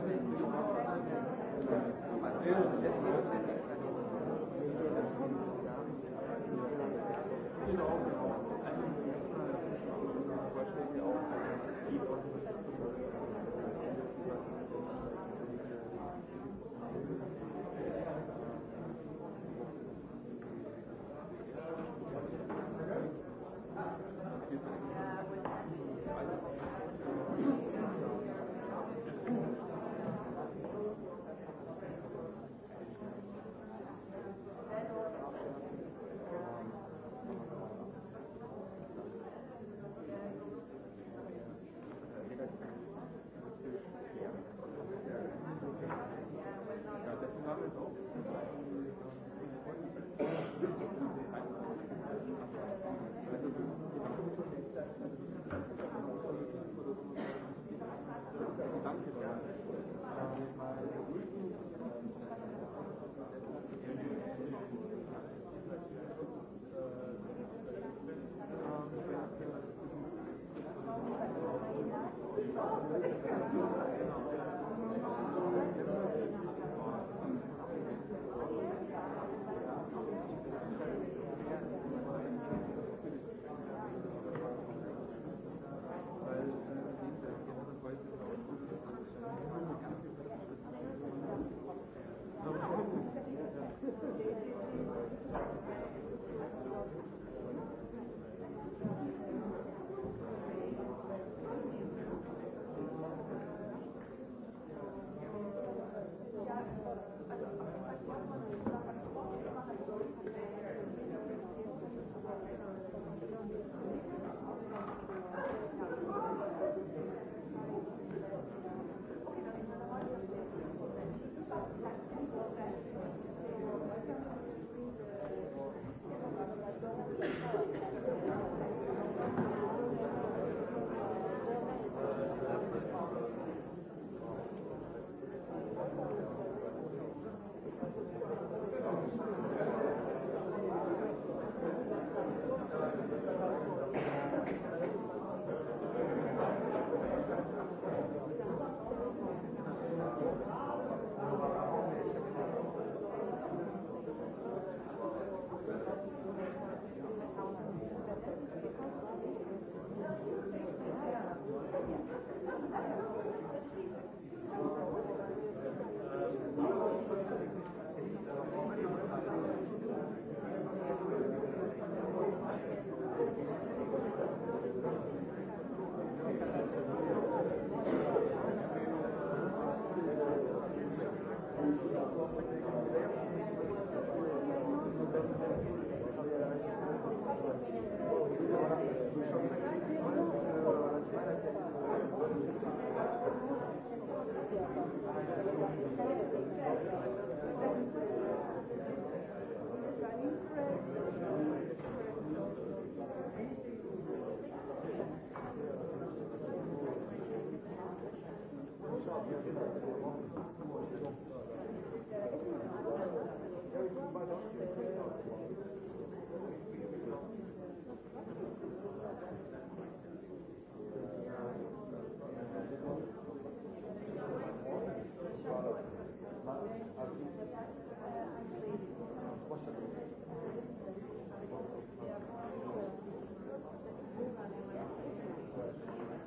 Ευχαριστώ.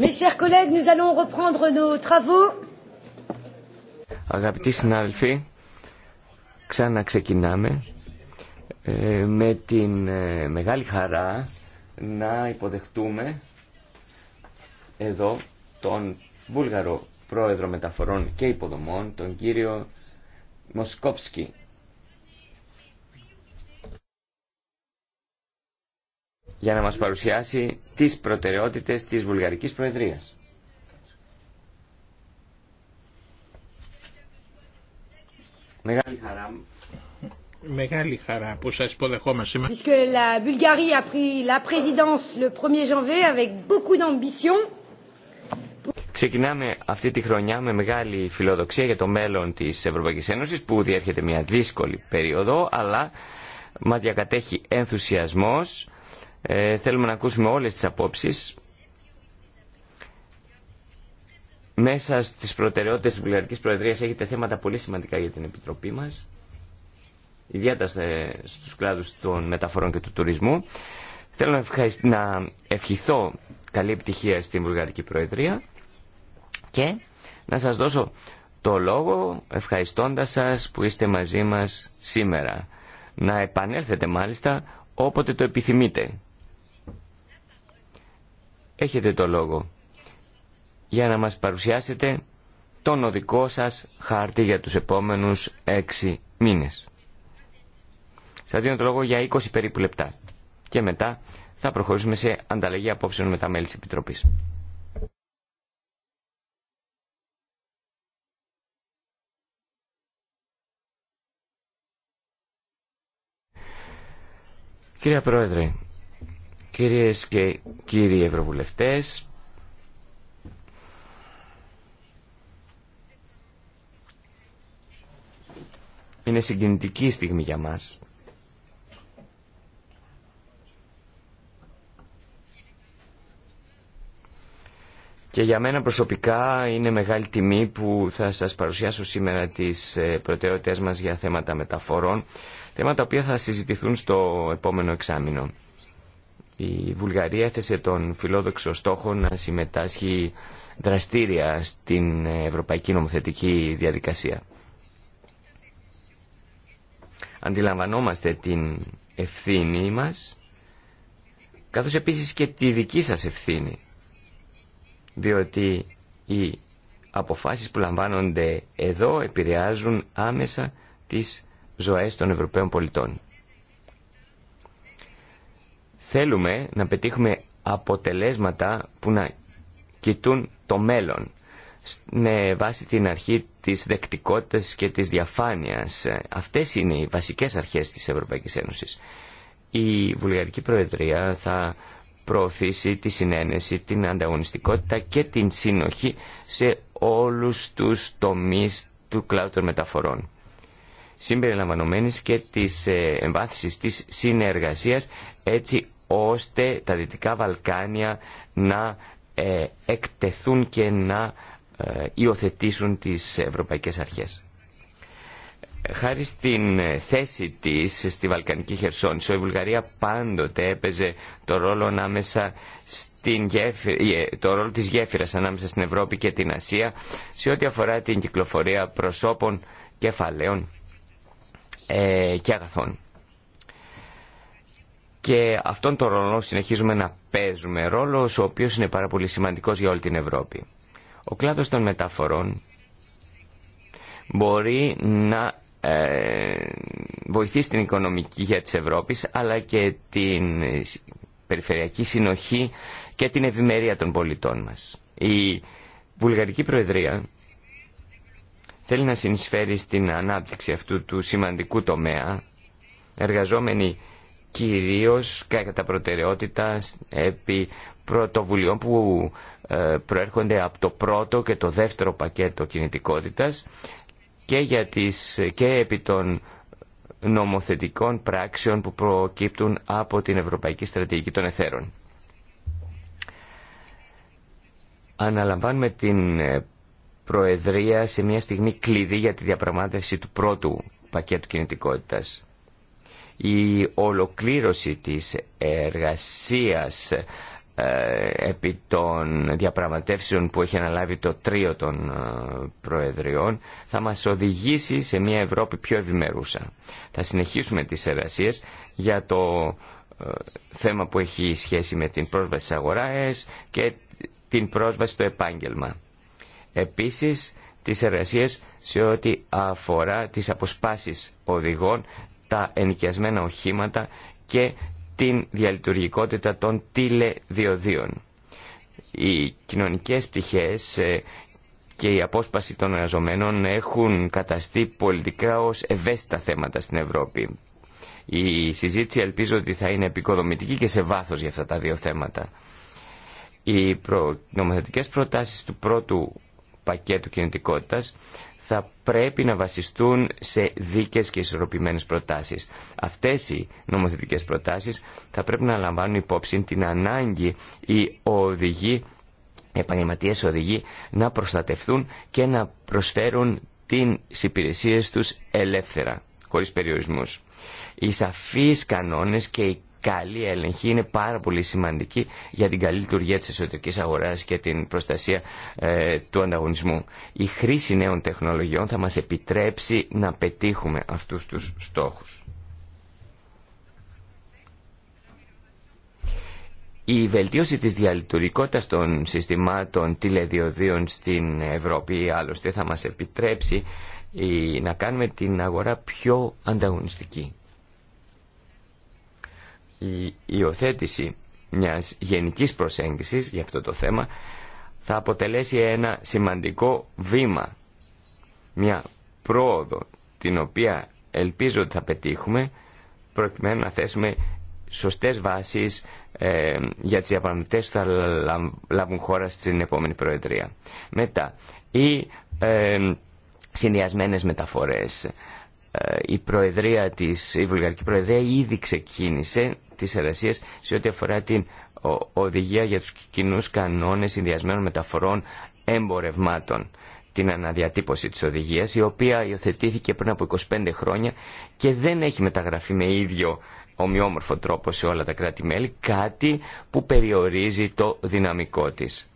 Mes chers collègues, nous Αγαπητοί συνάδελφοι, ξαναξεκινάμε ε, με την ε, μεγάλη χαρά να υποδεχτούμε εδώ τον Βούλγαρο Πρόεδρο Μεταφορών και Υποδομών, τον κύριο Μοσκόφσκι. για να μας παρουσιάσει τις προτεραιότητες της Βουλγαρικής Προεδρίας. Μεγάλη χαρά Μεγάλη χαρά που σας υποδεχόμαστε σήμερα. Puisque la Bulgarie a pris la présidence le 1er janvier avec beaucoup d'ambition. Ξεκινάμε αυτή τη χρονιά με μεγάλη φιλοδοξία για το μέλλον της Ευρωπαϊκής Ένωσης που διέρχεται μια δύσκολη περίοδο αλλά μας διακατέχει ενθουσιασμός ε, θέλουμε να ακούσουμε όλες τις απόψεις. Μέσα στις προτεραιότητες της Βουλγαρικής Προεδρίας έχετε θέματα πολύ σημαντικά για την Επιτροπή μας, ιδιαίτερα στους κλάδους των μεταφορών και του τουρισμού. Θέλω να ευχηθώ καλή επιτυχία στην Βουλγαρική Προεδρία και να σας δώσω το λόγο ευχαριστώντας σας που είστε μαζί μας σήμερα. Να επανέλθετε μάλιστα όποτε το επιθυμείτε έχετε το λόγο για να μας παρουσιάσετε τον οδικό σας χάρτη για τους επόμενους έξι μήνες. Σας δίνω το λόγο για 20 περίπου λεπτά και μετά θα προχωρήσουμε σε ανταλλαγή απόψεων με τα μέλη της Επιτροπής. Κύριε Πρόεδρε, Κυρίες και κύριοι Ευρωβουλευτές, είναι συγκινητική στιγμή για μας. Και για μένα προσωπικά είναι μεγάλη τιμή που θα σας παρουσιάσω σήμερα τις ε, προτεραιότητες μας για θέματα μεταφορών, θέματα που θα συζητηθούν στο επόμενο εξάμεινο. Η Βουλγαρία έθεσε τον φιλόδοξο στόχο να συμμετάσχει δραστήρια στην ευρωπαϊκή νομοθετική διαδικασία. Αντιλαμβανόμαστε την ευθύνη μας, καθώς επίσης και τη δική σας ευθύνη, διότι οι αποφάσεις που λαμβάνονται εδώ επηρεάζουν άμεσα τις ζωές των Ευρωπαίων πολιτών. Θέλουμε να πετύχουμε αποτελέσματα που να κοιτούν το μέλλον με βάση την αρχή της δεκτικότητας και της διαφάνειας. Αυτές είναι οι βασικές αρχές της Ευρωπαϊκής Ένωσης. Η Βουλγαρική Προεδρία θα προωθήσει τη συνένεση, την ανταγωνιστικότητα και την σύνοχη σε όλους τους τομείς του κλάδου των μεταφορών. Συμπεριλαμβανομένης και της ε, εμβάθυνσης της συνεργασίας έτσι ώστε τα Δυτικά Βαλκάνια να ε, εκτεθούν και να ε, υιοθετήσουν τις ευρωπαϊκές αρχές. Χάρη στην ε, θέση της στη Βαλκανική Χερσόνησο, η Βουλγαρία πάντοτε έπαιζε το ρόλο, ανάμεσα στην γέφυρα, ε, το ρόλο της γέφυρας ανάμεσα στην Ευρώπη και την Ασία σε ό,τι αφορά την κυκλοφορία προσώπων, κεφαλαίων ε, και αγαθών. Και αυτόν τον ρόλο συνεχίζουμε να παίζουμε, ρόλο ο οποίος είναι πάρα πολύ σημαντικός για όλη την Ευρώπη. Ο κλάδος των μεταφορών μπορεί να ε, βοηθήσει την οικονομική για της Ευρώπης, αλλά και την περιφερειακή συνοχή και την ευημερία των πολιτών μας. Η Βουλγαρική Προεδρία θέλει να συνεισφέρει στην ανάπτυξη αυτού του σημαντικού τομέα, εργαζόμενοι κυρίως κατά προτεραιότητα επί πρωτοβουλειών που ε, προέρχονται από το πρώτο και το δεύτερο πακέτο κινητικότητας και, για τις, και επί των νομοθετικών πράξεων που προκύπτουν από την Ευρωπαϊκή Στρατηγική των Εθέρων. Αναλαμβάνουμε την ε, Προεδρία σε μια στιγμή κλειδί για τη διαπραγμάτευση του πρώτου πακέτου κινητικότητας η ολοκλήρωση της εργασίας ε, επί των διαπραγματεύσεων που έχει αναλάβει το τρίο των ε, Προεδριών θα μας οδηγήσει σε μια Ευρώπη πιο ευημερούσα. Θα συνεχίσουμε τις εργασίες για το ε, θέμα που έχει σχέση με την πρόσβαση στις αγοράες και την πρόσβαση στο επάγγελμα. Επίσης, τις εργασίες σε ό,τι αφορά τις αποσπάσεις οδηγών τα ενοικιασμένα οχήματα και την διαλειτουργικότητα των τηλεδιοδίων. Οι κοινωνικές πτυχές ε, και η απόσπαση των εργαζομένων έχουν καταστεί πολιτικά ως ευαίσθητα θέματα στην Ευρώπη. Η συζήτηση ελπίζω ότι θα είναι επικοδομητική και σε βάθος για αυτά τα δύο θέματα. Οι νομοθετικές προτάσεις του πρώτου πακέτου κινητικότητας θα πρέπει να βασιστούν σε δίκες και ισορροπημένες προτάσεις. Αυτές οι νομοθετικές προτάσεις θα πρέπει να λαμβάνουν υπόψη την ανάγκη οι οδηγοί, οι επαγγελματίες οδηγοί να προστατευτούν και να προσφέρουν την υπηρεσίες τους ελεύθερα, χωρίς περιορισμούς. Οι σαφείς κανόνες και οι καλή έλεγχη είναι πάρα πολύ σημαντική για την καλή λειτουργία της εσωτερικής αγοράς και την προστασία ε, του ανταγωνισμού. Η χρήση νέων τεχνολογιών θα μας επιτρέψει να πετύχουμε αυτούς τους στόχους. Η βελτίωση της διαλειτουργικότητας των συστημάτων τηλεδιοδίων στην Ευρώπη άλλωστε θα μας επιτρέψει ε, να κάνουμε την αγορά πιο ανταγωνιστική η υιοθέτηση μιας γενικής προσέγγισης για αυτό το θέμα θα αποτελέσει ένα σημαντικό βήμα, μια πρόοδο την οποία ελπίζω ότι θα πετύχουμε προκειμένου να θέσουμε σωστές βάσεις ε, για τις διαπραγματεύσεις που θα λάβουν χώρα στην επόμενη Προεδρία. Μετά, οι ε, συνδυασμένες μεταφορές ε, η Προεδρία της, η Βουλγαρική Προεδρία ήδη ξεκίνησε τις εργασίες σε ό,τι αφορά την οδηγία για τους κοινού κανόνες συνδυασμένων μεταφορών εμπορευμάτων την αναδιατύπωση της οδηγίας η οποία υιοθετήθηκε πριν από 25 χρόνια και δεν έχει μεταγραφεί με ίδιο ομοιόμορφο τρόπο σε όλα τα κράτη-μέλη κάτι που περιορίζει το δυναμικό της.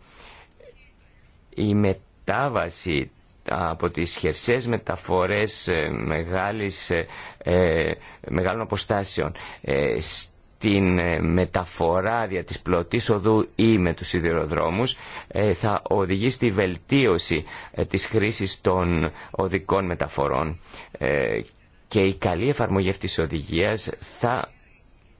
Η μετάβαση από τις χερσαίες μεταφορές ε, μεγάλης, ε, ε, μεγάλων αποστάσεων ε, στην μεταφορά δια της πλωτής οδού ή με τους σιδηροδρόμους θα οδηγεί στη βελτίωση της χρήσης των οδικών μεταφορών και η καλή εφαρμογή αυτής της οδηγίας θα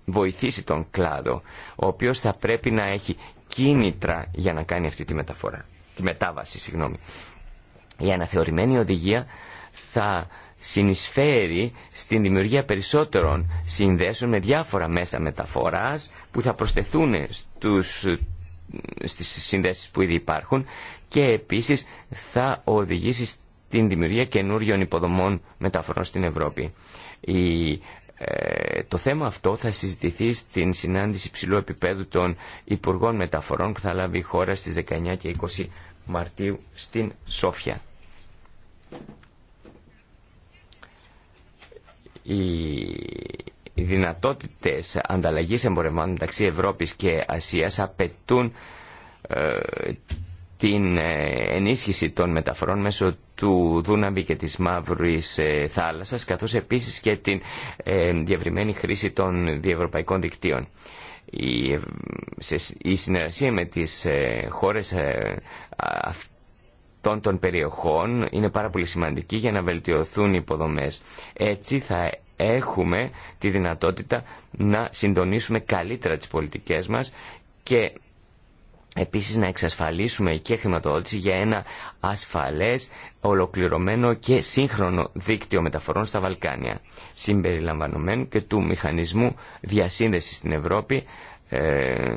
βοηθήσει τον κλάδο ο οποίος θα πρέπει να έχει κίνητρα για να κάνει αυτή τη μεταφορά τη μετάβαση, συγγνώμη. Η αναθεωρημένη οδηγία θα συνεισφέρει στην δημιουργία περισσότερων συνδέσεων με διάφορα μέσα μεταφοράς που θα προσθεθούν στους, στις συνδέσεις που ήδη υπάρχουν και επίσης θα οδηγήσει στην δημιουργία καινούριων υποδομών μεταφορών στην Ευρώπη. Η, ε, το θέμα αυτό θα συζητηθεί στην συνάντηση ψηλού επίπεδου των Υπουργών Μεταφορών που θα λάβει η χώρα στις 19 και 20 Μαρτίου στην Σόφια. Οι δυνατότητες ανταλλαγής εμπορευμάτων μεταξύ Ευρώπης και Ασίας απαιτούν ε, την ε, ενίσχυση των μεταφορών μέσω του Δούναμπη και της Μαύρης ε, Θάλασσας, καθώς επίσης και την ε, χρήση των διευρωπαϊκών δικτύων. Η, συνεργασία με τις χώρες αυτών των περιοχών είναι πάρα πολύ σημαντική για να βελτιωθούν οι υποδομές. Έτσι θα έχουμε τη δυνατότητα να συντονίσουμε καλύτερα τις πολιτικές μας και επίσης να εξασφαλίσουμε και χρηματοδότηση για ένα ασφαλές, ολοκληρωμένο και σύγχρονο δίκτυο μεταφορών στα Βαλκάνια, συμπεριλαμβανομένου και του μηχανισμού διασύνδεσης στην Ευρώπη, ε,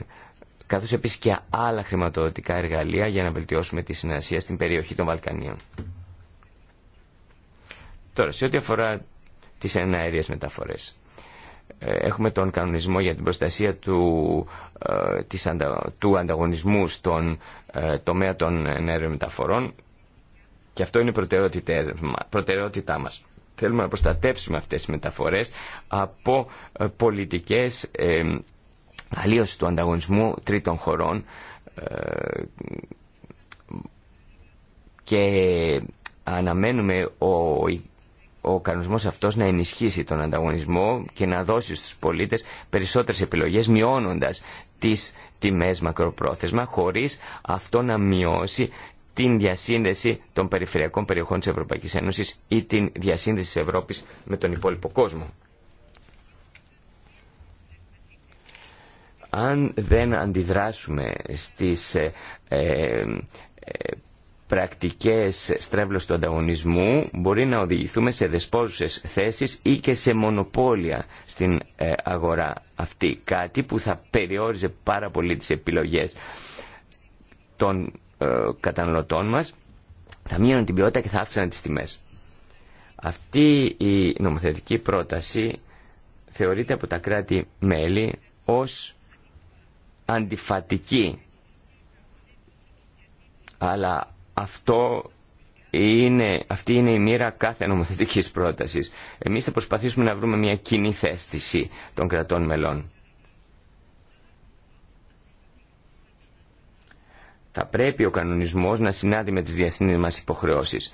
καθώς επίσης και άλλα χρηματοδοτικά εργαλεία για να βελτιώσουμε τη συνεργασία στην περιοχή των Βαλκανίων. Τώρα, σε ό,τι αφορά τις εναέριες μεταφορές. Ε, έχουμε τον κανονισμό για την προστασία του, ε, του ανταγωνισμού στον ε, τομέα των εναέριων μεταφορών και αυτό είναι προτεραιότητά μας. Θέλουμε να προστατεύσουμε αυτές τις μεταφορές από πολιτικές αλλίωση του ανταγωνισμού τρίτων χωρών ε, και αναμένουμε ο, ο κανονισμός αυτός να ενισχύσει τον ανταγωνισμό και να δώσει στους πολίτες περισσότερες επιλογές μειώνοντας τις τιμές μακροπρόθεσμα χωρίς αυτό να μειώσει την διασύνδεση των περιφερειακών περιοχών της Ευρωπαϊκής Ένωσης ή την διασύνδεση της Ευρώπης με τον υπόλοιπο κόσμο. αν δεν αντιδράσουμε στις ε, ε πρακτικές στρέβλος του ανταγωνισμού μπορεί να οδηγηθούμε σε δεσπόζουσες θέσεις ή και σε μονοπόλια στην ε, αγορά αυτή. Κάτι που θα περιόριζε πάρα πολύ τις επιλογές των ε, καταναλωτών μας, θα μείνουν την ποιότητα και θα αύξαναν τις τιμές. Αυτή η νομοθετική πρόταση θεωρείται από τα κράτη-μέλη ως αντιφατική. Αλλά αυτό είναι, αυτή είναι η μοίρα κάθε νομοθετικής πρότασης. Εμείς θα προσπαθήσουμε να βρούμε μια κοινή θέστηση των κρατών μελών. Θα πρέπει ο κανονισμός να συνάδει με τις διασύνδεσμας μα υποχρεώσεις.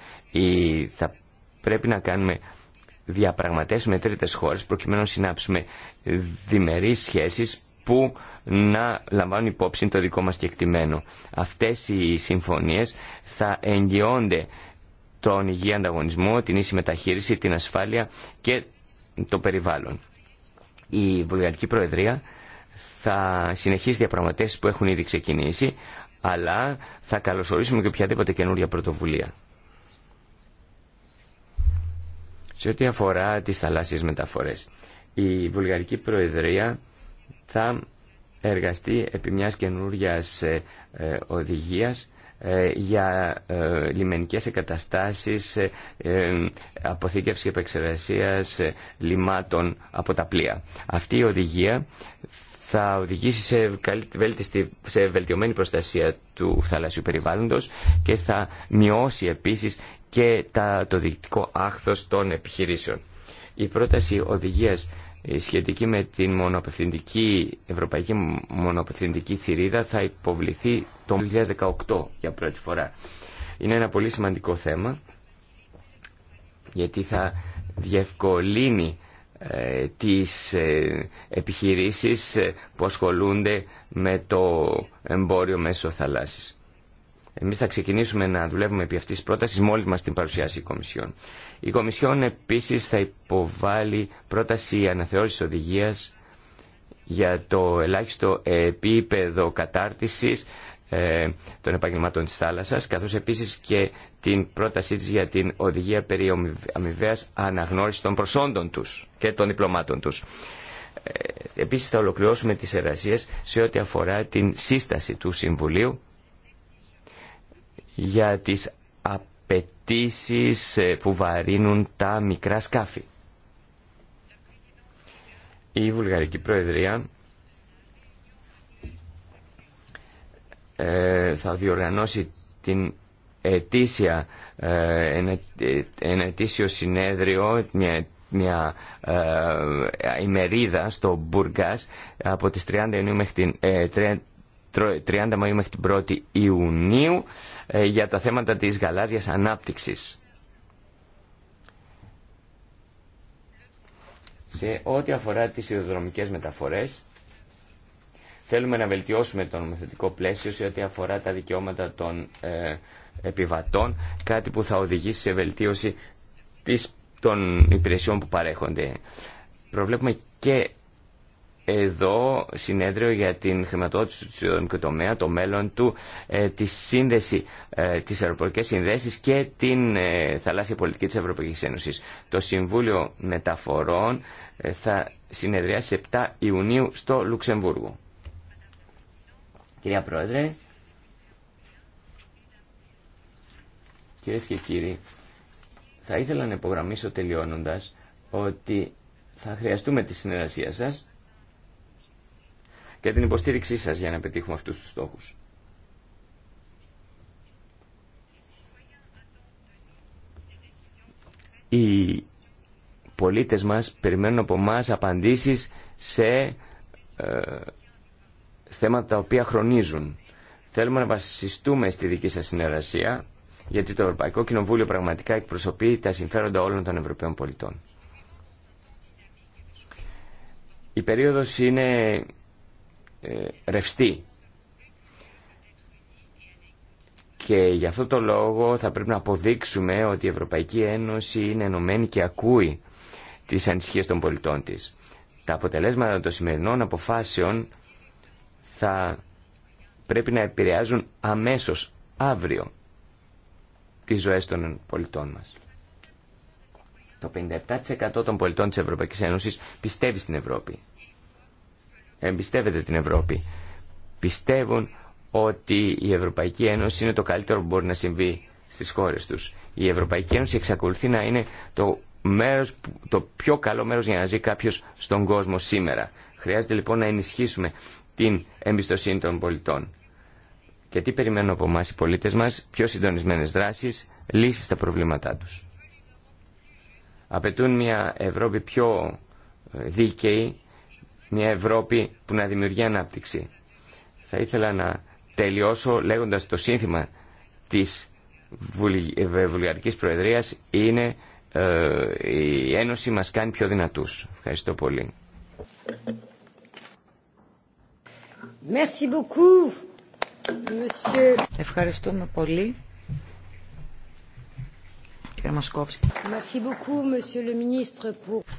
θα πρέπει να κάνουμε διαπραγματεύσει με τρίτες χώρες προκειμένου να συνάψουμε διμερείς σχέσεις που να λαμβάνουν υπόψη το δικό μας κεκτημένο. Αυτές οι συμφωνίες θα εγγυώνται τον υγιή ανταγωνισμό, την ίση μεταχείριση, την ασφάλεια και το περιβάλλον. Η Βουλγαρική Προεδρία θα συνεχίσει διαπραγματεύσεις που έχουν ήδη ξεκινήσει, αλλά θα καλωσορίσουμε και οποιαδήποτε καινούρια πρωτοβουλία. Σε ό,τι αφορά τις θαλάσσιες μεταφορές, η Βουλγαρική Προεδρία θα εργαστεί επί μιας καινούριας ε, ε, οδηγίας ε, για λιμενικές εγκαταστάσεις αποθήκευση και επεξεργασίας λιμάτων από τα πλοία. Αυτή η οδηγία θα οδηγήσει σε, βελτιστη, σε βελτιωμένη προστασία του θαλασσιού περιβάλλοντος και θα μειώσει επίσης και τα, το διοικητικό άχθος των επιχειρήσεων. Η πρόταση οδηγίας ε, σχετική με την ευρωπαϊκή μονοπευθυντική θηρίδα θα υποβληθεί το 2018 για πρώτη φορά. Είναι ένα πολύ σημαντικό θέμα γιατί θα διευκολύνει ε, τις ε, επιχειρήσεις ε, που ασχολούνται με το εμπόριο μέσω θαλάσσης. Εμείς θα ξεκινήσουμε να δουλεύουμε επί αυτής τη πρότασης μόλις μας την παρουσιάσει η Κομισιόν. Η Κομισιόν επίσης θα υποβάλει πρόταση αναθεώρησης οδηγίας για το ελάχιστο επίπεδο κατάρτισης ε, των επαγγελματών τη θάλασσα, καθώς επίσης και την πρότασή τη για την οδηγία περί αμοιβαία αναγνώριση των προσόντων του και των διπλωμάτων τους. Ε, επίσης θα ολοκληρώσουμε τις εργασίες σε ό,τι αφορά την σύσταση του Συμβουλίου για τις απαιτήσει ε, που βαρύνουν τα μικρά σκάφη. Η Βουλγαρική Προεδρία ε, θα διοργανώσει την ετήσια, ε, ένα ετήσιο συνέδριο, μια, μια ε, ημερίδα στο Μπουργκάς από τις 30 Ιουνίου μέχρι την, 30 Μαΐου μέχρι την 1η Ιουνίου ε, για τα θέματα της γαλάζιας ανάπτυξης. Σε ό,τι αφορά τις ιδεοδρομικές μεταφορές, θέλουμε να βελτιώσουμε το νομοθετικό πλαίσιο σε ό,τι αφορά τα δικαιώματα των ε, επιβατών, κάτι που θα οδηγήσει σε βελτίωση της, των υπηρεσιών που παρέχονται. Προβλέπουμε και εδώ συνέδριο για την χρηματοδότηση του ιδιωτικού το μέλλον του, ε, τη σύνδεση, ε, τις και την ε, θαλάσσια πολιτική της Ευρωπαϊκής Ένωσης. Το Συμβούλιο Μεταφορών ε, θα συνεδριάσει 7 Ιουνίου στο Λουξεμβούργο. Κυρία Πρόεδρε, κυρίες και κύριοι, θα ήθελα να υπογραμμίσω τελειώνοντας ότι θα χρειαστούμε τη συνεργασία σας και την υποστήριξή σας για να πετύχουμε αυτούς τους στόχους. Οι πολίτες μας περιμένουν από μας απαντήσεις σε ε, θέματα τα οποία χρονίζουν. Θέλουμε να βασιστούμε στη δική σας συνεργασία, γιατί το Ευρωπαϊκό Κοινοβούλιο πραγματικά εκπροσωπεί τα συμφέροντα όλων των Ευρωπαίων πολιτών. Η περίοδος είναι ε, ρευστή. Και γι' αυτό το λόγο θα πρέπει να αποδείξουμε ότι η Ευρωπαϊκή Ένωση είναι ενωμένη και ακούει τις ανησυχίες των πολιτών της. Τα αποτελέσματα των σημερινών αποφάσεων θα πρέπει να επηρεάζουν αμέσως αύριο τις ζωές των πολιτών μας. Το 57% των πολιτών της Ευρωπαϊκής Ένωσης πιστεύει στην Ευρώπη εμπιστεύεται την Ευρώπη. Πιστεύουν ότι η Ευρωπαϊκή Ένωση είναι το καλύτερο που μπορεί να συμβεί στις χώρες τους. Η Ευρωπαϊκή Ένωση εξακολουθεί να είναι το, μέρος, το πιο καλό μέρος για να ζει κάποιος στον κόσμο σήμερα. Χρειάζεται λοιπόν να ενισχύσουμε την εμπιστοσύνη των πολιτών. Και τι περιμένουν από εμά οι πολίτε μα, πιο συντονισμένε δράσει, λύσει στα προβλήματά του. Απαιτούν μια Ευρώπη πιο ε, δίκαιη, μια Ευρώπη που να δημιουργεί ανάπτυξη. Θα ήθελα να τελειώσω λέγοντας το σύνθημα της ε, Βουλγαρικής Προεδρίας είναι ε, η Ένωση μας κάνει πιο δυνατούς. Ευχαριστώ πολύ. Merci beaucoup, Monsieur. Ευχαριστούμε πολύ.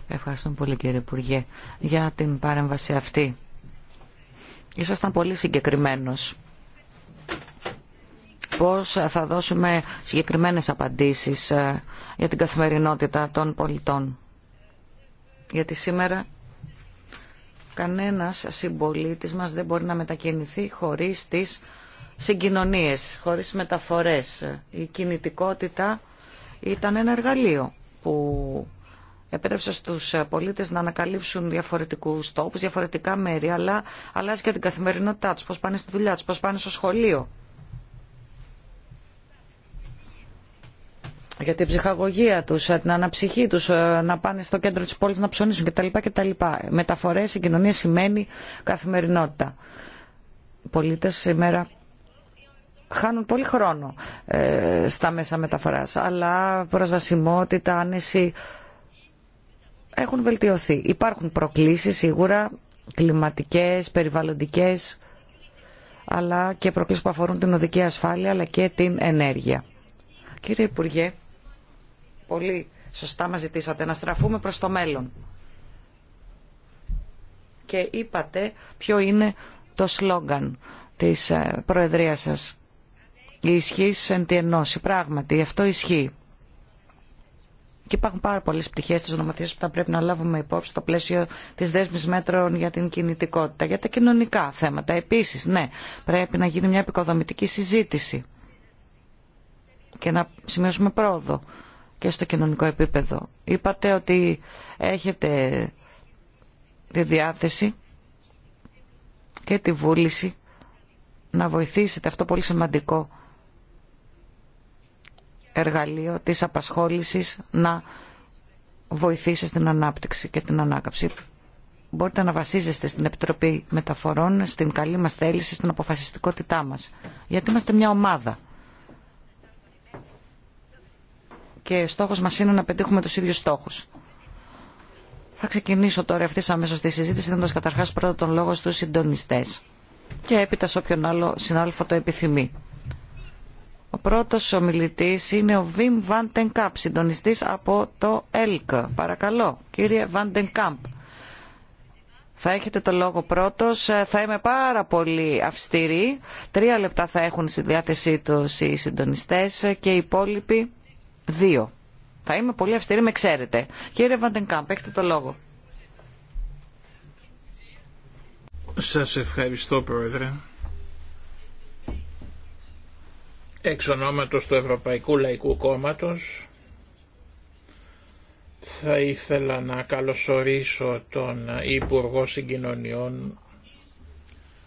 Ευχαριστώ πολύ κύριε Υπουργέ για την παρέμβαση αυτή. Ήσασταν πολύ συγκεκριμένος. Πώς θα δώσουμε συγκεκριμένες απαντήσεις ε, για την καθημερινότητα των πολιτών. Γιατί σήμερα κανένας συμπολίτης μας δεν μπορεί να μετακινηθεί χωρίς τις συγκοινωνίες, χωρίς μεταφορές. Η κινητικότητα ήταν ένα εργαλείο που επέτρεψε στους πολίτες να ανακαλύψουν διαφορετικούς τόπους, διαφορετικά μέρη, αλλά αλλάζει και την καθημερινότητά τους, πώς πάνε στη δουλειά τους, πώς πάνε στο σχολείο. για την ψυχαγωγία του, την αναψυχή του, ε, να πάνε στο κέντρο τη πόλη να ψωνίσουν κτλ. κτλ. Μεταφορές, συγκοινωνία σημαίνει καθημερινότητα. Πολίτε σήμερα χάνουν πολύ χρόνο ε, στα μέσα μεταφοράς, αλλά προσβασιμότητα, άνεση έχουν βελτιωθεί. Υπάρχουν προκλήσεις σίγουρα, κλιματικές, περιβαλλοντικές, αλλά και προκλήσεις που αφορούν την οδική ασφάλεια αλλά και την ενέργεια. Κύριε Υπουργέ, πολύ σωστά μας ζητήσατε να στραφούμε προς το μέλλον. Και είπατε ποιο είναι το σλόγγαν της ε, Προεδρίας σας η ισχύσει εν τη ενώση. Πράγματι, αυτό ισχύει. Και υπάρχουν πάρα πολλέ πτυχέ τη ονομαθία που θα πρέπει να λάβουμε υπόψη στο πλαίσιο τη δέσμη μέτρων για την κινητικότητα. Για τα κοινωνικά θέματα επίση, ναι, πρέπει να γίνει μια επικοδομητική συζήτηση και να σημειώσουμε πρόοδο και στο κοινωνικό επίπεδο. Είπατε ότι έχετε τη διάθεση και τη βούληση να βοηθήσετε αυτό πολύ σημαντικό εργαλείο της απασχόλησης να βοηθήσει στην ανάπτυξη και την ανάκαψη. Μπορείτε να βασίζεστε στην Επιτροπή Μεταφορών, στην καλή μας θέληση, στην αποφασιστικότητά μας. Γιατί είμαστε μια ομάδα. Και στόχος μας είναι να πετύχουμε τους ίδιους στόχους. Θα ξεκινήσω τώρα αυτή αμέσω τη συζήτηση, δίνοντα καταρχά πρώτα τον λόγο στου συντονιστέ και έπειτα σε όποιον άλλο συνάδελφο το επιθυμεί. Ο πρώτος ομιλητής είναι ο Βιμ Βαντενκάμπ, συντονιστής από το ΕΛΚ. Παρακαλώ, κύριε Βαντενκάμπ. Θα έχετε το λόγο πρώτος. Ε, θα είμαι πάρα πολύ αυστηρή. Τρία λεπτά θα έχουν στη διάθεσή τους οι συντονιστές και οι υπόλοιποι δύο. Θα είμαι πολύ αυστηρή, με ξέρετε. Κύριε Βαντενκάμπ, έχετε το λόγο. Σας ευχαριστώ, Πρόεδρε. Εξ ονόματος του Ευρωπαϊκού Λαϊκού Κόμματος θα ήθελα να καλωσορίσω τον Υπουργό Συγκοινωνιών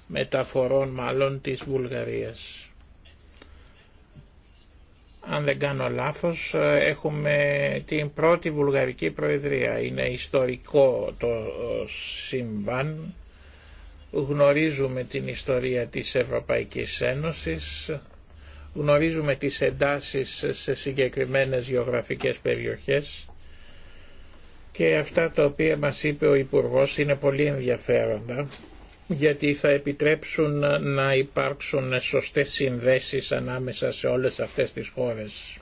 μεταφορών μάλλον της Βουλγαρίας. Αν δεν κάνω λάθος, έχουμε την πρώτη Βουλγαρική Προεδρία. Είναι ιστορικό το συμβάν. Γνωρίζουμε την ιστορία της Ευρωπαϊκής Ένωσης. Γνωρίζουμε τις εντάσεις σε συγκεκριμένες γεωγραφικές περιοχές και αυτά τα οποία μας είπε ο Υπουργός είναι πολύ ενδιαφέροντα γιατί θα επιτρέψουν να υπάρξουν σωστές συνδέσεις ανάμεσα σε όλες αυτές τις χώρες.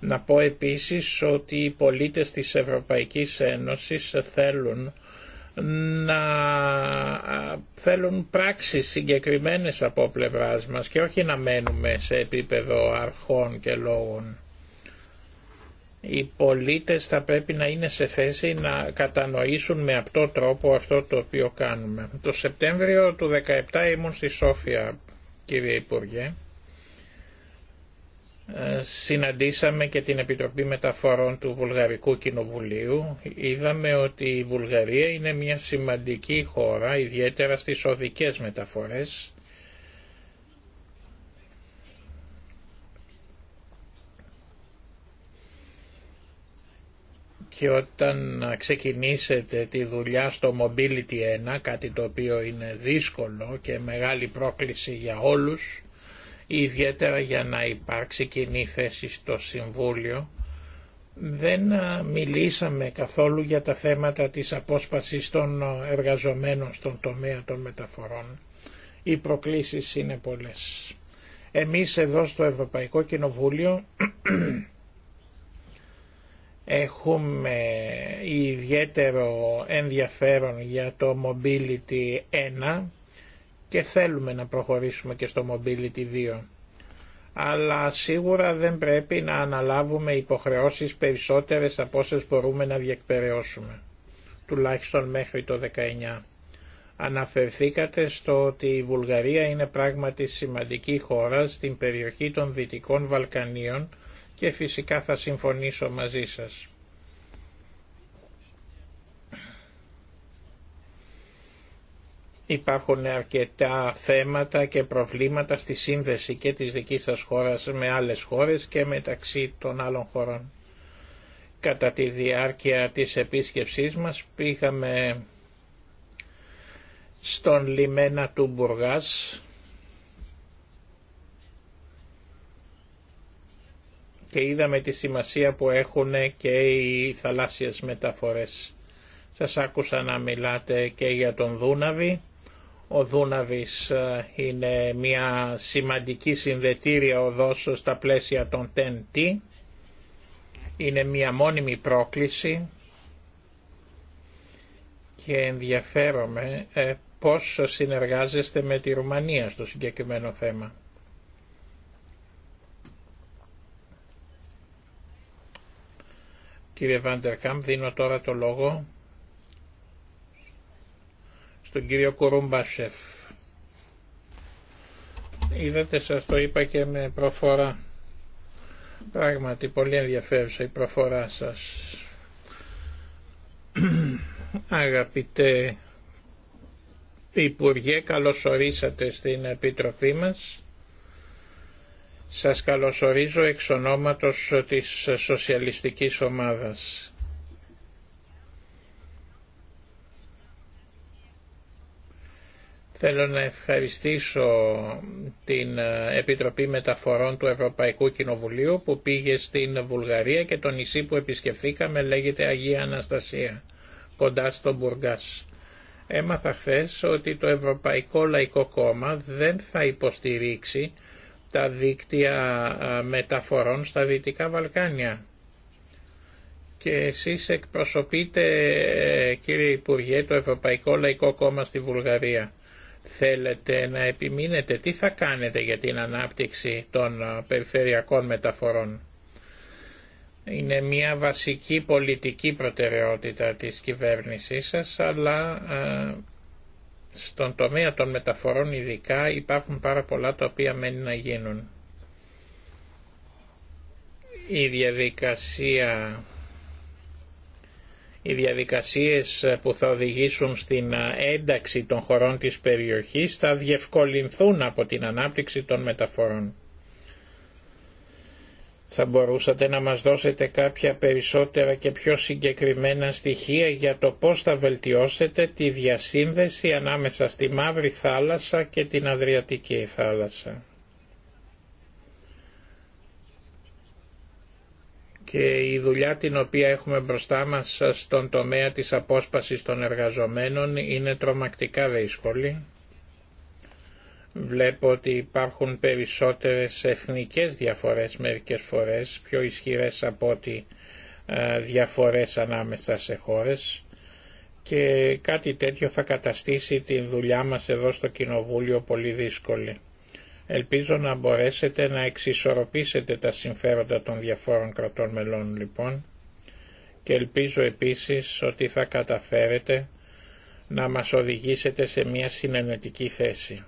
Να πω επίσης ότι οι πολίτες της Ευρωπαϊκής Ένωσης θέλουν να θέλουν πράξεις συγκεκριμένες από πλευράς μας και όχι να μένουμε σε επίπεδο αρχών και λόγων. Οι πολίτες θα πρέπει να είναι σε θέση να κατανοήσουν με αυτό τρόπο αυτό το οποίο κάνουμε. Το Σεπτέμβριο του 2017 ήμουν στη Σόφια κύριε Υπουργέ ε, συναντήσαμε και την Επιτροπή Μεταφορών του Βουλγαρικού Κοινοβουλίου. Είδαμε ότι η Βουλγαρία είναι μια σημαντική χώρα, ιδιαίτερα στις οδικές μεταφορές. Και όταν ξεκινήσετε τη δουλειά στο Mobility 1, κάτι το οποίο είναι δύσκολο και μεγάλη πρόκληση για όλους, ιδιαίτερα για να υπάρξει κοινή θέση στο Συμβούλιο. Δεν μιλήσαμε καθόλου για τα θέματα της απόσπασης των εργαζομένων στον τομέα των μεταφορών. Οι προκλήσεις είναι πολλές. Εμείς εδώ στο Ευρωπαϊκό Κοινοβούλιο *clears throat* έχουμε ιδιαίτερο ενδιαφέρον για το Mobility 1 και θέλουμε να προχωρήσουμε και στο Mobility 2. Αλλά σίγουρα δεν πρέπει να αναλάβουμε υποχρεώσεις περισσότερες από όσες μπορούμε να διεκπαιρεώσουμε, τουλάχιστον μέχρι το 19. Αναφερθήκατε στο ότι η Βουλγαρία είναι πράγματι σημαντική χώρα στην περιοχή των Δυτικών Βαλκανίων και φυσικά θα συμφωνήσω μαζί σας. Υπάρχουν αρκετά θέματα και προβλήματα στη σύνδεση και της δικής σας χώρας με άλλες χώρες και μεταξύ των άλλων χωρών. Κατά τη διάρκεια της επίσκεψής μας πήγαμε στον λιμένα του Μπουργάς και είδαμε τη σημασία που έχουν και οι θαλάσσιες μεταφορές. Σας άκουσα να μιλάτε και για τον Δούναβη ο Δούναβης ε, είναι μια σημαντική συνδετήρια οδός στα πλαίσια των TNT. Είναι μια μόνιμη πρόκληση και ενδιαφέρομαι ε, πώς συνεργάζεστε με τη Ρουμανία στο συγκεκριμένο θέμα. Κύριε Βαντερκάμπ, δίνω τώρα το λόγο στον κύριο Κουρούμπασεφ. Είδατε, σας το είπα και με προφορά. Πράγματι, πολύ ενδιαφέρουσα η προφορά σας. Αγαπητέ Υπουργέ, καλωσορίσατε στην Επιτροπή μας. Σας καλωσορίζω εξ ονόματος της Σοσιαλιστικής Ομάδας. Θέλω να ευχαριστήσω την ε, Επιτροπή Μεταφορών του Ευρωπαϊκού Κοινοβουλίου που πήγε στην Βουλγαρία και το νησί που επισκεφθήκαμε λέγεται Αγία Αναστασία, κοντά στο Μπουργκάς. Έμαθα χθε ότι το Ευρωπαϊκό Λαϊκό Κόμμα δεν θα υποστηρίξει τα δίκτυα ε, μεταφορών στα Δυτικά Βαλκάνια. Και εσείς εκπροσωπείτε, ε, κύριε Υπουργέ, το Ευρωπαϊκό Λαϊκό Κόμμα στη Βουλγαρία. Θέλετε να επιμείνετε τι θα κάνετε για την ανάπτυξη των ε, περιφερειακών μεταφορών. Είναι μια βασική πολιτική προτεραιότητα της κυβέρνησής σας, αλλά ε, στον τομέα των μεταφορών ειδικά υπάρχουν πάρα πολλά τα οποία μένει να γίνουν. Η διαδικασία οι διαδικασίες ε, που θα οδηγήσουν στην ε, ένταξη των χωρών της περιοχής θα διευκολυνθούν από την ανάπτυξη των μεταφορών. Θα μπορούσατε να μας δώσετε κάποια περισσότερα και πιο συγκεκριμένα στοιχεία για το πώς θα βελτιώσετε τη διασύνδεση ανάμεσα στη Μαύρη Θάλασσα και την Αδριατική Θάλασσα. και η δουλειά την οποία έχουμε μπροστά μας στον τομέα της απόσπασης των εργαζομένων είναι τρομακτικά δύσκολη. Βλέπω ότι υπάρχουν περισσότερες εθνικές διαφορές μερικές φορές, πιο ισχυρές από ότι ε, διαφορές ανάμεσα σε χώρες και κάτι τέτοιο θα καταστήσει τη δουλειά μας εδώ στο Κοινοβούλιο πολύ δύσκολη. Ελπίζω να μπορέσετε να εξισορροπήσετε τα συμφέροντα των διαφόρων κρατών μελών λοιπόν και ελπίζω επίσης ότι θα καταφέρετε να μας οδηγήσετε σε μια συνενετική θέση.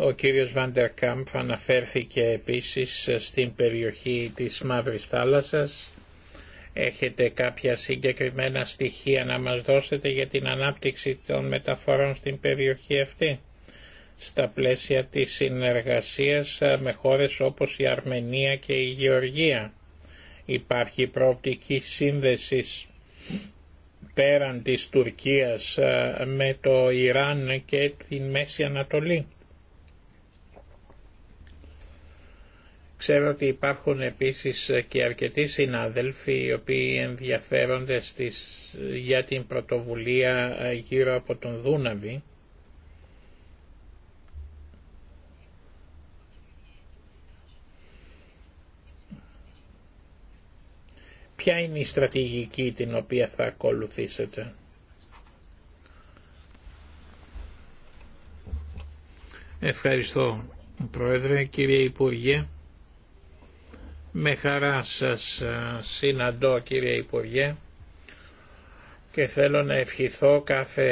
Ο κύριος Καμπ αναφέρθηκε επίσης στην περιοχή της Μαύρης Θάλασσας Έχετε κάποια συγκεκριμένα στοιχεία να μας δώσετε για την ανάπτυξη των μεταφορών στην περιοχή αυτή στα πλαίσια της συνεργασίας ε, με χώρες όπως η Αρμενία και η Γεωργία. Υπάρχει προοπτική σύνδεσης πέραν της Τουρκίας ε, με το Ιράν και την Μέση Ανατολή. Ξέρω ότι υπάρχουν επίσης και αρκετοί συνάδελφοι οι οποίοι ενδιαφέρονται στις, για την πρωτοβουλία ε, γύρω από τον Δούναβη. Ποια είναι η στρατηγική την οποία θα ακολουθήσετε. Ευχαριστώ Πρόεδρε, κύριε Υπουργέ. Με χαρά σας συναντώ κύριε Υπουργέ και θέλω να ευχηθώ κάθε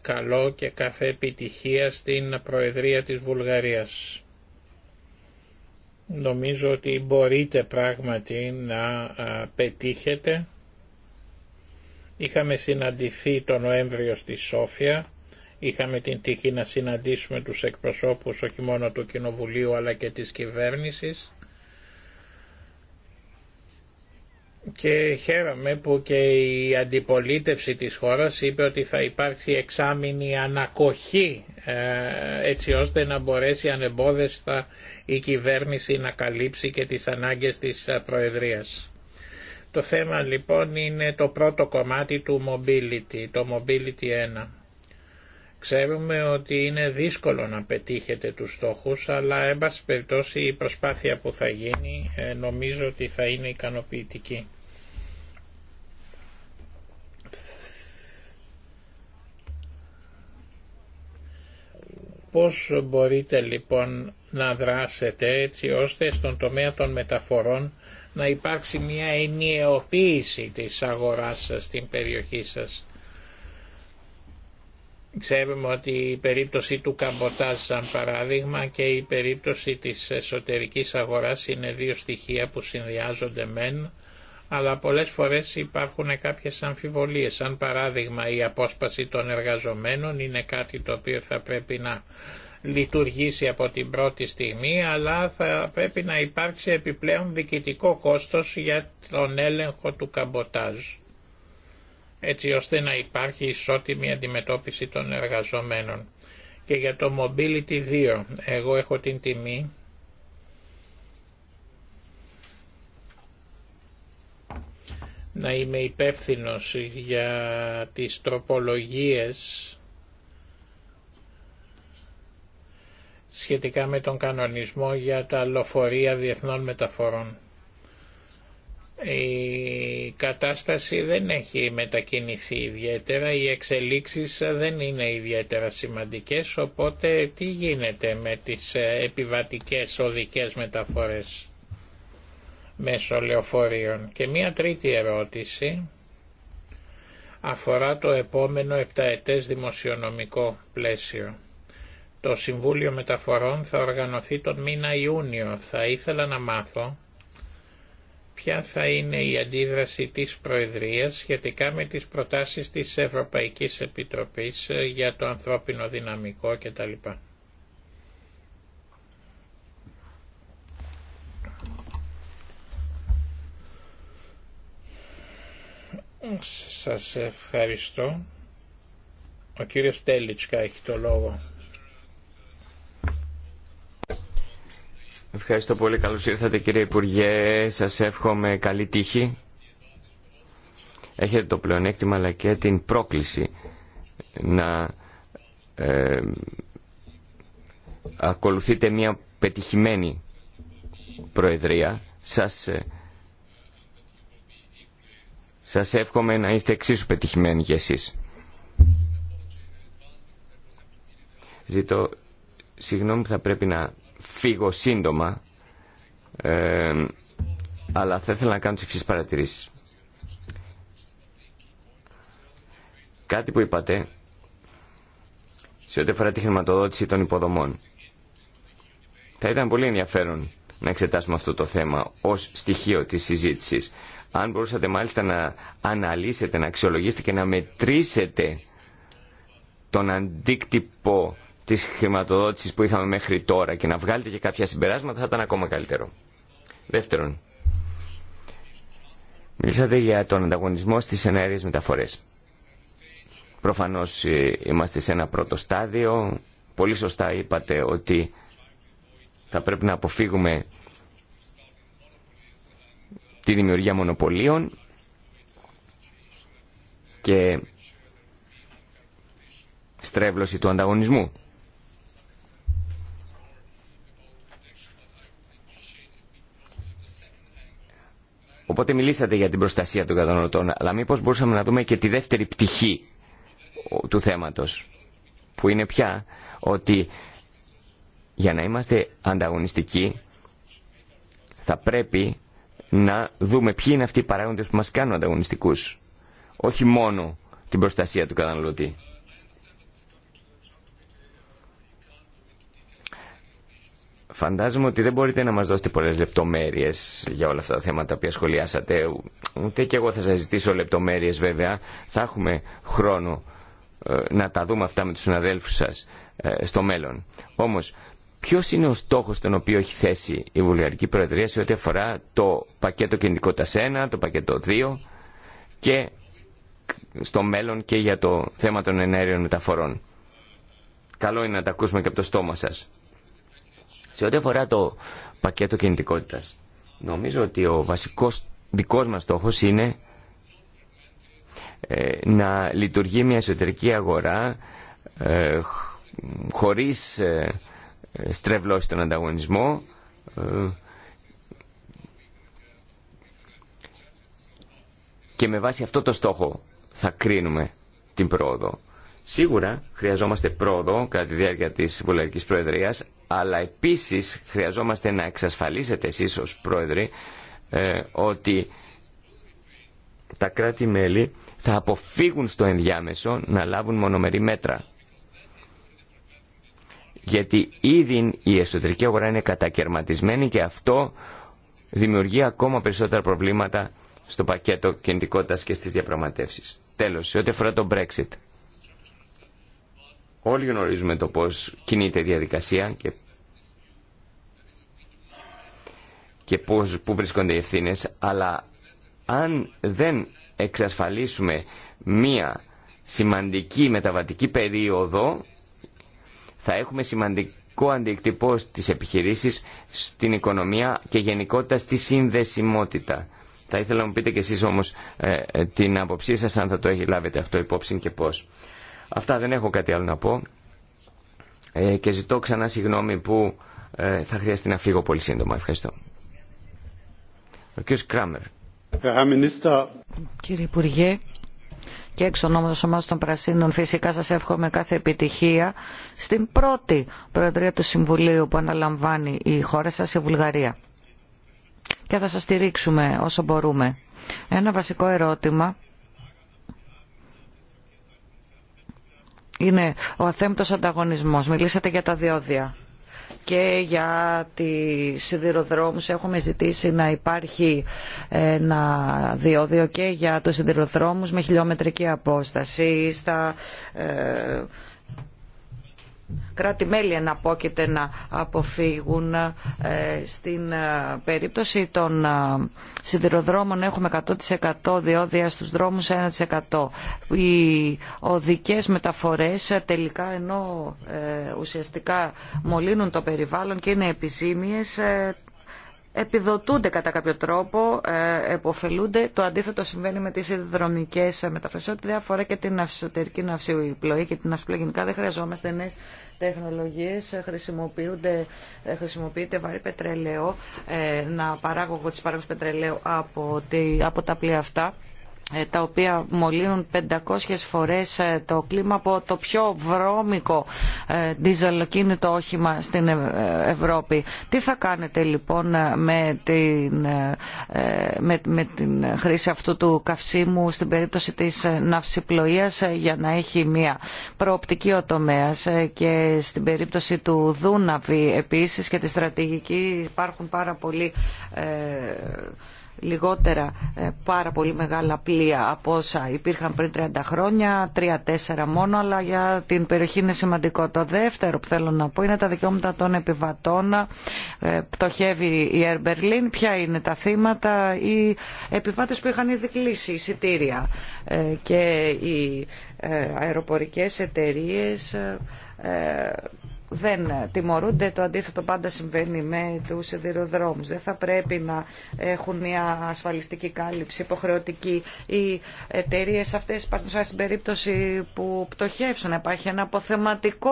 καλό και κάθε επιτυχία στην Προεδρία της Βουλγαρίας. Νομίζω ότι μπορείτε πράγματι να πετύχετε. Είχαμε συναντηθεί τον Νοέμβριο στη Σόφια, είχαμε την τύχη να συναντήσουμε τους εκπροσώπους όχι μόνο του Κοινοβουλίου αλλά και της κυβέρνησης και χαίρομαι που και η αντιπολίτευση της χώρας είπε ότι θα υπάρξει εξάμεινη ανακοχή ε, έτσι ώστε να μπορέσει ανεμπόδεστα η κυβέρνηση να καλύψει και τις ανάγκες της ε, Προεδρίας. Το θέμα λοιπόν είναι το πρώτο κομμάτι του Mobility, το Mobility 1. Ξέρουμε ότι είναι δύσκολο να πετύχετε τους στόχους, αλλά εν περιπτώσει η προσπάθεια που θα γίνει ε, νομίζω ότι θα είναι ικανοποιητική. Πώς μπορείτε λοιπόν να δράσετε έτσι ώστε στον τομέα των μεταφορών να υπάρξει μια ενιαιοποίηση της αγοράς σας στην περιοχή σας Ξέρουμε ότι η περίπτωση του Καμποτάζ σαν παράδειγμα και η περίπτωση της εσωτερικής αγοράς είναι δύο στοιχεία που συνδυάζονται μεν, αλλά πολλές φορές υπάρχουν κάποιες αμφιβολίες. Σαν παράδειγμα η απόσπαση των εργαζομένων είναι κάτι το οποίο θα πρέπει να λειτουργήσει από την πρώτη στιγμή, αλλά θα πρέπει να υπάρξει επιπλέον διοικητικό κόστος για τον έλεγχο του καμποτάζ έτσι ώστε να υπάρχει ισότιμη αντιμετώπιση των εργαζομένων. Και για το Mobility 2, εγώ έχω την τιμή να είμαι υπεύθυνος για τις τροπολογίες σχετικά με τον κανονισμό για τα λοφορία διεθνών μεταφορών. Η κατάσταση δεν έχει μετακινηθεί ιδιαίτερα, οι εξελίξεις δεν είναι ιδιαίτερα σημαντικές, οπότε τι γίνεται με τις επιβατικές οδικές μεταφορές μέσω λεωφορείων. Και μία τρίτη ερώτηση αφορά το επόμενο επταετές δημοσιονομικό πλαίσιο. Το Συμβούλιο Μεταφορών θα οργανωθεί τον μήνα Ιούνιο. Θα ήθελα να μάθω ποια θα είναι η αντίδραση της Προεδρίας σχετικά με τις προτάσεις της Ευρωπαϊκής Επιτροπής ε, για το ανθρώπινο δυναμικό κτλ. Σας ευχαριστώ. Ο κύριος Τέλιτσκα έχει το λόγο. Ευχαριστώ πολύ. Καλώς ήρθατε κύριε Υπουργέ. Σας εύχομαι καλή τύχη. Έχετε το πλεονέκτημα αλλά και την πρόκληση να ε, ακολουθείτε μια πετυχημένη προεδρία. Σας, ε, σας εύχομαι να είστε εξίσου πετυχημένοι κι εσείς. Ζητώ συγγνώμη που θα πρέπει να φύγω σύντομα, ε, αλλά θα ήθελα να κάνω τι εξή παρατηρήσει. Κάτι που είπατε σε ό,τι αφορά τη χρηματοδότηση των υποδομών. Θα ήταν πολύ ενδιαφέρον να εξετάσουμε αυτό το θέμα ως στοιχείο της συζήτησης. Αν μπορούσατε μάλιστα να αναλύσετε, να αξιολογήσετε και να μετρήσετε τον αντίκτυπο Τη χρηματοδότηση που είχαμε μέχρι τώρα και να βγάλετε και κάποια συμπεράσματα θα ήταν ακόμα καλύτερο. Δεύτερον, μιλήσατε για τον ανταγωνισμό στις ενέργειε μεταφορές. Προφανώς ε, είμαστε σε ένα πρώτο στάδιο. Πολύ σωστά είπατε ότι θα πρέπει να αποφύγουμε τη δημιουργία μονοπωλίων και στρέβλωση του ανταγωνισμού. Οπότε μιλήσατε για την προστασία των καταναλωτών, αλλά μήπως μπορούσαμε να δούμε και τη δεύτερη πτυχή του θέματος, που είναι πια ότι για να είμαστε ανταγωνιστικοί θα πρέπει να δούμε ποιοι είναι αυτοί οι παράγοντες που μας κάνουν ανταγωνιστικούς, όχι μόνο την προστασία του καταναλωτή. Φαντάζομαι ότι δεν μπορείτε να μας δώσετε πολλές λεπτομέρειες για όλα αυτά τα θέματα που σχολιάσατε. Ούτε και εγώ θα σας ζητήσω λεπτομέρειες βέβαια. Θα έχουμε χρόνο ε, να τα δούμε αυτά με τους συναδέλφους σας ε, στο μέλλον. Όμως, ποιος είναι ο στόχος τον οποίο έχει θέσει η Βουλγαρική Προεδρία σε ό,τι αφορά το πακέτο κινητικότητα 1, το πακέτο 2 και στο μέλλον και για το θέμα των ενέργειων μεταφορών. Καλό είναι να τα ακούσουμε και από το στόμα σας. Σε ό,τι αφορά το πακέτο κινητικότητα, νομίζω ότι ο βασικό δικός μας στόχο είναι ε, να λειτουργεί μια εσωτερική αγορά ε, χωρίς ε, στρεβλώσει τον ανταγωνισμό και με βάση αυτό το στόχο θα κρίνουμε την πρόοδο. Σίγουρα χρειαζόμαστε πρόοδο κατά τη διάρκεια της βουλευτικής Προεδρίας, αλλά επίσης χρειαζόμαστε να εξασφαλίσετε εσείς ως Πρόεδροι ε, ότι τα κράτη-μέλη θα αποφύγουν στο ενδιάμεσο να λάβουν μονομερή μέτρα. Γιατί ήδη η εσωτερική αγορά είναι κατακαιρματισμένη και αυτό δημιουργεί ακόμα περισσότερα προβλήματα στο πακέτο κινητικότητας και στις διαπραγματεύσεις. Τέλος, σε ό,τι αφορά το Brexit. Όλοι γνωρίζουμε το πώς κινείται η διαδικασία και, πώς, πού βρίσκονται οι ευθύνε, αλλά αν δεν εξασφαλίσουμε μία σημαντική μεταβατική περίοδο, θα έχουμε σημαντικό αντικτυπώ στις επιχειρήσεις, στην οικονομία και γενικότητα στη συνδεσιμότητα. Θα ήθελα να μου πείτε κι εσείς όμως ε, ε, την άποψή σας αν θα το έχει λάβετε αυτό υπόψη και πώς. Αυτά δεν έχω κάτι άλλο να πω ε, και ζητώ ξανά συγγνώμη που ε, θα χρειαστεί να φύγω πολύ σύντομα. Ευχαριστώ. Ο κ. Κράμερ. Κύριε Υπουργέ, και έξω ονόματο ομάδα των Πρασίνων, φυσικά σα εύχομαι κάθε επιτυχία στην πρώτη Προεδρία του Συμβουλίου που αναλαμβάνει η χώρα σα, η Βουλγαρία. Και θα σα στηρίξουμε όσο μπορούμε. Ένα βασικό ερώτημα είναι ο αθέμτος ανταγωνισμός. Μιλήσατε για τα διόδια και για τη σιδηροδρόμους έχουμε ζητήσει να υπάρχει ένα διόδιο και για τους σιδηροδρόμους με χιλιόμετρική απόσταση στα ε, κράτη-μέλη εναπόκειται να αποφύγουν. Ε, στην ε, περίπτωση των ε, σιδηροδρόμων έχουμε 100% διόδια στους δρόμους 1%. Οι οδικές μεταφορές τελικά ενώ ουσιαστικά μολύνουν το περιβάλλον και είναι επιζήμιες επιδοτούνται κατά κάποιο τρόπο, ε, εποφελούνται. Το αντίθετο συμβαίνει με τις ιδρομικές μεταφράσεις. Ό,τι δεν αφορά και την εσωτερική ναυσιπλοή και την ναυσιπλοή γενικά δεν χρειαζόμαστε νέες τεχνολογίες. Χρησιμοποιούνται, ε, χρησιμοποιείται βαρύ πετρελαίο, ε, να παράγω εγώ τις πετρελαίου από, από τα πλοία αυτά. Ε, τα οποία μολύνουν 500 φορές ε, το κλίμα από το πιο βρώμικο ε, διζελοκίνητο όχημα στην Ευρώπη. Τι θα κάνετε λοιπόν με την, με, την χρήση αυτού του καυσίμου στην περίπτωση της ναυσιπλοείας για να έχει μια προοπτική ο τομέας και στην περίπτωση του Δούναβη επίσης και τη στρατηγική υπάρχουν πάρα πολλοί λιγότερα ε, πάρα πολύ μεγάλα πλοία από όσα υπήρχαν πριν 30 χρόνια, 3-4 μόνο, αλλά για την περιοχή είναι σημαντικό. Το δεύτερο που θέλω να πω είναι τα δικαιώματα των επιβατών. Ε, πτωχεύει η Air Berlin, ποια είναι τα θύματα, οι επιβάτες που είχαν ήδη κλείσει εισιτήρια ε, και οι αεροπορικές εταιρείες δεν τιμωρούνται. Το αντίθετο πάντα συμβαίνει με τους σιδηροδρόμους. Δεν θα πρέπει να έχουν μια ασφαλιστική κάλυψη υποχρεωτική. Οι εταιρείε αυτές υπάρχουν σαν περίπτωση που πτωχεύσουν. Υπάρχει ένα αποθεματικό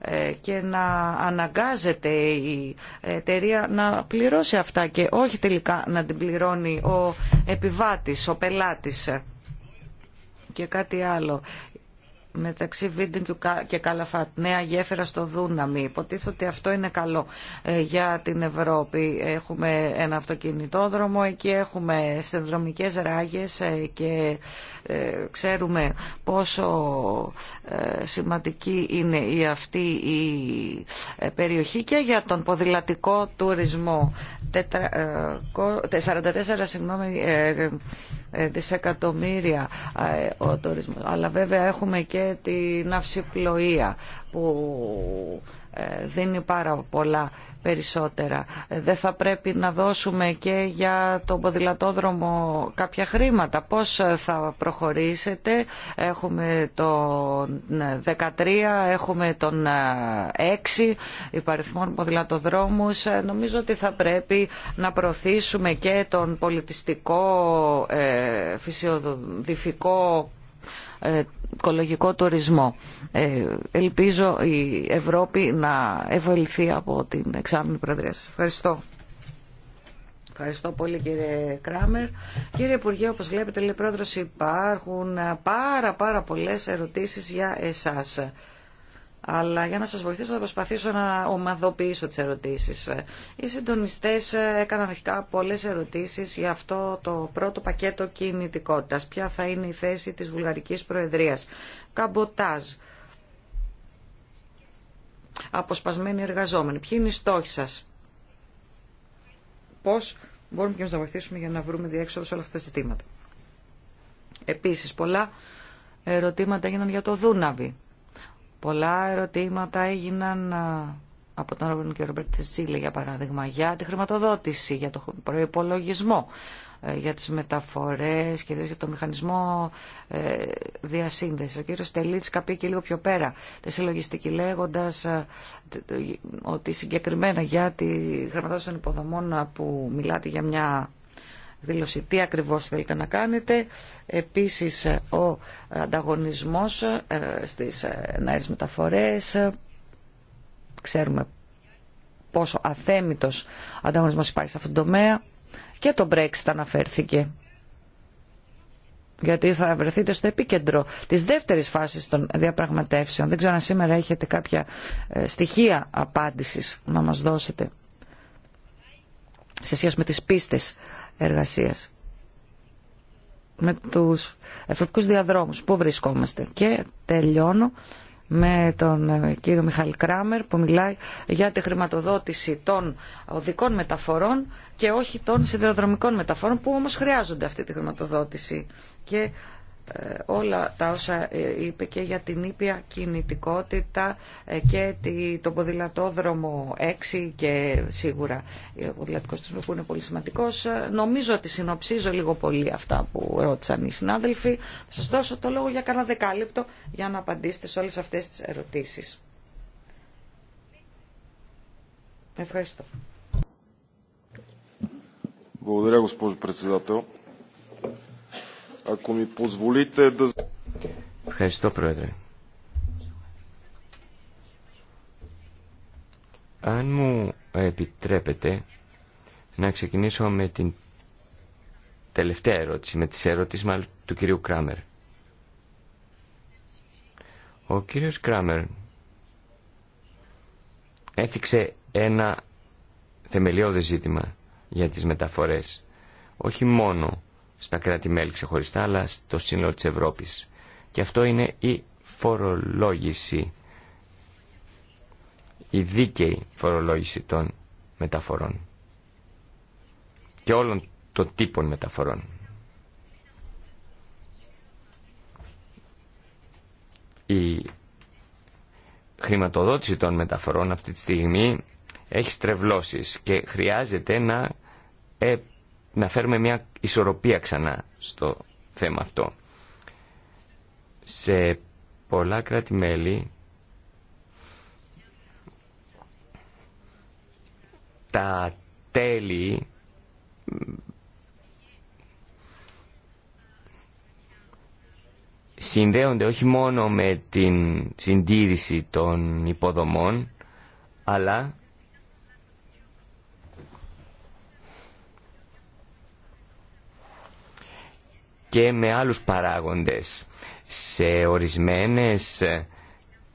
ε, και να αναγκάζεται η εταιρεία να πληρώσει αυτά και όχι τελικά να την πληρώνει ο επιβάτης, ο πελάτης και κάτι άλλο μεταξύ Βίντεν και Καλαφάτ, νέα γέφυρα στο Δούναμι. Υποτίθεται ότι αυτό είναι καλό ε, για την Ευρώπη. Έχουμε ένα αυτοκινητόδρομο, εκεί έχουμε συνδρομικές ράγες ε, και ε, ξέρουμε πόσο σημαντική είναι η αυτή η περιοχή και για τον ποδηλατικό τουρισμό. 44 συγγνώμη, ε, δισεκατομμύρια ε, ο τουρισμός. Αλλά βέβαια έχουμε και την αυσιπλοεία που ε, δίνει πάρα πολλά περισσότερα. Δεν θα πρέπει να δώσουμε και για τον ποδηλατόδρομο κάποια χρήματα. Πώς θα προχωρήσετε. Έχουμε τον 13, έχουμε τον 6 υπαριθμών ποδηλατοδρόμους. Νομίζω ότι θα πρέπει να προωθήσουμε και τον πολιτιστικό, ε, φυσιοδηφικό οικολογικό τουρισμό. Ε, ελπίζω η Ευρώπη να ευελθεί από την εξάμεινη Προεδρία σας. Ευχαριστώ. Ευχαριστώ πολύ κύριε Κράμερ. Κύριε Υπουργέ, όπως βλέπετε, λέει πρόεδρος, υπάρχουν πάρα πάρα πολλές ερωτήσεις για εσάς. Αλλά για να σας βοηθήσω θα προσπαθήσω να ομαδοποιήσω τις ερωτήσεις. Οι συντονιστές έκαναν αρχικά πολλές ερωτήσεις για αυτό το πρώτο πακέτο κινητικότητας. Ποια θα είναι η θέση της Βουλγαρικής Προεδρίας. Καμποτάζ. Αποσπασμένοι εργαζόμενοι. Ποιοι είναι οι στόχοι σας. Πώς μπορούμε και εμείς να βοηθήσουμε για να βρούμε διέξοδο σε όλα αυτά τα ζητήματα. Επίσης, πολλά ερωτήματα έγιναν για το Δούναβι Πολλά ερωτήματα έγιναν ε, από τον Ρόμπιν και Ρομπερτ Τσίλε, για παράδειγμα, για τη χρηματοδότηση, για τον προπολογισμό, ε, για τις μεταφορές και για το μηχανισμό ε, διασύνδεση. Ο κύριος Τελίτσκα πήγε και λίγο πιο πέρα, τη συλλογιστική λέγοντας ότι συγκεκριμένα για τη χρηματοδότηση των υποδομών που μιλάτε για μια δήλωση τι ακριβώς θέλετε να κάνετε. Επίσης ο ανταγωνισμός ε, στις ε, νέες μεταφορές. Ξέρουμε πόσο αθέμητος ανταγωνισμός υπάρχει σε αυτόν τον τομέα. Και το Brexit αναφέρθηκε. Γιατί θα βρεθείτε στο επίκεντρο της δεύτερης φάσης των διαπραγματεύσεων. Δεν ξέρω αν σήμερα έχετε κάποια ε, στοιχεία απάντησης να μας δώσετε σε σχέση με τις πίστες εργασίας με τους ευρωπαϊκούς διαδρόμους που βρισκόμαστε και τελειώνω με τον ε, κύριο Μιχάλη Κράμερ που μιλάει για τη χρηματοδότηση των οδικών μεταφορών και όχι των σιδηροδρομικών μεταφορών που όμως χρειάζονται αυτή τη χρηματοδότηση και ε, όλα τα όσα ε, είπε και για την ήπια κινητικότητα ε, και τον ποδηλατόδρομο 6 και σίγουρα ο ποδηλατικός του που είναι πολύ σημαντικός. Νομίζω ότι συνοψίζω λίγο πολύ αυτά που ρώτησαν οι συνάδελφοι. Θα σας δώσω το λόγο για κανένα δεκάλεπτο για να απαντήσετε σε όλες αυτές τις ερωτήσεις. Ευχαριστώ. Благодаря, госпожо Ευχαριστώ, Πρόεδρε. Αν μου επιτρέπετε να ξεκινήσω με την τελευταία ερώτηση, με τις ερωτήσεις του κυρίου Κράμερ. Ο κύριος Κράμερ έθιξε ένα θεμελιώδες ζήτημα για τις μεταφορές. Όχι μόνο στα κράτη-μέλη ξεχωριστά, αλλά στο σύνολο της Ευρώπης. Και αυτό είναι η φορολόγηση, η δίκαιη φορολόγηση των μεταφορών και όλων των τύπων μεταφορών. Η χρηματοδότηση των μεταφορών αυτή τη στιγμή έχει στρεβλώσεις και χρειάζεται να να φέρουμε μια ισορροπία ξανά στο θέμα αυτό. Σε πολλά κράτη-μέλη τα τέλη συνδέονται όχι μόνο με την συντήρηση των υποδομών αλλά και με άλλους παράγοντες. Σε ορισμένες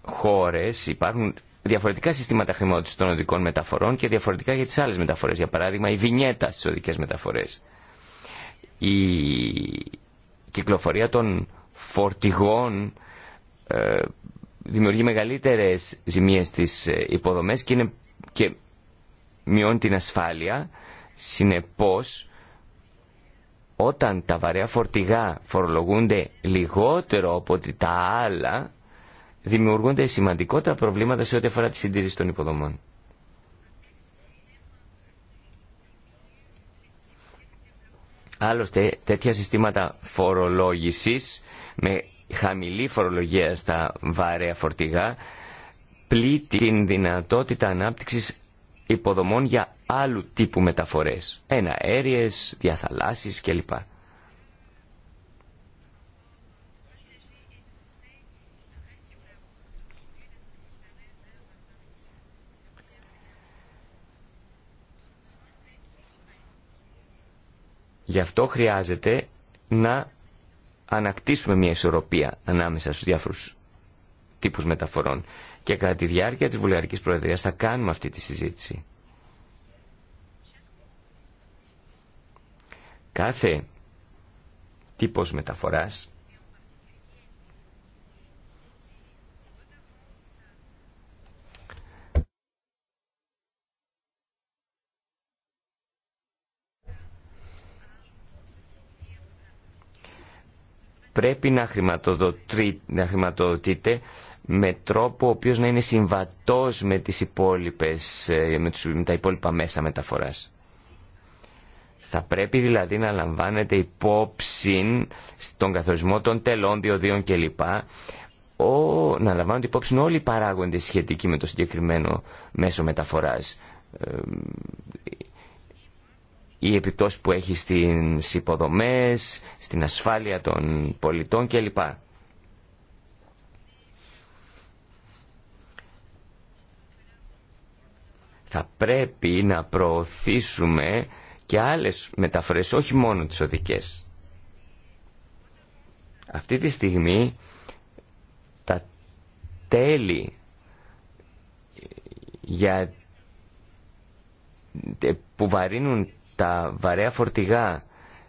χώρες υπάρχουν διαφορετικά συστήματα χρηματοδότησης των οδικών μεταφορών και διαφορετικά για τις άλλες μεταφορές. Για παράδειγμα, η βινιέτα στις οδικές μεταφορές. Η κυκλοφορία των φορτηγών ε, δημιουργεί μεγαλύτερες ζημίες στις ε, υποδομές και, είναι, και μειώνει την ασφάλεια. Συνεπώς, όταν τα βαρέα φορτηγά φορολογούνται λιγότερο από τα άλλα, δημιουργούνται σημαντικότερα προβλήματα σε ό,τι αφορά τη συντήρηση των υποδομών. Άλλωστε, τέτοια συστήματα φορολόγησης με χαμηλή φορολογία στα βαρέα φορτηγά πλήττει την δυνατότητα ανάπτυξης υποδομών για άλλου τύπου μεταφορές. Ένα αέριες, διαθαλάσσεις κλπ. Γι' αυτό χρειάζεται να ανακτήσουμε μια ισορροπία ανάμεσα στους διάφορους τύπους μεταφορών και κατά τη διάρκεια της Βουλγαρικής Προεδρίας θα κάνουμε αυτή τη συζήτηση. Κάθε τύπος μεταφοράς πρέπει να, να χρηματοδοτείται με τρόπο ο οποίος να είναι συμβατός με, τις υπόλοιπες, ε, με, τα υπόλοιπα μέσα μεταφοράς. Θα πρέπει δηλαδή να λαμβάνεται υπόψη στον καθορισμό των τελών, διοδίων κλπ. Ο, να λαμβάνονται υπόψη όλοι οι παράγοντες σχετικοί με το συγκεκριμένο μέσο μεταφοράς. Η ε, επιπτώση που έχει στις υποδομές, στην ασφάλεια των πολιτών κλπ. θα πρέπει να προωθήσουμε και άλλες μεταφορές, όχι μόνο τις οδικές. Αυτή τη στιγμή τα τέλη για ε, που βαρύνουν τα βαρέα φορτηγά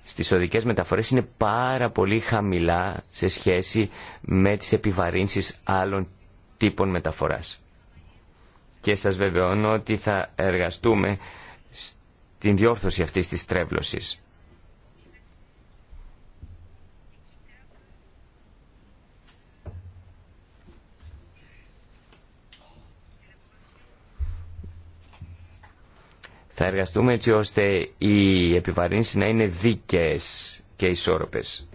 στις οδικές μεταφορές είναι πάρα πολύ χαμηλά σε σχέση με τις επιβαρύνσεις άλλων τύπων μεταφοράς και σας βεβαιώνω ότι θα εργαστούμε στην διόρθωση αυτής της τρέβλωσης. Θα εργαστούμε έτσι ώστε οι επιβαρύνσεις να είναι δίκαιες και ισόρροπες.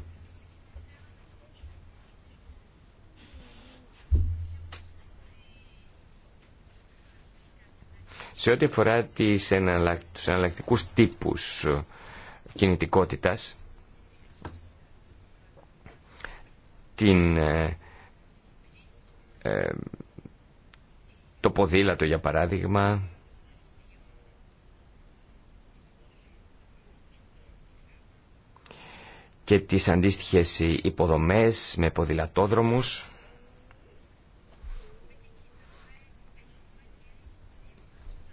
Σε ό,τι αφορά τις εναλλακ... τους εναλλακτικούς τύπους ε, κινητικότητας, την, ε, ε, το ποδήλατο για παράδειγμα, και τις αντίστοιχες υποδομές με ποδηλατόδρομους.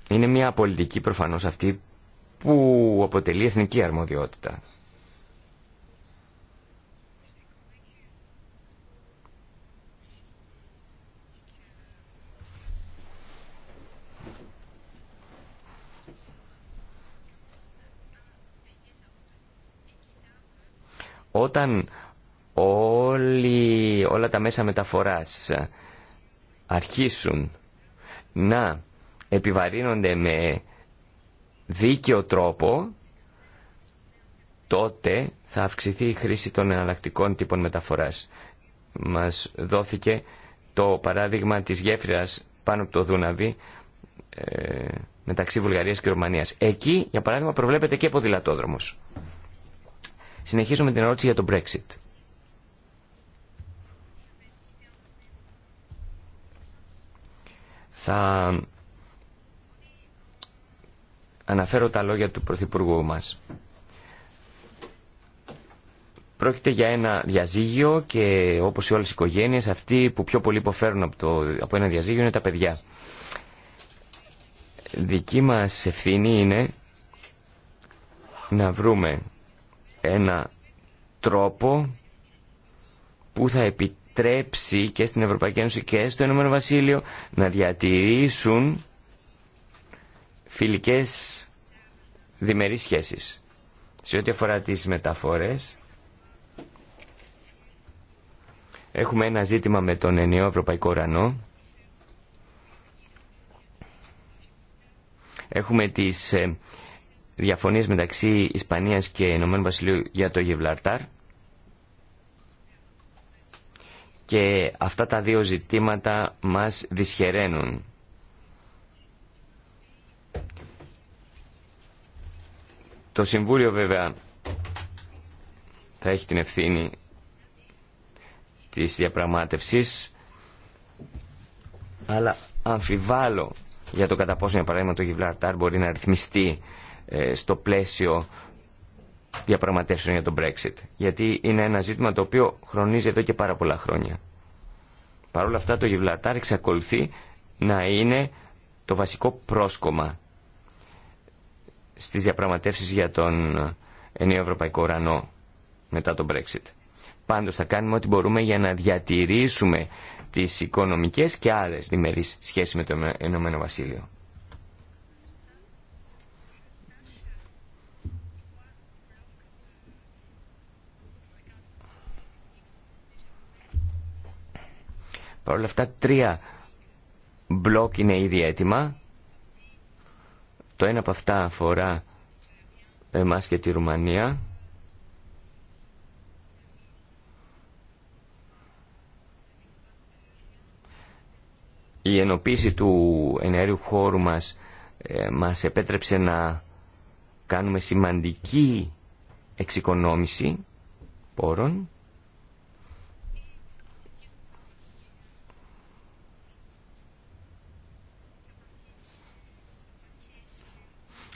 Είναι μια πολιτική προφανώς αυτή που αποτελεί εθνική αρμοδιότητα. Όταν όλοι, όλα τα μέσα μεταφοράς αρχίσουν να επιβαρύνονται με δίκαιο τρόπο, τότε θα αυξηθεί η χρήση των εναλλακτικών τύπων μεταφοράς. Μας δόθηκε το παράδειγμα της γέφυρας πάνω από το Δούναβι ε, μεταξύ Βουλγαρίας και Ρουμανίας. Εκεί, για παράδειγμα, προβλέπεται και ποδηλατόδρομος. Συνεχίζουμε την ερώτηση για το Brexit. Θα αναφέρω τα λόγια του Πρωθυπουργού μας. Πρόκειται για ένα διαζύγιο και όπως οι όλες οι οικογένειες αυτοί που πιο πολύ υποφέρουν από, το, από ένα διαζύγιο είναι τα παιδιά. Δική μας ευθύνη είναι να βρούμε ένα τρόπο που θα επιτρέψει και στην Ευρωπαϊκή Ένωση και στο Ηνωμένο Βασίλειο να διατηρήσουν φιλικές διμερείς σχέσεις. Σε ό,τι αφορά τις μεταφορές, έχουμε ένα ζήτημα με τον ενιαίο Ευρωπαϊκό Ουρανό. Έχουμε τις ε, διαφωνίες μεταξύ Ισπανίας και Ηνωμένου Βασιλείου για το Γιβλαρτάρ Και αυτά τα δύο ζητήματα μας δυσχεραίνουν. Το Συμβούλιο βέβαια θα έχει την ευθύνη της διαπραγμάτευσης αλλά αμφιβάλλω για το κατά πόσο για παράδειγμα το Γιβλαρτάρ μπορεί να ρυθμιστεί ε, στο πλαίσιο διαπραγματεύσεων για τον Brexit. Γιατί είναι ένα ζήτημα το οποίο χρονίζει εδώ και πάρα πολλά χρόνια. Παρ' όλα αυτά το Γιβλαρτάρ εξακολουθεί να είναι το βασικό πρόσκομα στις διαπραγματεύσεις για τον ε, νέο ευρωπαϊκό ουρανό μετά τον Brexit. Πάντως θα κάνουμε ό,τι μπορούμε για να διατηρήσουμε τις οικονομικές και άλλες διμερείς σχέσεις με το Ηνωμένο Βασίλειο. Παρ' όλα αυτά τρία μπλοκ είναι ήδη έτοιμα το ένα από αυτά αφορά εμάς και τη Ρουμανία. Η ενοποίηση του ενέργειου χώρου μας ε, μας επέτρεψε να κάνουμε σημαντική εξοικονόμηση πόρων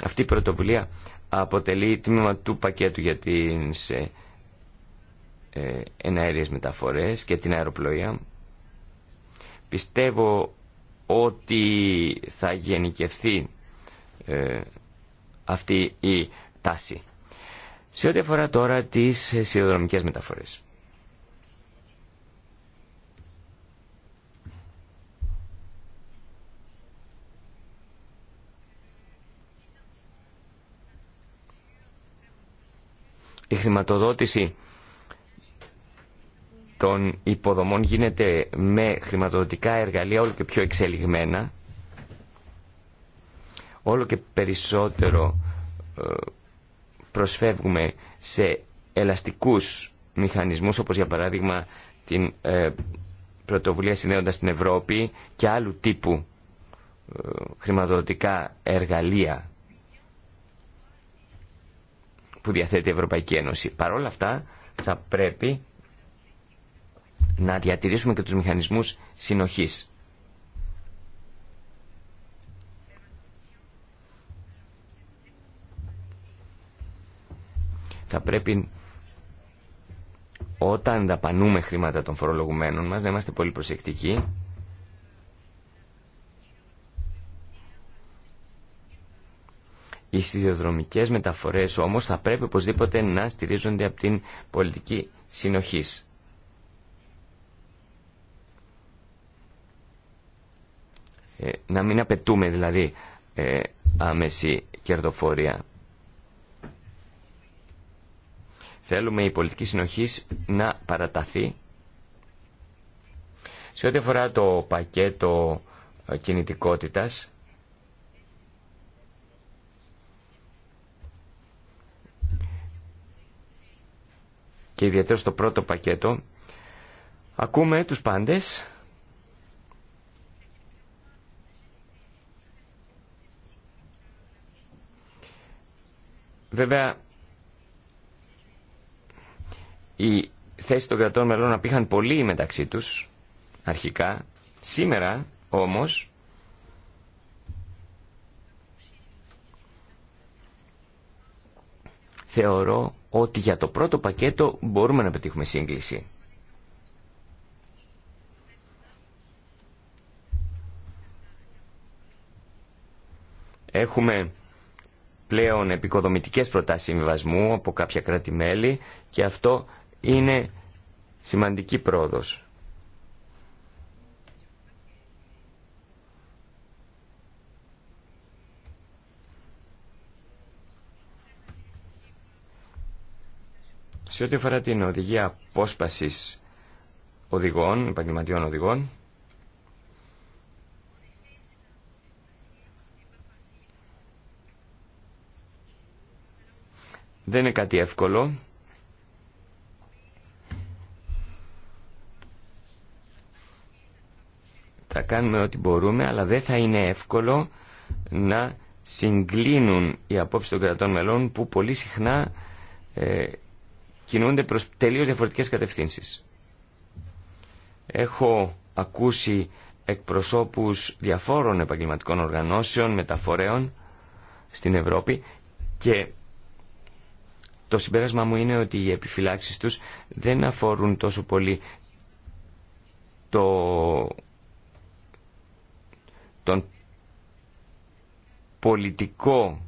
Αυτή η πρωτοβουλία αποτελεί τμήμα του πακέτου για τις ε, ε, εναέριες μεταφορές και την αεροπλοεία. Πιστεύω ότι θα γενικευθεί ε, αυτή η τάση. Σε ό,τι αφορά τώρα τις σιδηροδρομικές μεταφορές. η χρηματοδότηση των υποδομών γίνεται με χρηματοδοτικά εργαλεία όλο και πιο εξελιγμένα, όλο και περισσότερο ε, προσφεύγουμε σε ελαστικούς μηχανισμούς, όπως για παράδειγμα την ε, πρωτοβουλία συνδέοντας στην Ευρώπη και άλλου τύπου ε, χρηματοδοτικά εργαλεία που διαθέτει η Ευρωπαϊκή Ένωση. Παρ' όλα αυτά θα πρέπει να διατηρήσουμε και τους μηχανισμούς συνοχής. Θα πρέπει όταν δαπανούμε χρήματα των φορολογουμένων μας να είμαστε πολύ προσεκτικοί Οι σιδηροδρομικέ μεταφορέ όμω θα πρέπει οπωσδήποτε να στηρίζονται από την πολιτική συνοχή. Ε, να μην απαιτούμε δηλαδή ε, άμεση κερδοφορία. Θέλουμε η πολιτική συνοχής να παραταθεί σε ό,τι αφορά το πακέτο ε, κινητικότητας και ιδιαίτερα στο πρώτο πακέτο, ακούμε τους πάντες Βέβαια, οι θέσεις των κρατών μελών απήχαν πολύ μεταξύ τους, αρχικά. Σήμερα, όμως, θεωρώ ότι για το πρώτο πακέτο μπορούμε να πετύχουμε σύγκληση. Έχουμε πλέον επικοδομητικές προτάσεις συμβιβασμού από κάποια κράτη-μέλη και αυτό είναι σημαντική πρόοδος. Σε ό,τι αφορά την οδηγία απόσπαση οδηγών, επαγγελματιών οδηγών, δεν είναι κάτι εύκολο. Θα κάνουμε ό,τι μπορούμε, αλλά δεν θα είναι εύκολο να συγκλίνουν οι απόψεις των κρατών μελών που πολύ συχνά ε, κινούνται προς τελείως διαφορετικές κατευθύνσεις. Έχω ακούσει εκπροσώπους διαφόρων επαγγελματικών οργανώσεων, μεταφορέων στην Ευρώπη και το συμπέρασμα μου είναι ότι οι επιφυλάξεις τους δεν αφορούν τόσο πολύ το... τον πολιτικό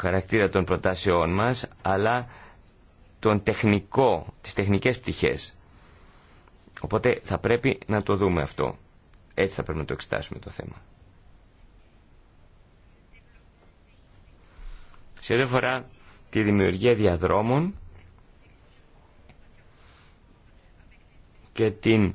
χαρακτήρα των προτάσεών μας, αλλά τον τεχνικό, τις τεχνικές πτυχές. Οπότε θα πρέπει να το δούμε αυτό. Έτσι θα πρέπει να το εξετάσουμε το θέμα. Σε ό,τι αφορά τη δημιουργία διαδρόμων και την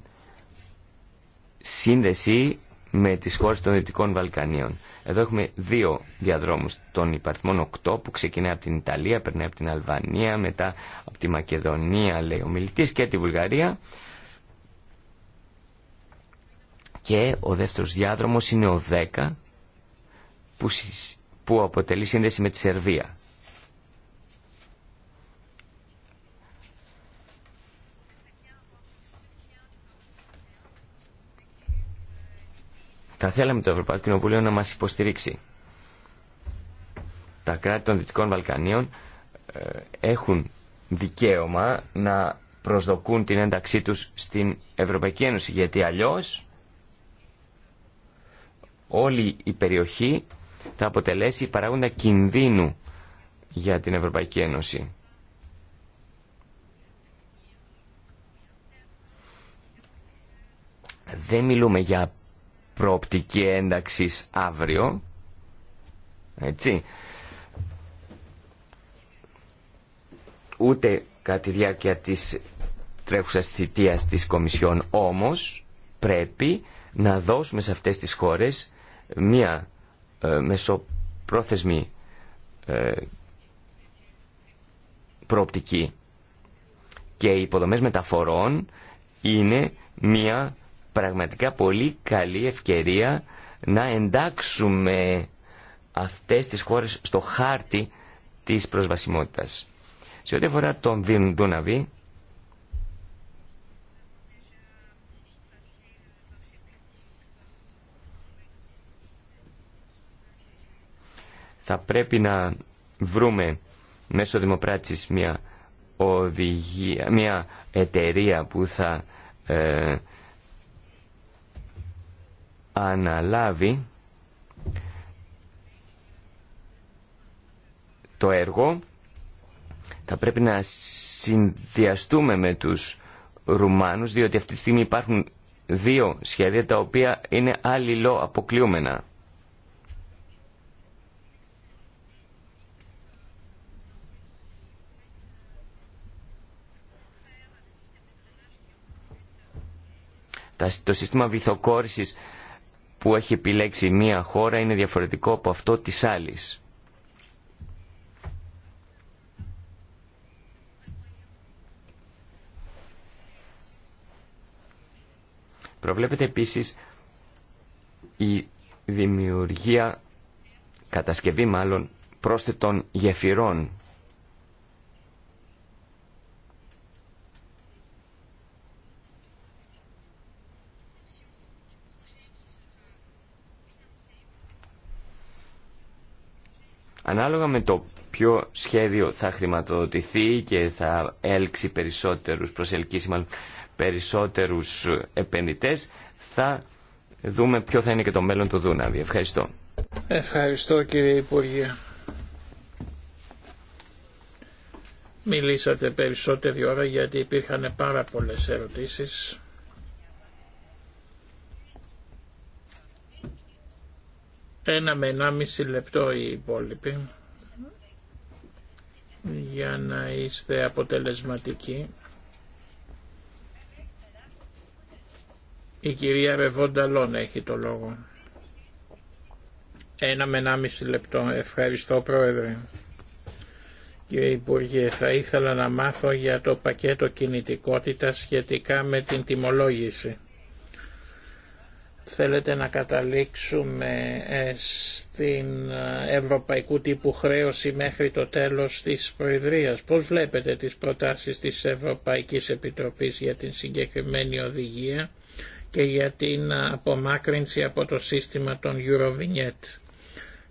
σύνδεση με τι χώρε των Δυτικών Βαλκανίων. Εδώ έχουμε δύο διαδρόμου τον υπαριθμόν 8 που ξεκινάει από την Ιταλία, περνάει από την Αλβανία, μετά από τη Μακεδονία, λέει ο μιλητή, και τη Βουλγαρία. Και ο δεύτερο διάδρομο είναι ο 10 που αποτελεί σύνδεση με τη Σερβία. Θα θέλαμε το Ευρωπαϊκό Κοινοβούλιο να μας υποστηρίξει. Τα κράτη των Δυτικών Βαλκανίων ε, έχουν δικαίωμα να προσδοκούν την ένταξή τους στην Ευρωπαϊκή Ένωση, γιατί αλλιώς όλη η περιοχή θα αποτελέσει παράγοντα κινδύνου για την Ευρωπαϊκή Ένωση. Δεν μιλούμε για προοπτική ένταξης αύριο. Έτσι. Ούτε κατά τη διάρκεια της τρέχουσας θητείας της Κομισιόν όμως πρέπει να δώσουμε σε αυτές τις χώρες μία ε, μεσοπρόθεσμη ε, προοπτική. Και οι υποδομές μεταφορών είναι μία πραγματικά πολύ καλή ευκαιρία να εντάξουμε αυτές τις χώρες στο χάρτη της προσβασιμότητας. Σε ό,τι αφορά τον να θα πρέπει να βρούμε μέσω δημοπράτησης μια οδηγία, μια εταιρεία που θα ε, αναλάβει το έργο θα πρέπει να συνδυαστούμε με τους Ρουμάνους διότι αυτή τη στιγμή υπάρχουν δύο σχέδια τα οποία είναι αλληλοαποκλειούμενα. Το σύστημα βυθοκόρησης που έχει επιλέξει μία χώρα είναι διαφορετικό από αυτό της άλλης. Προβλέπεται επίσης η δημιουργία, κατασκευή μάλλον, πρόσθετων γεφυρών Ανάλογα με το ποιο σχέδιο θα χρηματοδοτηθεί και θα έλξει περισσότερους, προσελκύσει μάλλον, περισσότερους επενδυτές, θα δούμε ποιο θα είναι και το μέλλον του Δούναβη. Ευχαριστώ. Ευχαριστώ κύριε Υπουργέ. Μιλήσατε περισσότερη ώρα γιατί υπήρχαν πάρα πολλές ερωτήσεις. Ένα με ένα μισή λεπτό οι υπόλοιποι για να είστε αποτελεσματικοί. Η κυρία Ρεβόνταλόν έχει το λόγο. Ένα με ένα μισή λεπτό. Ευχαριστώ πρόεδρε. Κύριε Υπουργέ, θα ήθελα να μάθω για το πακέτο κινητικότητα σχετικά με την τιμολόγηση. Θέλετε να καταλήξουμε ε, στην ε, ευρωπαϊκού τύπου χρέωση μέχρι το τέλος της Προεδρίας. Πώς βλέπετε τις προτάσεις της Ευρωπαϊκής Επιτροπής για την συγκεκριμένη οδηγία και για την απομάκρυνση από το σύστημα των Eurovignet.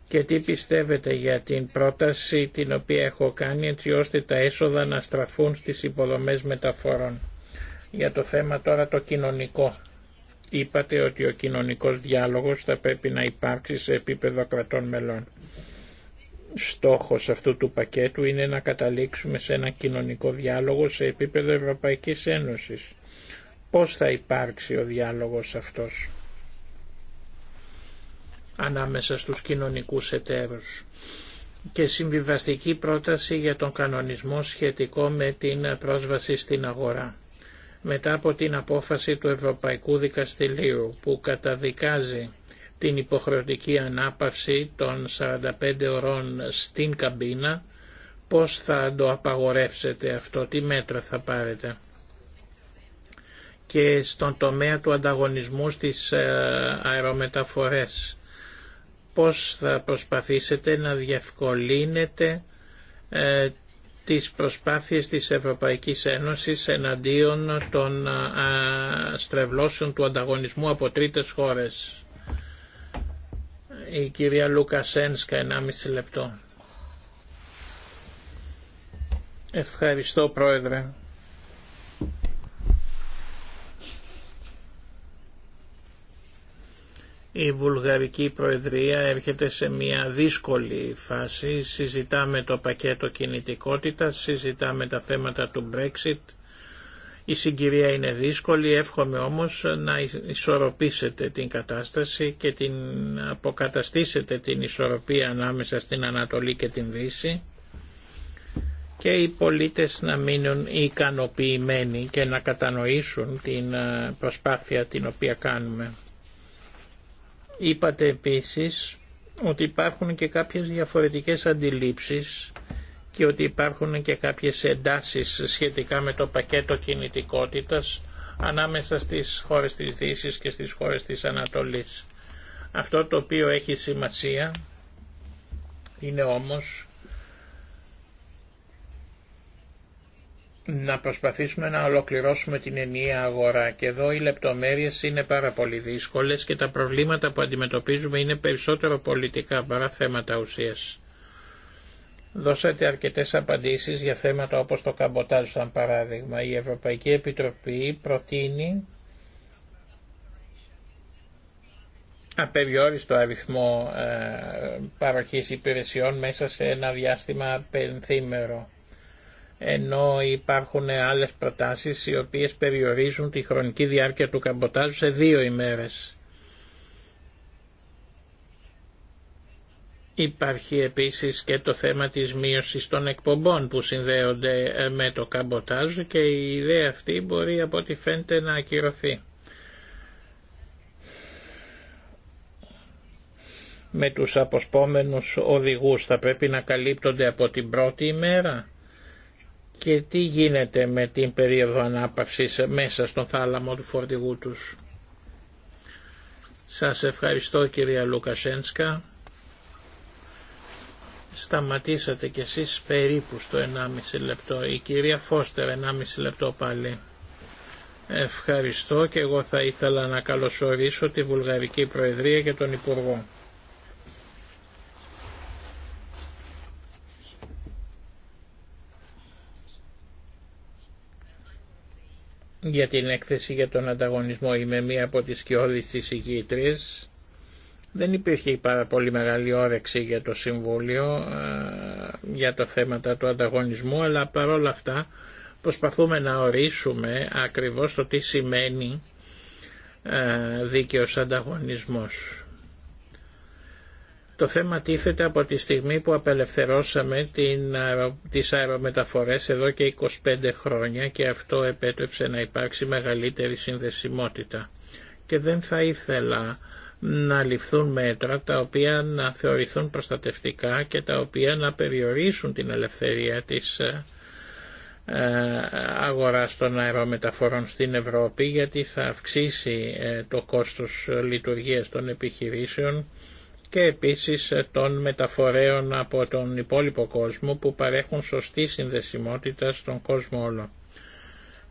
Και τι πιστεύετε για την πρόταση την οποία έχω κάνει έτσι ώστε τα έσοδα να στραφούν στις υποδομές μεταφορών. Για το θέμα τώρα το κοινωνικό είπατε ότι ο κοινωνικός διάλογος θα πρέπει να υπάρξει σε επίπεδο κρατών μελών. Στόχος αυτού του πακέτου είναι να καταλήξουμε σε ένα κοινωνικό διάλογο σε επίπεδο Ευρωπαϊκής Ένωσης. Πώς θα υπάρξει ο διάλογος αυτός ανάμεσα στους κοινωνικούς εταίρους και συμβιβαστική πρόταση για τον κανονισμό σχετικό με την πρόσβαση στην αγορά μετά από την απόφαση του Ευρωπαϊκού Δικαστηρίου που καταδικάζει την υποχρεωτική ανάπαυση των 45 ωρών στην καμπίνα, πώς θα το απαγορεύσετε αυτό, τι μέτρα θα πάρετε. Και στον τομέα του ανταγωνισμού στις ε, αερομεταφορές, πώς θα προσπαθήσετε να διευκολύνετε ε, τις προσπάθειες της Ευρωπαϊκής Ένωσης εναντίον των στρεβλώσεων του ανταγωνισμού από τρίτες χώρες. Η κυρία Λουκασένσκα, 1,5 λεπτό. Ευχαριστώ Πρόεδρε. Η Βουλγαρική Προεδρία έρχεται σε μια δύσκολη φάση. Συζητάμε το πακέτο κινητικότητας, συζητάμε τα θέματα του Brexit. Η συγκυρία είναι δύσκολη, εύχομαι όμως να ισορροπήσετε την κατάσταση και την αποκαταστήσετε την ισορροπία ανάμεσα στην Ανατολή και την Δύση και οι πολίτες να μείνουν ικανοποιημένοι και να κατανοήσουν την ε, προσπάθεια την οποία κάνουμε. Είπατε επίσης ότι υπάρχουν και κάποιες διαφορετικές αντιλήψεις και ότι υπάρχουν και κάποιες εντάσεις σχετικά με το πακέτο κινητικότητας ανάμεσα στις χώρες της Δύσης και στις χώρες της Ανατολής. Αυτό το οποίο έχει σημασία είναι όμως να προσπαθήσουμε να ολοκληρώσουμε την ενιαία αγορά και εδώ οι λεπτομέρειες είναι πάρα πολύ δύσκολες και τα προβλήματα που αντιμετωπίζουμε είναι περισσότερο πολιτικά παρά θέματα ουσίας. Δώσατε αρκετές απαντήσεις για θέματα όπως το καμποτάζ σαν παράδειγμα. Η Ευρωπαϊκή Επιτροπή προτείνει απεριόριστο αριθμό ε, παροχής υπηρεσιών μέσα σε ένα διάστημα πενθήμερο ενώ υπάρχουν άλλες προτάσεις οι οποίες περιορίζουν τη χρονική διάρκεια του καμποτάζου σε δύο ημέρες. Υπάρχει επίσης και το θέμα της μείωσης των εκπομπών που συνδέονται ε, με το καμποτάζ και η ιδέα αυτή μπορεί από ό,τι φαίνεται να ακυρωθεί. Με τους αποσπόμενους οδηγούς θα πρέπει να καλύπτονται από την πρώτη ημέρα και τι γίνεται με την περίοδο ανάπαυσης μέσα στον θάλαμο του φορτηγού τους. Σας ευχαριστώ κυρία Λουκασένσκα. Σταματήσατε κι εσείς περίπου στο 1,5 λεπτό. Η κυρία Φώστερ 1,5 λεπτό πάλι. Ευχαριστώ και εγώ θα ήθελα να καλωσορίσω τη Βουλγαρική Προεδρία και τον Υπουργό. για την έκθεση για τον ανταγωνισμό. Είμαι μία από τις σκιώδεις της ηγήτρες. Δεν υπήρχε πάρα πολύ μεγάλη όρεξη για το Συμβούλιο ε, για τα θέματα του ανταγωνισμού, αλλά παρόλα αυτά προσπαθούμε να ορίσουμε ακριβώς το τι σημαίνει ε, δίκαιος ανταγωνισμός. Το θέμα τίθεται από τη στιγμή που απελευθερώσαμε την, τις αερομεταφορές εδώ και 25 χρόνια και αυτό επέτρεψε να υπάρξει μεγαλύτερη συνδεσιμότητα. Και δεν θα ήθελα να ληφθούν μέτρα τα οποία να θεωρηθούν προστατευτικά και τα οποία να περιορίσουν την ελευθερία της ε, ε, αγοράς των αερομεταφορών στην Ευρώπη γιατί θα αυξήσει ε, το κόστος λειτουργίας των επιχειρήσεων και επίσης των μεταφορέων από τον υπόλοιπο κόσμο που παρέχουν σωστή συνδεσιμότητα στον κόσμο όλο.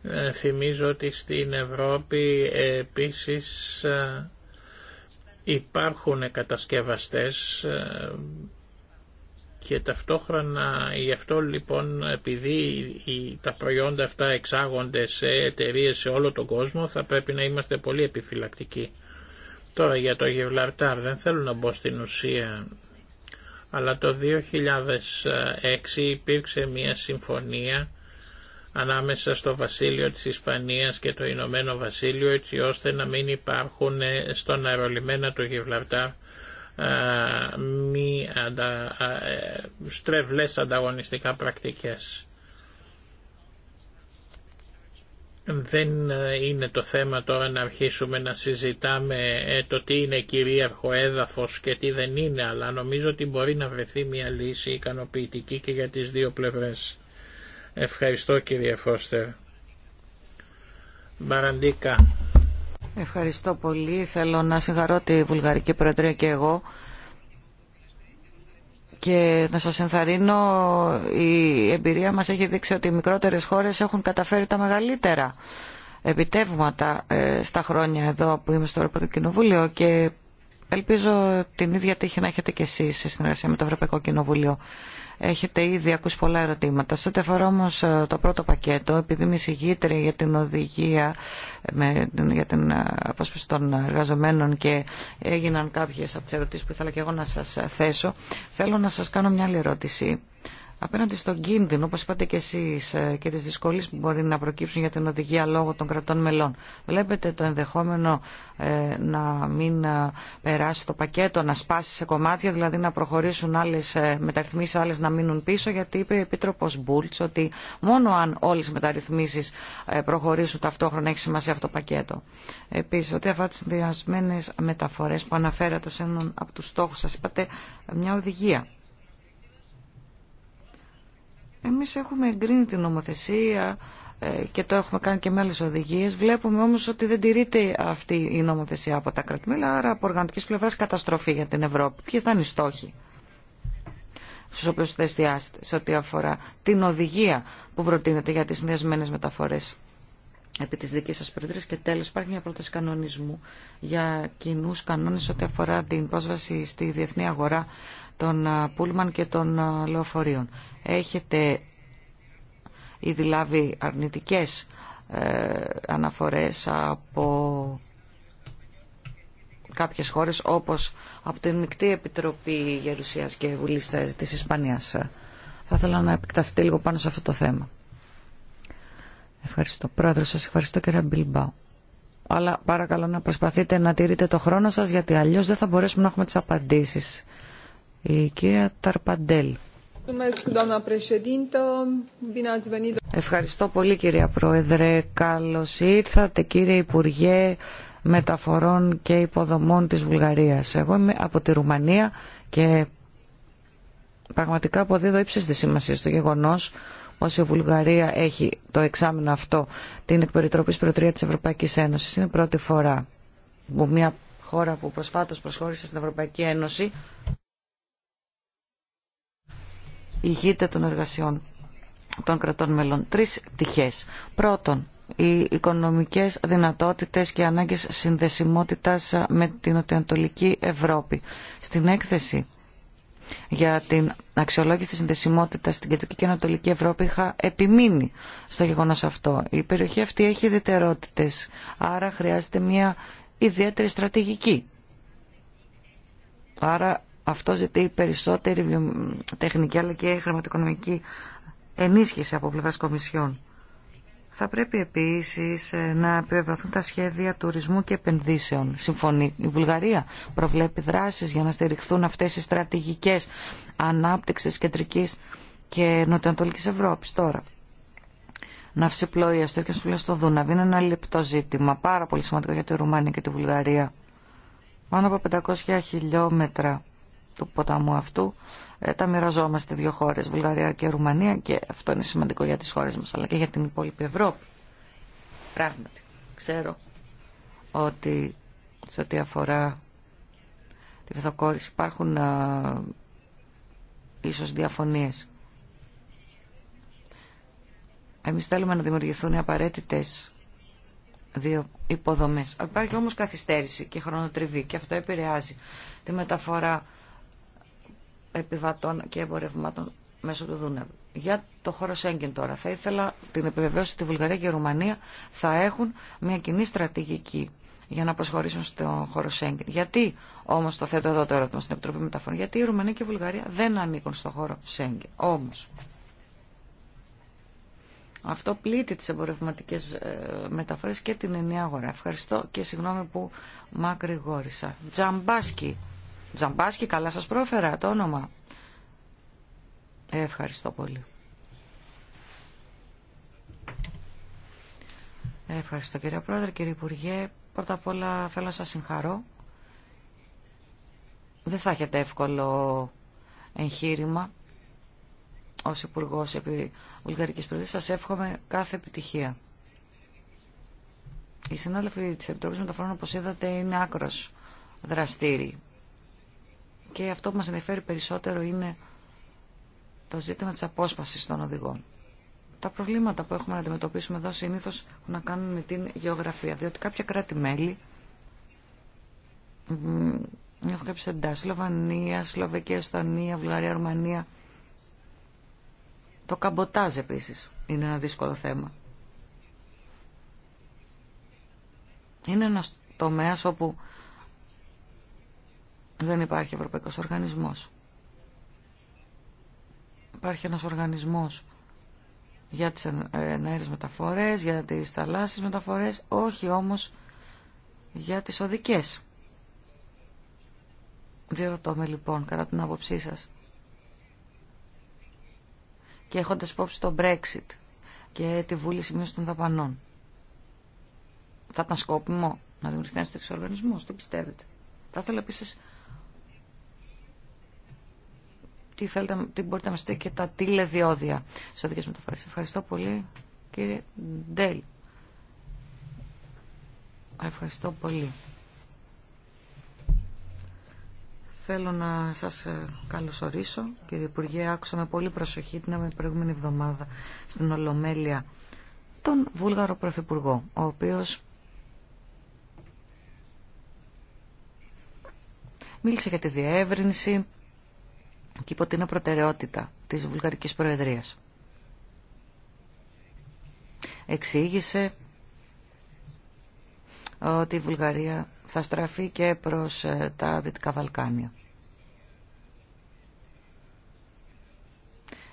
Ε, θυμίζω ότι στην Ευρώπη ε, επίσης ε, υπάρχουν κατασκευαστές και ταυτόχρονα γι' αυτό λοιπόν επειδή τα προϊόντα αυτά εξάγονται σε εταιρείες σε όλο τον κόσμο θα πρέπει να είμαστε πολύ επιφυλακτικοί. Τώρα για το Γιβλαρτάρ δεν θέλω να μπω στην ουσία, αλλά το 2006 υπήρξε μια συμφωνία ανάμεσα στο Βασίλειο της Ισπανίας και το Ηνωμένο Βασίλειο έτσι ώστε να μην υπάρχουν ε, στον αερολιμένα του Γιβλαρτάρ ε, μη ε, στρεβλές ανταγωνιστικά πρακτικές. Δεν ε, είναι το θέμα τώρα να αρχίσουμε να συζητάμε ε, το τι είναι κυρίαρχο έδαφος και τι δεν είναι, αλλά νομίζω ότι μπορεί να βρεθεί μια λύση ικανοποιητική και για τις δύο πλευρές. Ευχαριστώ κύριε Φώστερ. Μπαραντίκα. Ευχαριστώ πολύ. Θέλω να συγχαρώ τη Βουλγαρική Προεδρία και εγώ και να σας ενθαρρύνω, η εμπειρία μας έχει δείξει ότι οι μικρότερες χώρες έχουν καταφέρει τα μεγαλύτερα επιτεύγματα ε, στα χρόνια εδώ που είμαι στο Ευρωπαϊκό Κοινοβούλιο και ελπίζω την ίδια τύχη να έχετε και εσείς σε συνεργασία με το Ευρωπαϊκό Κοινοβούλιο. Έχετε ήδη ακούσει πολλά ερωτήματα. Σε ό,τι αφορά όμω ε, το πρώτο πακέτο, επειδή είμαι εισηγήτρια για την οδηγία με, για την ε, απόσπαση των εργαζομένων και έγιναν κάποιε από τι ερωτήσει που ήθελα και εγώ να σα ε, θέσω, θέλω να σα κάνω μια άλλη ερώτηση Απέναντι στον κίνδυνο, όπω είπατε και εσεί ε, και τι δυσκολίε που μπορεί να προκύψουν για την οδηγία λόγω των κρατών μελών, βλέπετε το ενδεχόμενο ε, να μην ε, περάσει το πακέτο, να σπάσει σε κομμάτια, δηλαδή να προχωρήσουν άλλες μεταρρυθμίσει, άλλε να μείνουν πίσω, γιατί είπε ο Επίτροπος Μπούλτ ότι μόνο αν όλε οι μεταρρυθμίσεις προχωρήσουν ταυτόχρονα έχει σημασία αυτό το πακέτο. Επίση, ότι αφορά τι συνδυασμένε μεταφορέ που αναφέρατε ω έναν από του στόχου, σα είπατε μια οδηγία εμείς έχουμε εγκρίνει την νομοθεσία ε, και το έχουμε κάνει και με άλλες οδηγίες. Βλέπουμε όμως ότι δεν τηρείται αυτή η νομοθεσία από τα κρατημέλα, άρα από οργανωτικής πλευράς καταστροφή για την Ευρώπη. Ποιοι θα είναι οι στόχοι στους οποίους θα εστιάσετε σε ό,τι αφορά την οδηγία που προτείνεται για τις συνδεσμένες μεταφορές επί της δικής σας προεδρίας και τέλος υπάρχει μια πρόταση κανονισμού για κοινούς κανόνες ό,τι αφορά την πρόσβαση στη διεθνή αγορά των πούλμαν και των λεωφορείων. Έχετε ήδη λάβει αρνητικές ε, αναφορές από κάποιες χώρες όπως από την Μικτή Επιτροπή Γερουσίας και Βουλής ε, της Ισπανίας. Θα ήθελα να επεκταθείτε λίγο πάνω σε αυτό το θέμα. Ευχαριστώ πρόεδρο σας, ευχαριστώ κύριε Μπιλμπάου. Αλλά παρακαλώ να προσπαθείτε να τηρείτε το χρόνο σας γιατί αλλιώς δεν θα μπορέσουμε να έχουμε τις απαντήσεις η κυρία Ταρπαντέλ. Ευχαριστώ πολύ κυρία Πρόεδρε. Καλώς ήρθατε κύριε Υπουργέ Μεταφορών και Υποδομών της Βουλγαρίας. Εγώ είμαι από τη Ρουμανία και πραγματικά αποδίδω ύψης της σημασία στο γεγονός πως η Βουλγαρία έχει το εξάμεινο αυτό την εκπεριτροπής προτριά της Ευρωπαϊκής Ένωσης. Είναι πρώτη φορά που μια χώρα που προσφάτως προσχώρησε στην Ευρωπαϊκή Ένωση ηγείται των εργασιών των κρατών μελών. Τρεις πτυχέ. Πρώτον, οι οικονομικές δυνατότητες και ανάγκες συνδεσιμότητας με την Νοτιοανατολική Ευρώπη. Στην έκθεση για την αξιολόγηση της συνδεσιμότητας στην Κεντρική και Ανατολική Ευρώπη είχα επιμείνει στο γεγονός αυτό. Η περιοχή αυτή έχει ιδιαιτερότητες, άρα χρειάζεται μια ιδιαίτερη στρατηγική. Άρα αυτό ζητεί περισσότερη τεχνική αλλά και χρηματοοικονομική ενίσχυση από πλευρά κομισιών. Θα πρέπει επίσης ε, να επιβεβαιωθούν τα σχέδια τουρισμού και επενδύσεων. Συμφωνεί η Βουλγαρία. Προβλέπει δράσεις για να στηριχθούν αυτές οι στρατηγικές ανάπτυξη κεντρικής και νοτιοανατολικής Ευρώπης τώρα. Ναυσιπλοεία, αστέρια σου στο Δούναβι είναι ένα λεπτό ζήτημα, πάρα πολύ σημαντικό για τη Ρουμάνια και τη Βουλγαρία. Πάνω από 500 χιλιόμετρα του ποταμού αυτού ε, τα μοιραζόμαστε δύο χώρες, Βουλγαρία και Ρουμανία και αυτό είναι σημαντικό για τις χώρες μας αλλά και για την υπόλοιπη Ευρώπη. Πράγματι, ξέρω ότι σε ό,τι αφορά τη βεθοκόρηση υπάρχουν α, ίσως διαφωνίες. Εμείς θέλουμε να δημιουργηθούν οι απαραίτητες δύο υποδομές. Υπάρχει όμως καθυστέρηση και χρονοτριβή και αυτό επηρεάζει τη μεταφορά επιβατών και εμπορευμάτων μέσω του Δούνευ. Για το χώρο Σέγγεν τώρα θα ήθελα την επιβεβαίωση ότι η Βουλγαρία και η Ρουμανία θα έχουν μια κοινή στρατηγική για να προσχωρήσουν στο χώρο Σέγγεν. Γιατί όμω το θέτω εδώ το ερώτημα στην Επιτροπή Μεταφορών, γιατί η Ρουμανία και η Βουλγαρία δεν ανήκουν στο χώρο Σέγγεν. Όμω αυτό πλήττει τι εμπορευματικέ ε, μεταφορέ και την ενιαία αγορά. Ευχαριστώ και συγγνώμη που μακρηγόρησα. Τζαμπάσκι. Τζαμπάσκι, καλά σας πρόφερα το όνομα. Ε, ευχαριστώ πολύ. Ε, ευχαριστώ κύριε Πρόεδρε, κύριε Υπουργέ. Πρώτα απ' όλα θέλω να σας συγχαρώ. Δεν θα έχετε εύκολο εγχείρημα ως υπουργό επί Βουλγαρικής Προεδρίας. Σας εύχομαι κάθε επιτυχία. Οι συνάδελφοι της Επιτροπής Μεταφορών, όπως είδατε, είναι άκρος δραστήριοι και αυτό που μας ενδιαφέρει περισσότερο είναι το ζήτημα της απόσπασης των οδηγών. Τα προβλήματα που έχουμε να αντιμετωπίσουμε εδώ συνήθω έχουν να κάνουν με την γεωγραφία, διότι κάποια κράτη-μέλη έχουν κάποιες εντάσεις, Σλοβανία, Σλοβεκία, Εστονία, Βουλγαρία, Ρουμανία. Το καμποτάζ επίσης είναι ένα δύσκολο θέμα. Είναι ένας τομέας όπου δεν υπάρχει ευρωπαϊκός οργανισμός. Υπάρχει ένας οργανισμός για τις ενέργειες ε, μεταφορές, για τις θαλάσσιες μεταφορές, όχι όμως για τις οδικές. Διερωτώ με λοιπόν κατά την άποψή σας. Και έχοντας υπόψη το Brexit και τη βούληση μείωση των δαπανών. Θα ήταν σκόπιμο να δημιουργηθεί ένα τέτοιο οργανισμό, τι πιστεύετε. Θα ήθελα επίσης τι, θέλετε, τι μπορείτε να μας δείτε και τα τηλεδιόδια στις οδικές μεταφορές. Ευχαριστώ πολύ κύριε Ντέλ. Ευχαριστώ πολύ. Θέλω να σας ε, καλωσορίσω, κύριε Υπουργέ. Άκουσα με πολύ προσοχή την προηγούμενη εβδομάδα στην Ολομέλεια τον Βούλγαρο Πρωθυπουργό, ο οποίος μίλησε για τη διεύρυνση, και υπό την προτεραιότητα της Βουλγαρικής Προεδρίας. Εξήγησε ότι η Βουλγαρία θα στραφεί και προς ε, τα Δυτικά Βαλκάνια.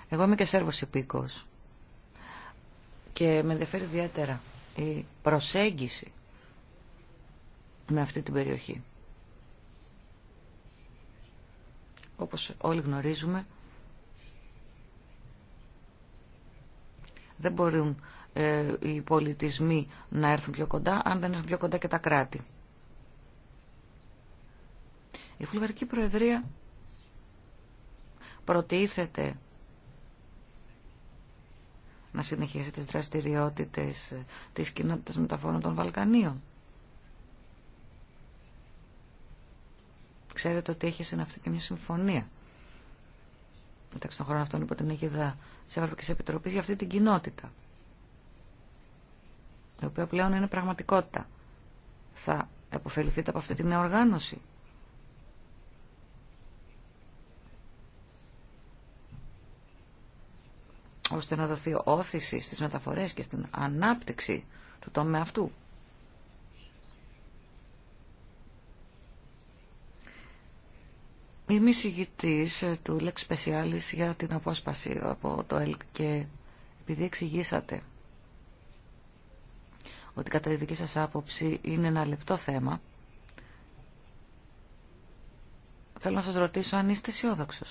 Εγώ είμαι και Σέρβος υπήκος και με ενδιαφέρει ιδιαίτερα η προσέγγιση με αυτή την περιοχή. όπως όλοι γνωρίζουμε, δεν μπορούν ε, οι πολιτισμοί να έρθουν πιο κοντά, αν δεν έρθουν πιο κοντά και τα κράτη. Η Βουλγαρική Προεδρία προτίθεται να συνεχίσει τις δραστηριότητες ε, της κοινότητας μεταφόρων των Βαλκανίων. Ξέρετε ότι έχει συναυθεί και μια συμφωνία μεταξύ των χωρών αυτών υπό λοιπόν, την αιγίδα τη Ευρωπαϊκή Επιτροπή για αυτή την κοινότητα. Η οποία πλέον είναι πραγματικότητα. Θα επωφεληθείτε από αυτή τη νέα οργάνωση. ώστε να δοθεί όθηση στις μεταφορές και στην ανάπτυξη του τομέα αυτού. Είμαι εισηγητής ε, του Lex Specialis για την απόσπαση από το ΕΛΚ και επειδή εξηγήσατε ότι κατά τη δική σας άποψη είναι ένα λεπτό θέμα, θέλω να σας ρωτήσω αν είστε αισιόδοξο.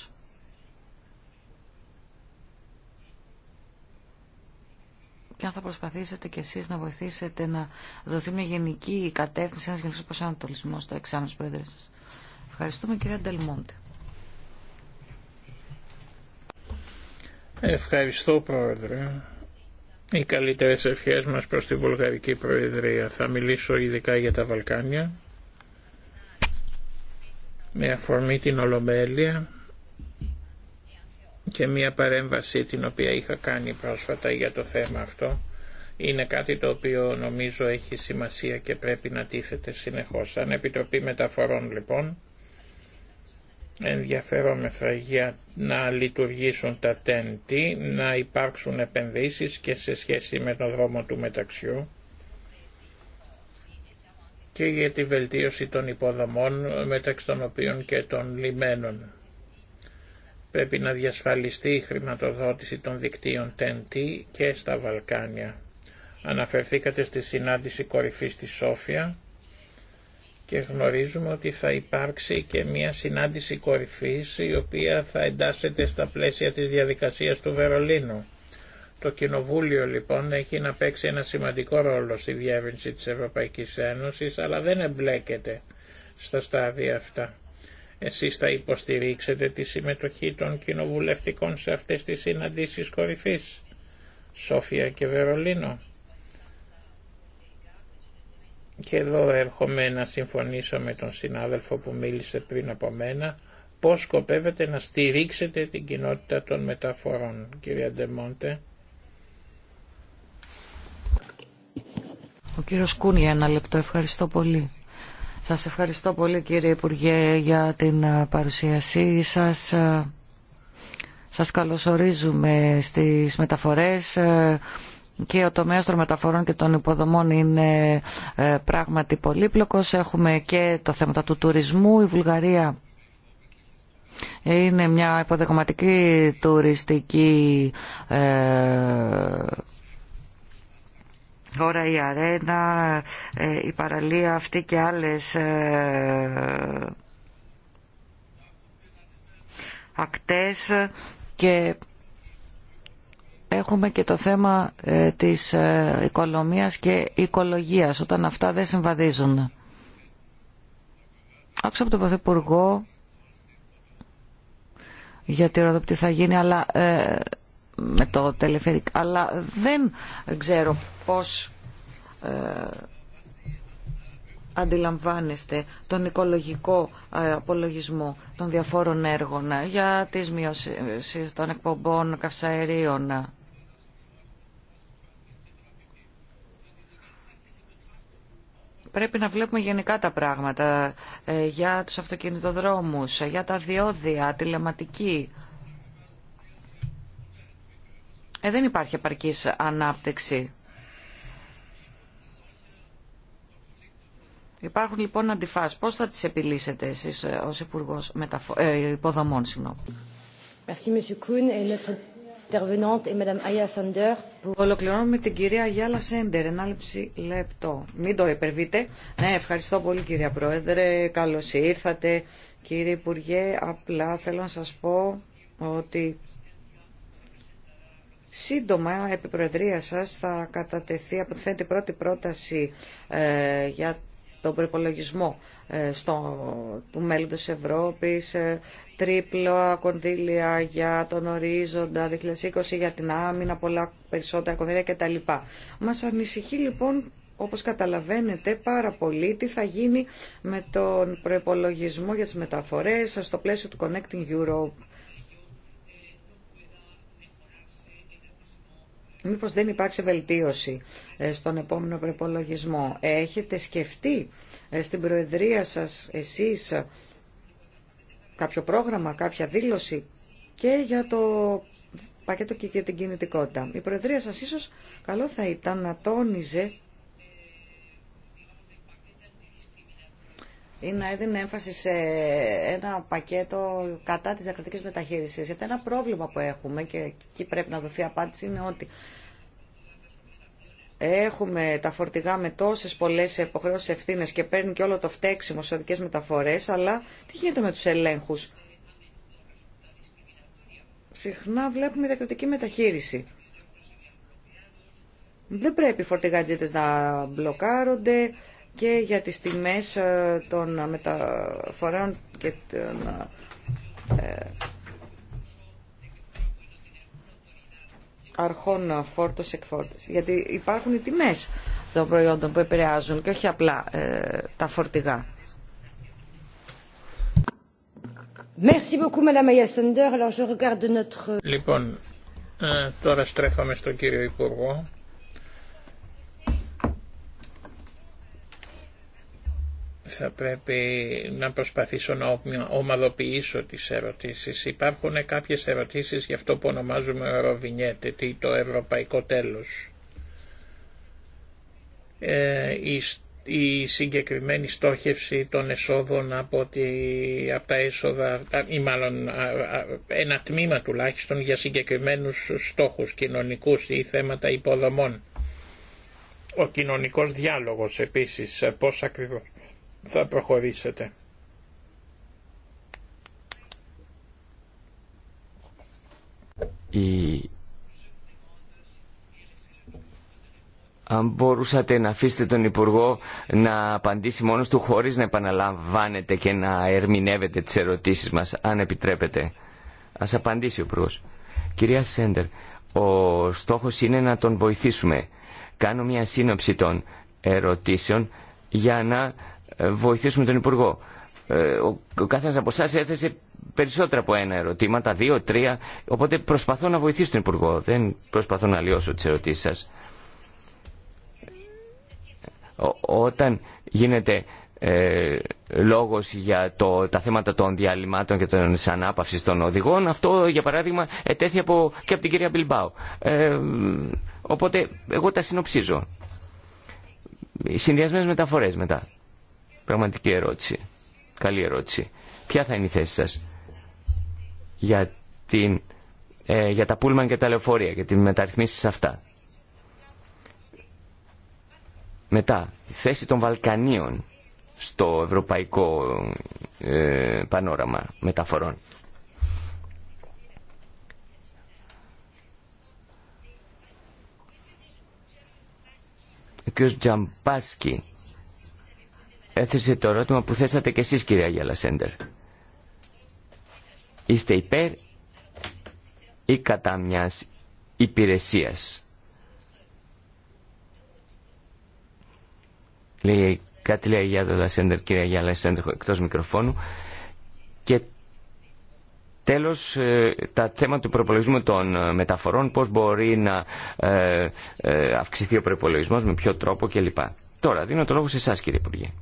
και αν θα προσπαθήσετε κι εσείς να βοηθήσετε να δοθεί μια γενική κατεύθυνση, ένας γενικός προσανατολισμός στο εξάμεινο της Πρόεδρες σας. Ευχαριστούμε κυρία Ντελμόντε. Ευχαριστώ πρόεδρε. Οι καλύτερες ευχές μας προς την Βουλγαρική Προεδρία. Θα μιλήσω ειδικά για τα Βαλκάνια με αφορμή την Ολομέλεια και μια παρέμβαση την οποία είχα κάνει πρόσφατα για το θέμα αυτό είναι κάτι το οποίο νομίζω έχει σημασία και πρέπει να τίθεται συνεχώς. Σαν Επιτροπή Μεταφορών λοιπόν Ενδιαφέρομαι για να λειτουργήσουν τα TNT, να υπάρξουν επενδύσεις και σε σχέση με τον δρόμο του μεταξιού και για τη βελτίωση των υποδομών μεταξύ των οποίων και των λιμένων. Πρέπει να διασφαλιστεί η χρηματοδότηση των δικτύων TNT και στα Βαλκάνια. Αναφερθήκατε στη συνάντηση κορυφής στη Σόφια και γνωρίζουμε ότι θα υπάρξει και μια συνάντηση κορυφής η οποία θα εντάσσεται στα πλαίσια της διαδικασίας του Βερολίνου. Το Κοινοβούλιο λοιπόν έχει να παίξει ένα σημαντικό ρόλο στη διεύρυνση της Ευρωπαϊκής Ένωσης αλλά δεν εμπλέκεται στα στάδια αυτά. Εσείς θα υποστηρίξετε τη συμμετοχή των κοινοβουλευτικών σε αυτές τις συναντήσεις κορυφής. Σόφια και Βερολίνο και εδώ έρχομαι να συμφωνήσω με τον συνάδελφο που μίλησε πριν από μένα, πώς σκοπεύετε να στηρίξετε την κοινότητα των μεταφορών, κύριε Ντεμόντε. Ο κύριος Κούνι, ένα λεπτό. Ευχαριστώ πολύ. Σας ευχαριστώ πολύ κύριε Υπουργέ για την παρουσίασή σας. Σας καλωσορίζουμε στις μεταφορές και ο τομέας των μεταφορών και των υποδομών είναι ε, πράγματι πολύπλοκος. Έχουμε και το θέμα του τουρισμού. Η Βουλγαρία είναι μια υποδεχματική τουριστική ε, χώρα, η αρένα, ε, η παραλία αυτή και άλλες ακτές και έχουμε και το θέμα ε, της ε, οικονομίας και οικολογίας όταν αυτά δεν συμβαδίζουν. Άκουσα από τον Πρωθυπουργό γιατί ρωτώ τι θα γίνει αλλά, ε, με το τελεφερικ, αλλά δεν ξέρω πώς ε, αντιλαμβάνεστε τον οικολογικό απολογισμό των διαφόρων έργων για τις μειώσεις των εκπομπών καυσαερίων πρέπει να βλέπουμε γενικά τα πράγματα ε, για τους αυτοκινητοδρόμους, ε, για τα διόδια, τηλεματική. Ε, δεν υπάρχει επαρκής ανάπτυξη. Υπάρχουν λοιπόν αντιφάσεις. Πώς θα τις επιλύσετε εσείς ε, ως Υπουργός Μεταφο... Υποδομών. Συγγνώμη με την κυρία Γιάλα Σέντερ, ενάληψη λεπτό. Μην το υπερβείτε. Ναι, ευχαριστώ πολύ κυρία Πρόεδρε, καλώς ήρθατε. Κύριε Υπουργέ, απλά θέλω να σας πω ότι σύντομα επί Προεδρία σας θα κατατεθεί από την πρώτη πρόταση ε, για τον προπολογισμό ε, στο, του μέλλοντος Ευρώπης, ε, τρίπλο κονδύλια για τον ορίζοντα 2020, για την άμυνα, πολλά περισσότερα κονδύλια κτλ. Μας ανησυχεί λοιπόν όπως καταλαβαίνετε πάρα πολύ τι θα γίνει με τον προπολογισμό για τις μεταφορές στο πλαίσιο του Connecting Europe μήπως δεν υπάρξει βελτίωση ε, στον επόμενο προπολογισμό. Έχετε σκεφτεί ε, στην Προεδρία σας εσείς ε, κάποιο πρόγραμμα, κάποια δήλωση και για το πακέτο και για την κινητικότητα. Η Προεδρία σας ίσως καλό θα ήταν να τόνιζε ή να έδινε έμφαση σε ένα πακέτο κατά της διακριτικής μεταχείρισης. Γιατί ένα πρόβλημα που έχουμε και εκεί πρέπει να δοθεί απάντηση είναι ότι έχουμε τα φορτηγά με τόσες πολλές υποχρεώσεις ευθύνε και παίρνει και όλο το φταίξιμο σε οδικές μεταφορές, αλλά τι γίνεται με τους ελέγχους. Συχνά βλέπουμε διακριτική μεταχείριση. Δεν πρέπει οι φορτηγατζίτες να μπλοκάρονται, και για τις τιμές ε, των μεταφορών και των ε, αρχών φόρτωση εκφόρτωση. Γιατί υπάρχουν οι τιμές των προϊόντων που επηρεάζουν και όχι απλά ε, τα φορτηγά. Λοιπόν, τώρα στρέφαμε στον κύριο Υπουργό. θα πρέπει να προσπαθήσω να ομαδοποιήσω τις ερωτήσεις. Υπάρχουν κάποιες ερωτήσεις για αυτό που ονομάζουμε Ευρωβινιέτε, τι το ευρωπαϊκό τέλος. Ε, η, η, συγκεκριμένη στόχευση των εσόδων από, από τα έσοδα, ή μάλλον ένα τμήμα τουλάχιστον για συγκεκριμένους στόχους κοινωνικούς ή θέματα υποδομών. Ο κοινωνικός διάλογος επίσης, πώς ακριβώς θα προχωρήσετε. Η... Αν μπορούσατε να αφήσετε τον Υπουργό να απαντήσει μόνος του χωρίς να επαναλαμβάνετε και να ερμηνεύετε τις ερωτήσεις μας, αν επιτρέπετε. Ας απαντήσει ο Υπουργός. Κυρία Σέντερ, ο στόχος είναι να τον βοηθήσουμε. Κάνω μια σύνοψη των ερωτήσεων για να ε, βοηθήσουμε τον Υπουργό. Ε, ο κάθες από εσά έθεσε περισσότερα από ένα ερωτήματα, δύο, τρία, οπότε προσπαθώ να βοηθήσω τον Υπουργό, δεν προσπαθώ να αλλοιώσω τι ερωτήσει σα. Όταν γίνεται ε, λόγος για το, τα θέματα των διαλυμάτων και των ανάπαυση των οδηγών. Αυτό, για παράδειγμα, ετέθη από, και από την κυρία Μπιλμπάου. Ε, οπότε, εγώ τα συνοψίζω. Συνδυασμένε μεταφορέ μετά. Πραγματική ερώτηση. Καλή ερώτηση. Ποια θα είναι η θέση σας για, την, ε, για τα πούλμαν και τα λεωφορεία και τις μεταρρυθμίσεις αυτά. Μετά, η θέση των Βαλκανίων στο ευρωπαϊκό ε, πανόραμα μεταφορών. Ο κ. Τζαμπάσκι έθεσε το ερώτημα που θέσατε και εσείς κυρία Γιάλα Σέντερ. Είστε υπέρ ή κατά μιας υπηρεσίας. Λέει, κάτι λέει για το Σέντερ, κυρία γιαννα Σέντερ, εκτός μικροφώνου. Και Τέλος, ε, τα θέματα του προπολογισμού των ε, μεταφορών, πώς μπορεί να ε, αυξηθεί ο προπολογισμό με ποιο τρόπο κλπ. Τώρα, δίνω το λόγο σε εσά κύριε Υπουργέ.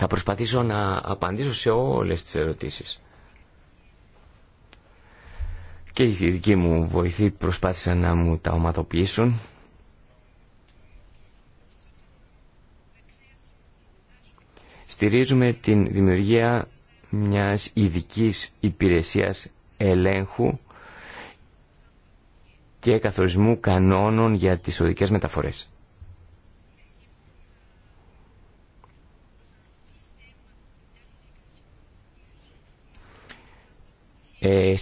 Θα προσπαθήσω να απαντήσω σε όλες τις ερωτήσεις. Και οι δικοί μου βοηθοί προσπάθησαν να μου τα ομαδοποιήσουν. Στηρίζουμε την δημιουργία μιας ειδική υπηρεσίας ελέγχου και καθορισμού κανόνων για τις οδικές μεταφορές. Ε,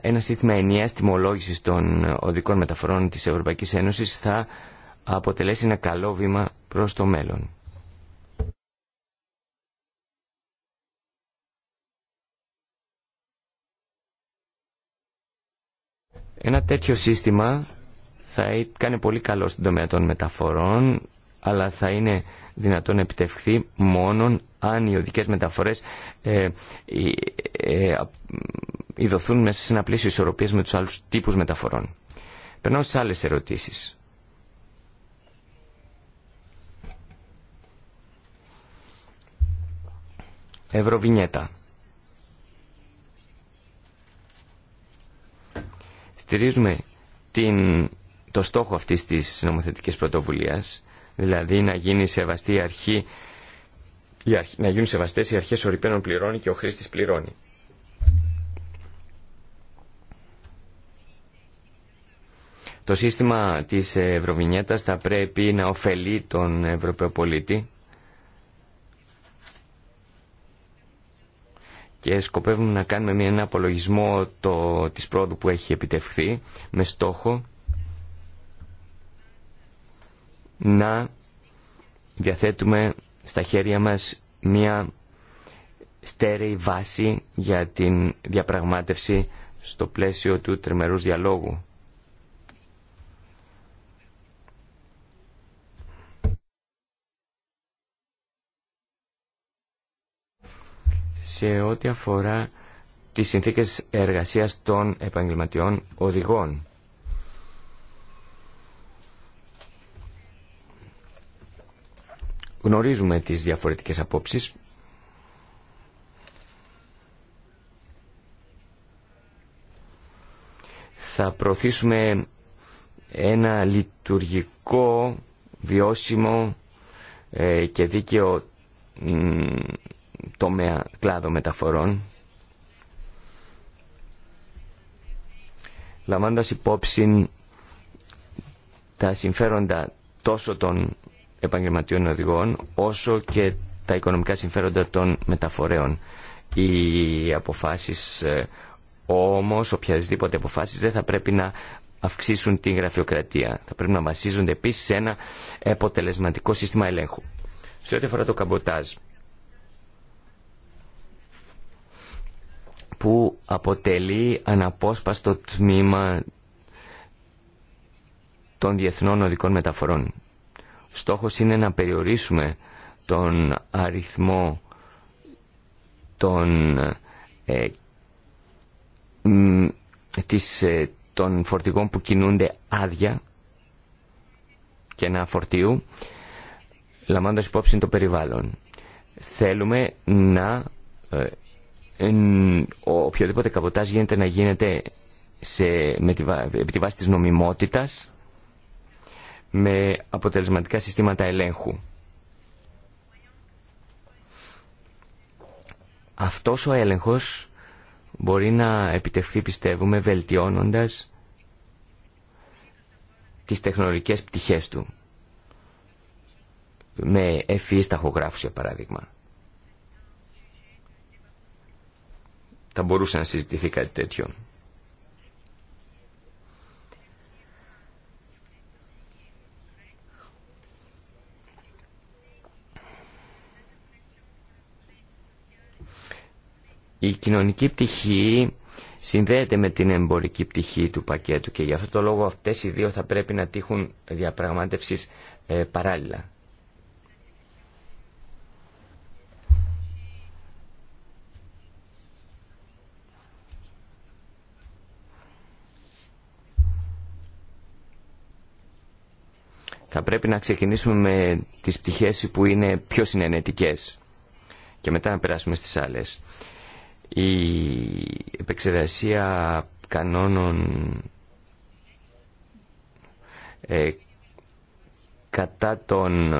ένα σύστημα ενιαίας τιμολόγησης των οδικών μεταφορών της Ευρωπαϊκής Ένωσης θα αποτελέσει ένα καλό βήμα προς το μέλλον. Ένα τέτοιο σύστημα θα κάνει πολύ καλό στην τομέα των μεταφορών, αλλά θα είναι δυνατόν να επιτευχθεί μόνον αν οι οδικές μεταφορές ε, ε, ε μέσα σε ένα πλαίσιο με τους άλλους τύπους μεταφορών. Περνάω στις άλλες ερωτήσεις. Ευρωβινιέτα. Στηρίζουμε την, το στόχο αυτής της νομοθετικής πρωτοβουλίας, δηλαδή να γίνει σεβαστή αρχή να γίνουν σεβαστές οι αρχές ορυπαίνων πληρώνει και ο χρήστης πληρώνει. Το σύστημα της Ευρωβινιέτας θα πρέπει να ωφελεί τον Ευρωπαίο πολίτη και σκοπεύουμε να κάνουμε ένα απολογισμό το, της πρόοδου που έχει επιτευχθεί με στόχο να διαθέτουμε στα χέρια μας μια στέρεη βάση για την διαπραγμάτευση στο πλαίσιο του τριμερούς διαλόγου. Σε ό,τι αφορά τις συνθήκες εργασίας των επαγγελματιών οδηγών. γνωρίζουμε τις διαφορετικές απόψεις. Θα προωθήσουμε ένα λειτουργικό, βιώσιμο ε, και δίκαιο τομέα κλάδο μεταφορών λαμβάνοντας υπόψη τα συμφέροντα τόσο των επαγγελματιών οδηγών όσο και τα οικονομικά συμφέροντα των μεταφορέων. Οι αποφάσεις ε, όμως, οποιασδήποτε αποφάσεις δεν θα πρέπει να αυξήσουν την γραφειοκρατία. Θα πρέπει να βασίζονται επίσης σε ένα αποτελεσματικό σύστημα ελέγχου. Σε ό,τι αφορά το καμποτάζ, που αποτελεί αναπόσπαστο τμήμα των διεθνών οδικών μεταφορών. Στόχος είναι να περιορίσουμε τον αριθμό των, ε, της, ε, των φορτηγών που κινούνται άδεια και ένα φορτίου, λαμβάνοντας υπόψη το περιβάλλον. Θέλουμε να... Ε, ο οποιοδήποτε καποτάζ γίνεται να γίνεται σε, με τη, επί τη βάση νομιμότητας με αποτελεσματικά συστήματα ελέγχου. Αυτός ο έλεγχος μπορεί να επιτευχθεί, πιστεύουμε, βελτιώνοντας τις τεχνολογικές πτυχές του. Με ευφυείς ταχογράφους, για παράδειγμα. Θα μπορούσε να συζητηθεί κάτι τέτοιο. Η κοινωνική πτυχή συνδέεται με την εμπορική πτυχή του πακέτου και γι' αυτό το λόγο αυτές οι δύο θα πρέπει να τύχουν διαπραγμάτευσης ε, παράλληλα. Θα πρέπει να ξεκινήσουμε με τις πτυχές που είναι πιο συνενετικές και μετά να περάσουμε στις άλλες η επεξεργασία κανόνων ε, κατά των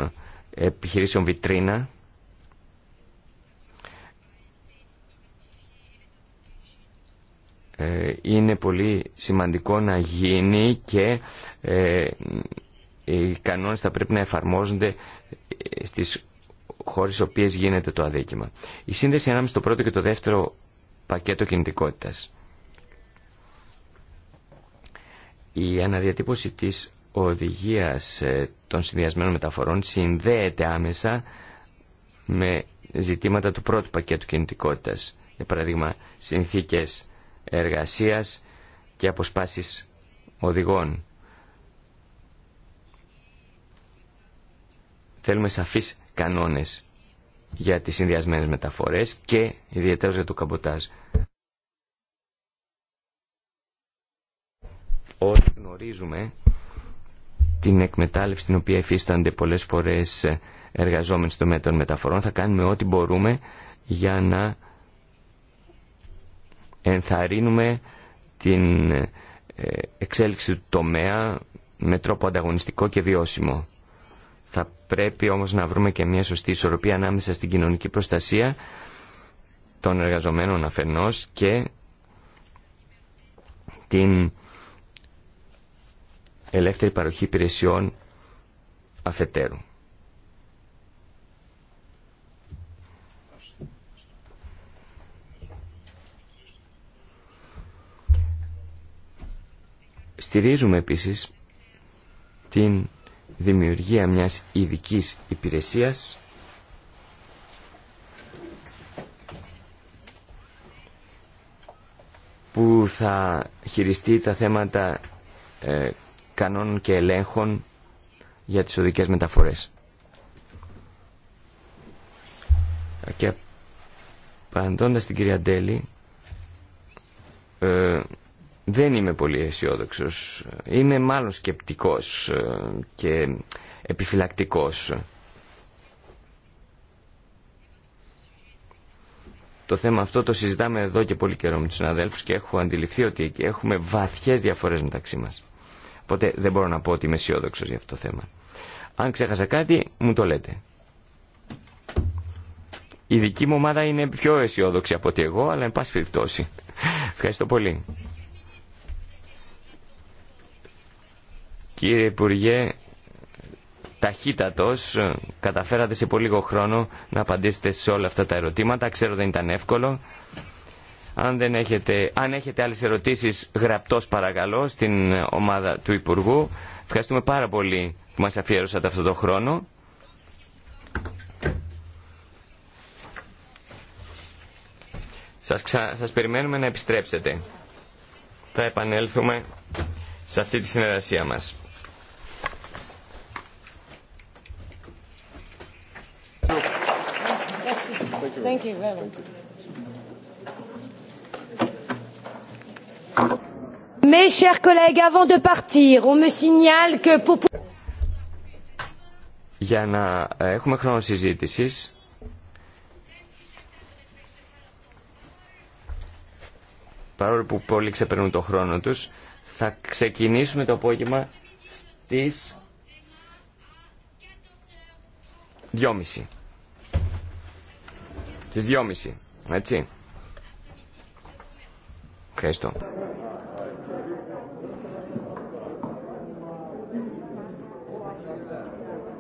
επιχειρήσεων βιτρίνα ε, είναι πολύ σημαντικό να γίνει και ε, οι κανόνες θα πρέπει να εφαρμόζονται στις χώρες οποίες γίνεται το αδίκημα. Η σύνδεση ανάμεσα στο πρώτο και το δεύτερο πακέτο κινητικότητας. Η αναδιατύπωση της οδηγίας ε, των συνδυασμένων μεταφορών συνδέεται άμεσα με ζητήματα του πρώτου πακέτου κινητικότητας. Για παράδειγμα, συνθήκες εργασίας και αποσπάσεις οδηγών. Θέλουμε σαφείς κανόνες για τις συνδυασμένες μεταφορές και ιδιαίτερα για το καμποτάζ. Όλοι γνωρίζουμε την εκμετάλλευση την οποία υφίστανται πολλές φορές εργαζόμενοι στο μέτρο των μεταφορών. Θα κάνουμε ό,τι μπορούμε για να ενθαρρύνουμε την ε, εξέλιξη του τομέα με τρόπο ανταγωνιστικό και βιώσιμο. Θα πρέπει όμως να βρούμε και μια σωστή ισορροπία ανάμεσα στην κοινωνική προστασία των εργαζομένων αφενός και την ελεύθερη παροχή υπηρεσιών αφετέρου. Στηρίζουμε επίσης την δημιουργία μιας ειδική υπηρεσίας που θα χειριστεί τα θέματα ε, κανόνων και ελέγχων για τις οδικές μεταφορές. Και απαντώντας την κυρία Ντέλη, ε, δεν είμαι πολύ αισιόδοξο. Είμαι μάλλον σκεπτικός ε, και επιφυλακτικός. Το θέμα αυτό το συζητάμε εδώ και πολύ καιρό με του συναδέλφους και έχω αντιληφθεί ότι έχουμε βαθιές διαφορές μεταξύ μας. Οπότε δεν μπορώ να πω ότι είμαι αισιόδοξο για αυτό το θέμα. Αν ξέχασα κάτι, μου το λέτε. Η δική μου ομάδα είναι πιο αισιόδοξη από ότι εγώ, αλλά εν πάση περιπτώσει. *laughs* Ευχαριστώ πολύ. Κύριε Υπουργέ, ταχύτατος καταφέρατε σε πολύ λίγο χρόνο να απαντήσετε σε όλα αυτά τα ερωτήματα. Ξέρω δεν ήταν εύκολο. Αν, δεν έχετε, αν έχετε άλλες ερωτήσεις, γραπτός παρακαλώ στην ομάδα του Υπουργού. Ευχαριστούμε πάρα πολύ που μας αφιέρωσατε αυτό το χρόνο. Σας, σας περιμένουμε να επιστρέψετε. Θα επανέλθουμε σε αυτή τη συνεργασία μας. Thank you very much. Mes chers collègues, avant de partir, on me signale que pour... Για να έχουμε χρόνο συζήτησης, παρόλο που πολλοί ξεπερνούν το χρόνο τους, θα ξεκινήσουμε το απόγευμα στις 2.30. Στις 2.30. Έτσι. Ευχαριστώ.